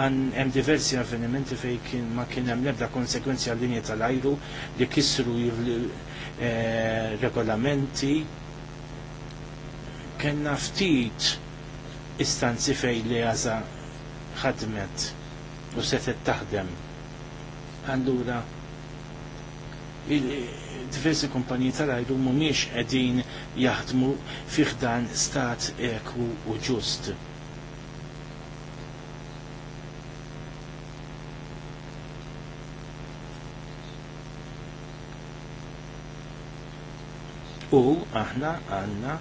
għan hemm diversi avvenimenti fej kien ma kien hemm nebda konsekwenzi għal linja tal-ajru li kissru eh, regolamenti kena ftit istanzi fej li għaza ħadmet u setet taħdem. Allura, diversi kumpanji tal-ajru mumiex edin jaħdmu fiħdan stat eku u ġust u aħna għanna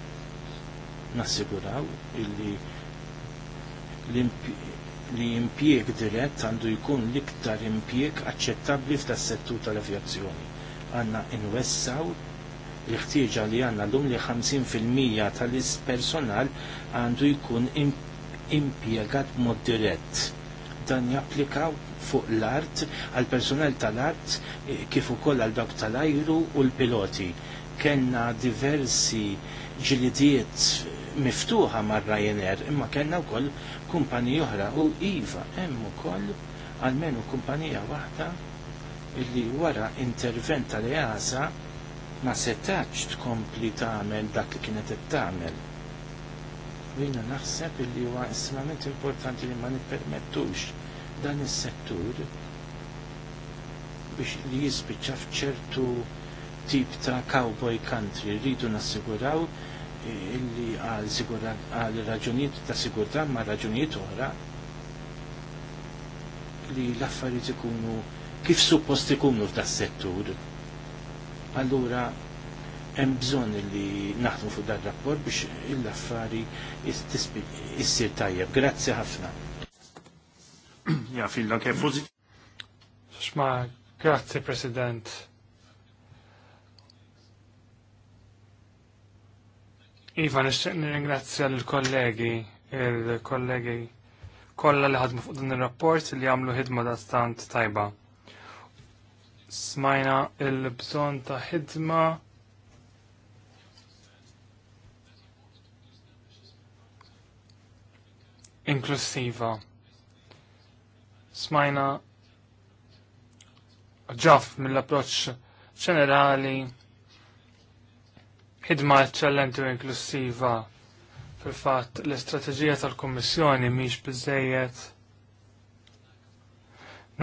nassiguraw illi li impieg dirett għandu jkun l-iktar impjieg aċċettabbli f'tas settur tal-avjazzjoni. Għanna inwessaw l-ħtieġa li għanna l-lum li 50% tal-personal għandu jkun impjegat mod dirett. Dan japplikaw fuq l-art, għal personal tal-art eh, kif ukoll għal dok tal-ajru u l-piloti kellna diversi ġilidiet miftuħa mar Ryanair imma kellna wkoll kumpaniji oħra u iva hemm ukoll għalmenu kumpanija waħda illi wara intervent tal għaza ma setax tkompli tagħmel dak li kienet qed tagħmel. Jina naħseb illi huwa estremament importanti li ma nippermettux dan is-settur biex li jispiċċa f'ċertu tip ta' cowboy country. Rridu nassiguraw eh, illi għal raġunijiet ta' sigurtà ma' raġunijiet oħra li l-affarijiet ikunu kif suppost ikunu f'das settur. Allura hemm bżonn li naħdmu fuq dan rapport biex l-affari issir tajjeb. Grazzi ħafna. *clears throat* Ja, fil-lanke Xma, grazzi President. Iva, nixtieq nirringrazzja l-kollegi, l kollegi kollha li ħadmu fuq din ir-rapport li għamlu ħidma da stant tajba. Smajna il-bżonn ta' ħidma inklusiva. Smajna ġaf mill-approċċ ġenerali ħidma eċċellenti u inklusiva fil-fatt l-istrateġija tal-Kommissjoni miex biżejjed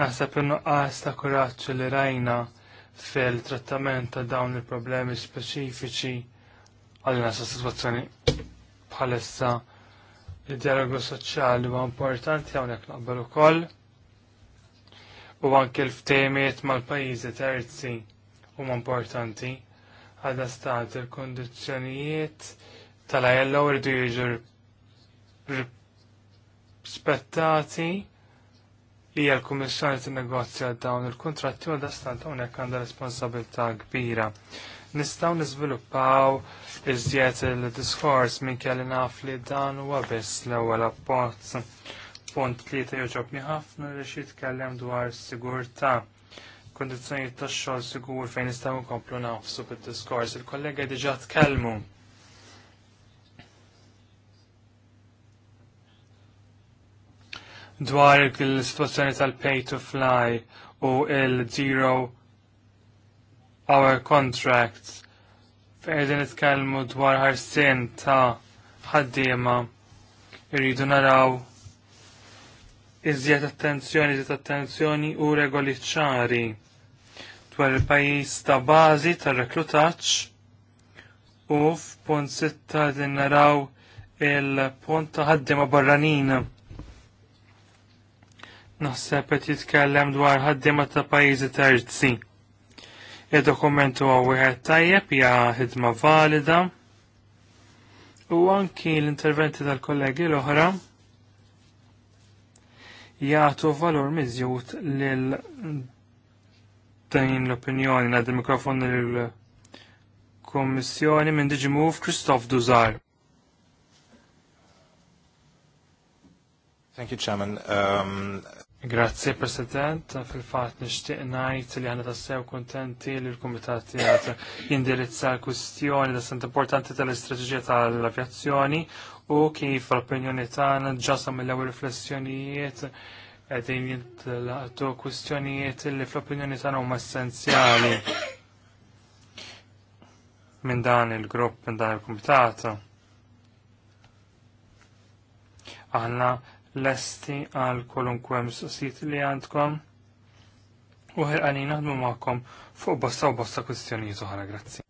naħseb in-nuqqas ta' kuraġġ li rajna fil-trattament ta' dawn il-problemi speċifiċi għal nasa situazzjoni bħalissa il-dialogu soċjali huwa importanti hawnhekk naqbel ukoll u anke l-ftehimiet mal-pajjiżi terzi huma importanti għal stat il-kondizjonijiet tal-ajello rridu jiġu rispettati li hija l-Kummissjoni tinnegozja dawn il-kuntratti u dastant hawnhekk għandha responsabilità kbira. Nistgħu niżviluppaw iżjed il-diskors minn kelli naf li dan huwa biss l-ewwel appozz. Punt tlieta joġobni ħafna li jitkellem dwar sigurtà kondizjoni ta' xogħol sigur fejn nistgħu nkomplu nafsu bid-diskors. Il-kollega diġà tkellmu. Dwar il-situazzjoni tal-pay to fly u il-zero hour contract fejn nitkellmu dwar ħarsien ta' ħaddiema irridu naraw iżjed attenzjoni, iżjed attenzjoni u regoli ċari dwar il-pajjiż ta' bażi ta' reklutaċ u f'punt sitta din naraw il-punt ta' ħaddiema barranin. Naħseb qed jitkellem dwar ħaddiema ta' pajjiżi terzi. Il-dokument huwa wieħed tajjeb hija ħidma valida. U anki l-interventi tal-kollegi l-oħra jagħtu valur miżjud lil tajn l-opinjoni nad il-mikrofon il-Kommissjoni minn DigiMove Kristof Duzar. Thank you, Chairman. Um... Grazie, President. Fil-fat nishtiq najt li għana tassew kontenti li l-Komitat jgħat jindirizza l-kwistjoni da sent importanti tal-istrategija tal-avjazzjoni u kif l-opinjoni tagħna ġasam mill-ewwel riflessjonijiet qegħdin jintlaqtu kwistjonijiet li fl-opinjoni tagħna huma essenzjali minn dan il-grupp, minn dan il-kumitat. Aħna lesti għal kolunkwe mistoqsijiet li għandkom u ħirqanin naħdmu magħkom fuq bosta u bosta kwistjonijiet oħra, grazzi.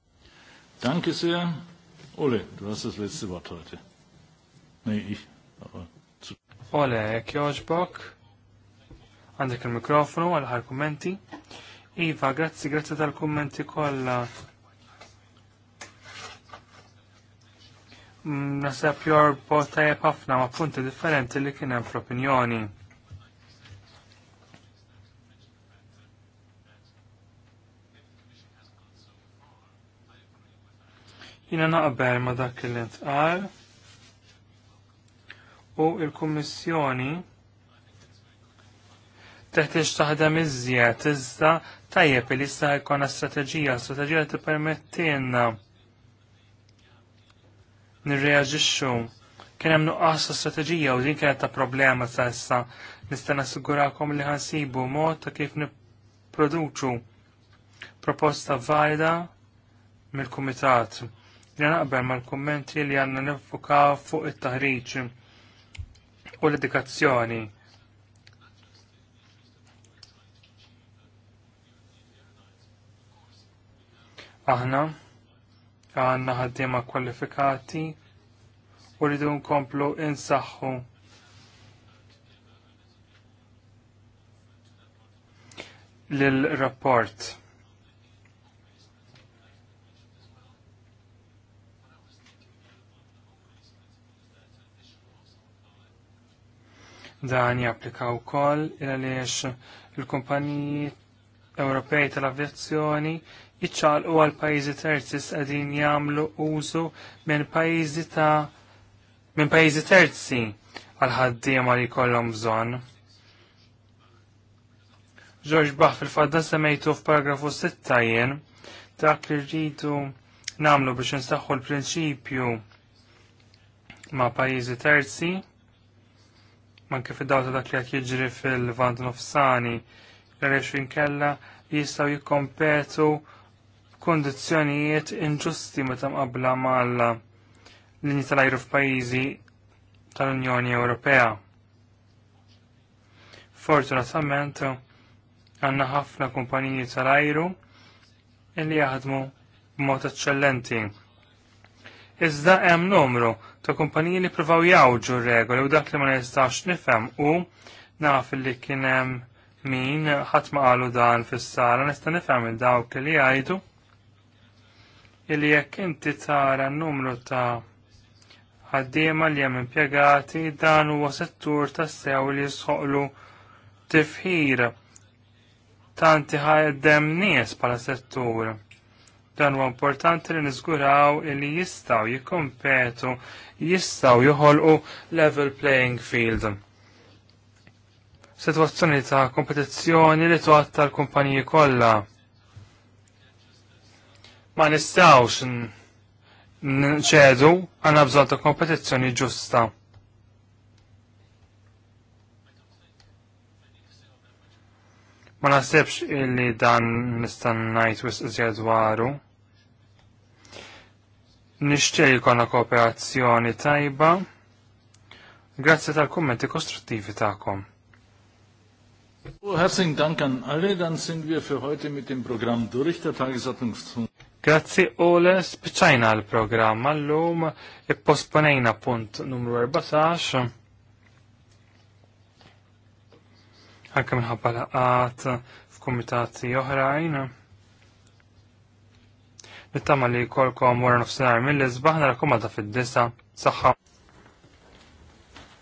Danke sehr. Ole, du hast das letzte Wort heute. Nee, ich. Aber... Ole, jekk joġbok, Għandek il-mikrofonu għal ħar kummenti. Iva, grazzi, grazzi tal-kummenti kollha. Mm, nasab jor bota ħafna ma' punti differenti li kien hemm fl-opinjoni. Jina naqbel ma dak li ntqal u il-Kummissjoni teħtieġ taħdem iżjed iżda tajjeb li issa jkollna strateġija, strateġija li tippermettilna nirreaġixxu. Kien hemm nuqqas strateġija u din kienet ta' problema sa' issa. Nista' nassigurakom li ħansibu mod ta' kif nipproduċu proposta valida mill-kumitat. Li naqbel mal-kummenti li għandna nifukaw fuq it-taħriġ u l edikazzjoni Aħna għanna ħaddiema kwalifikati u rridu nkomplu insaħħu. Lil-rapport. Dan japplika wkoll għaliex il-kumpaniji Ewropej tal-avjazzjoni u għal pajjiżi terzi għadin jagħmlu użu minn pajjiżi ta' minn terzi għal ħaddiema li jkollhom bżonn. George Bach fil-fadda semmejtu f'paragrafu 6 jien dak li rridu nagħmlu biex nsaħħu l-prinċipju ma' pajjiżi terzi man kif id ta' dak li għak jiġri fil-vant nofsani l-għaliex kella jistgħu jikkompetu kondizjonijiet inġusti meta mqabbla mal linji tal-ajru f'pajjiżi tal-Unjoni Ewropea. Fortunatament għandna ħafna kumpaniji tal-ajru illi jaħdmu b'mod eċċellenti. Iżda hemm numru ta' kumpaniji li provaw jawġu regoli u dak li ma nistax nifhem u naf li kien hemm min ħadd ma qalu dan fis-sala nista' nifhem il dawk li jgħidu illi jekk inti tara n-numru ta' ħaddiema li hemm impjegati dan huwa settur tas-sew li jisħoqlu tifħir tanti ħaddem nies bħala settur. Dan huwa importanti li niżguraw li jistgħu jikkompetu, jistgħu joħolqu level playing field. Sitwazzjoni ta' kompetizzjoni li tgħatta l-kumpaniji kollha Ma nistawx nċedu għanna bżon ta' kompetizzjoni ġusta. Ma nasibx illi dan nistan najt wis dwaru. Nixtieq jkollna kooperazzjoni tajba. Grazie tal-kummenti kostruttivi tagħkom. Herzlichen Dank an alle. Dann sind wir für heute mit dem Programm durch. Der Tagesordnungspunkt Grazzi Ole, spiċajna l-programm għallum, ipposponejna punt numru 14. Anke minħabba laqat f'kumitati oħrajn. Nittama li kolkom wara nofsinhar mill-isbaħ narakkomada fid-disa. Saħħa.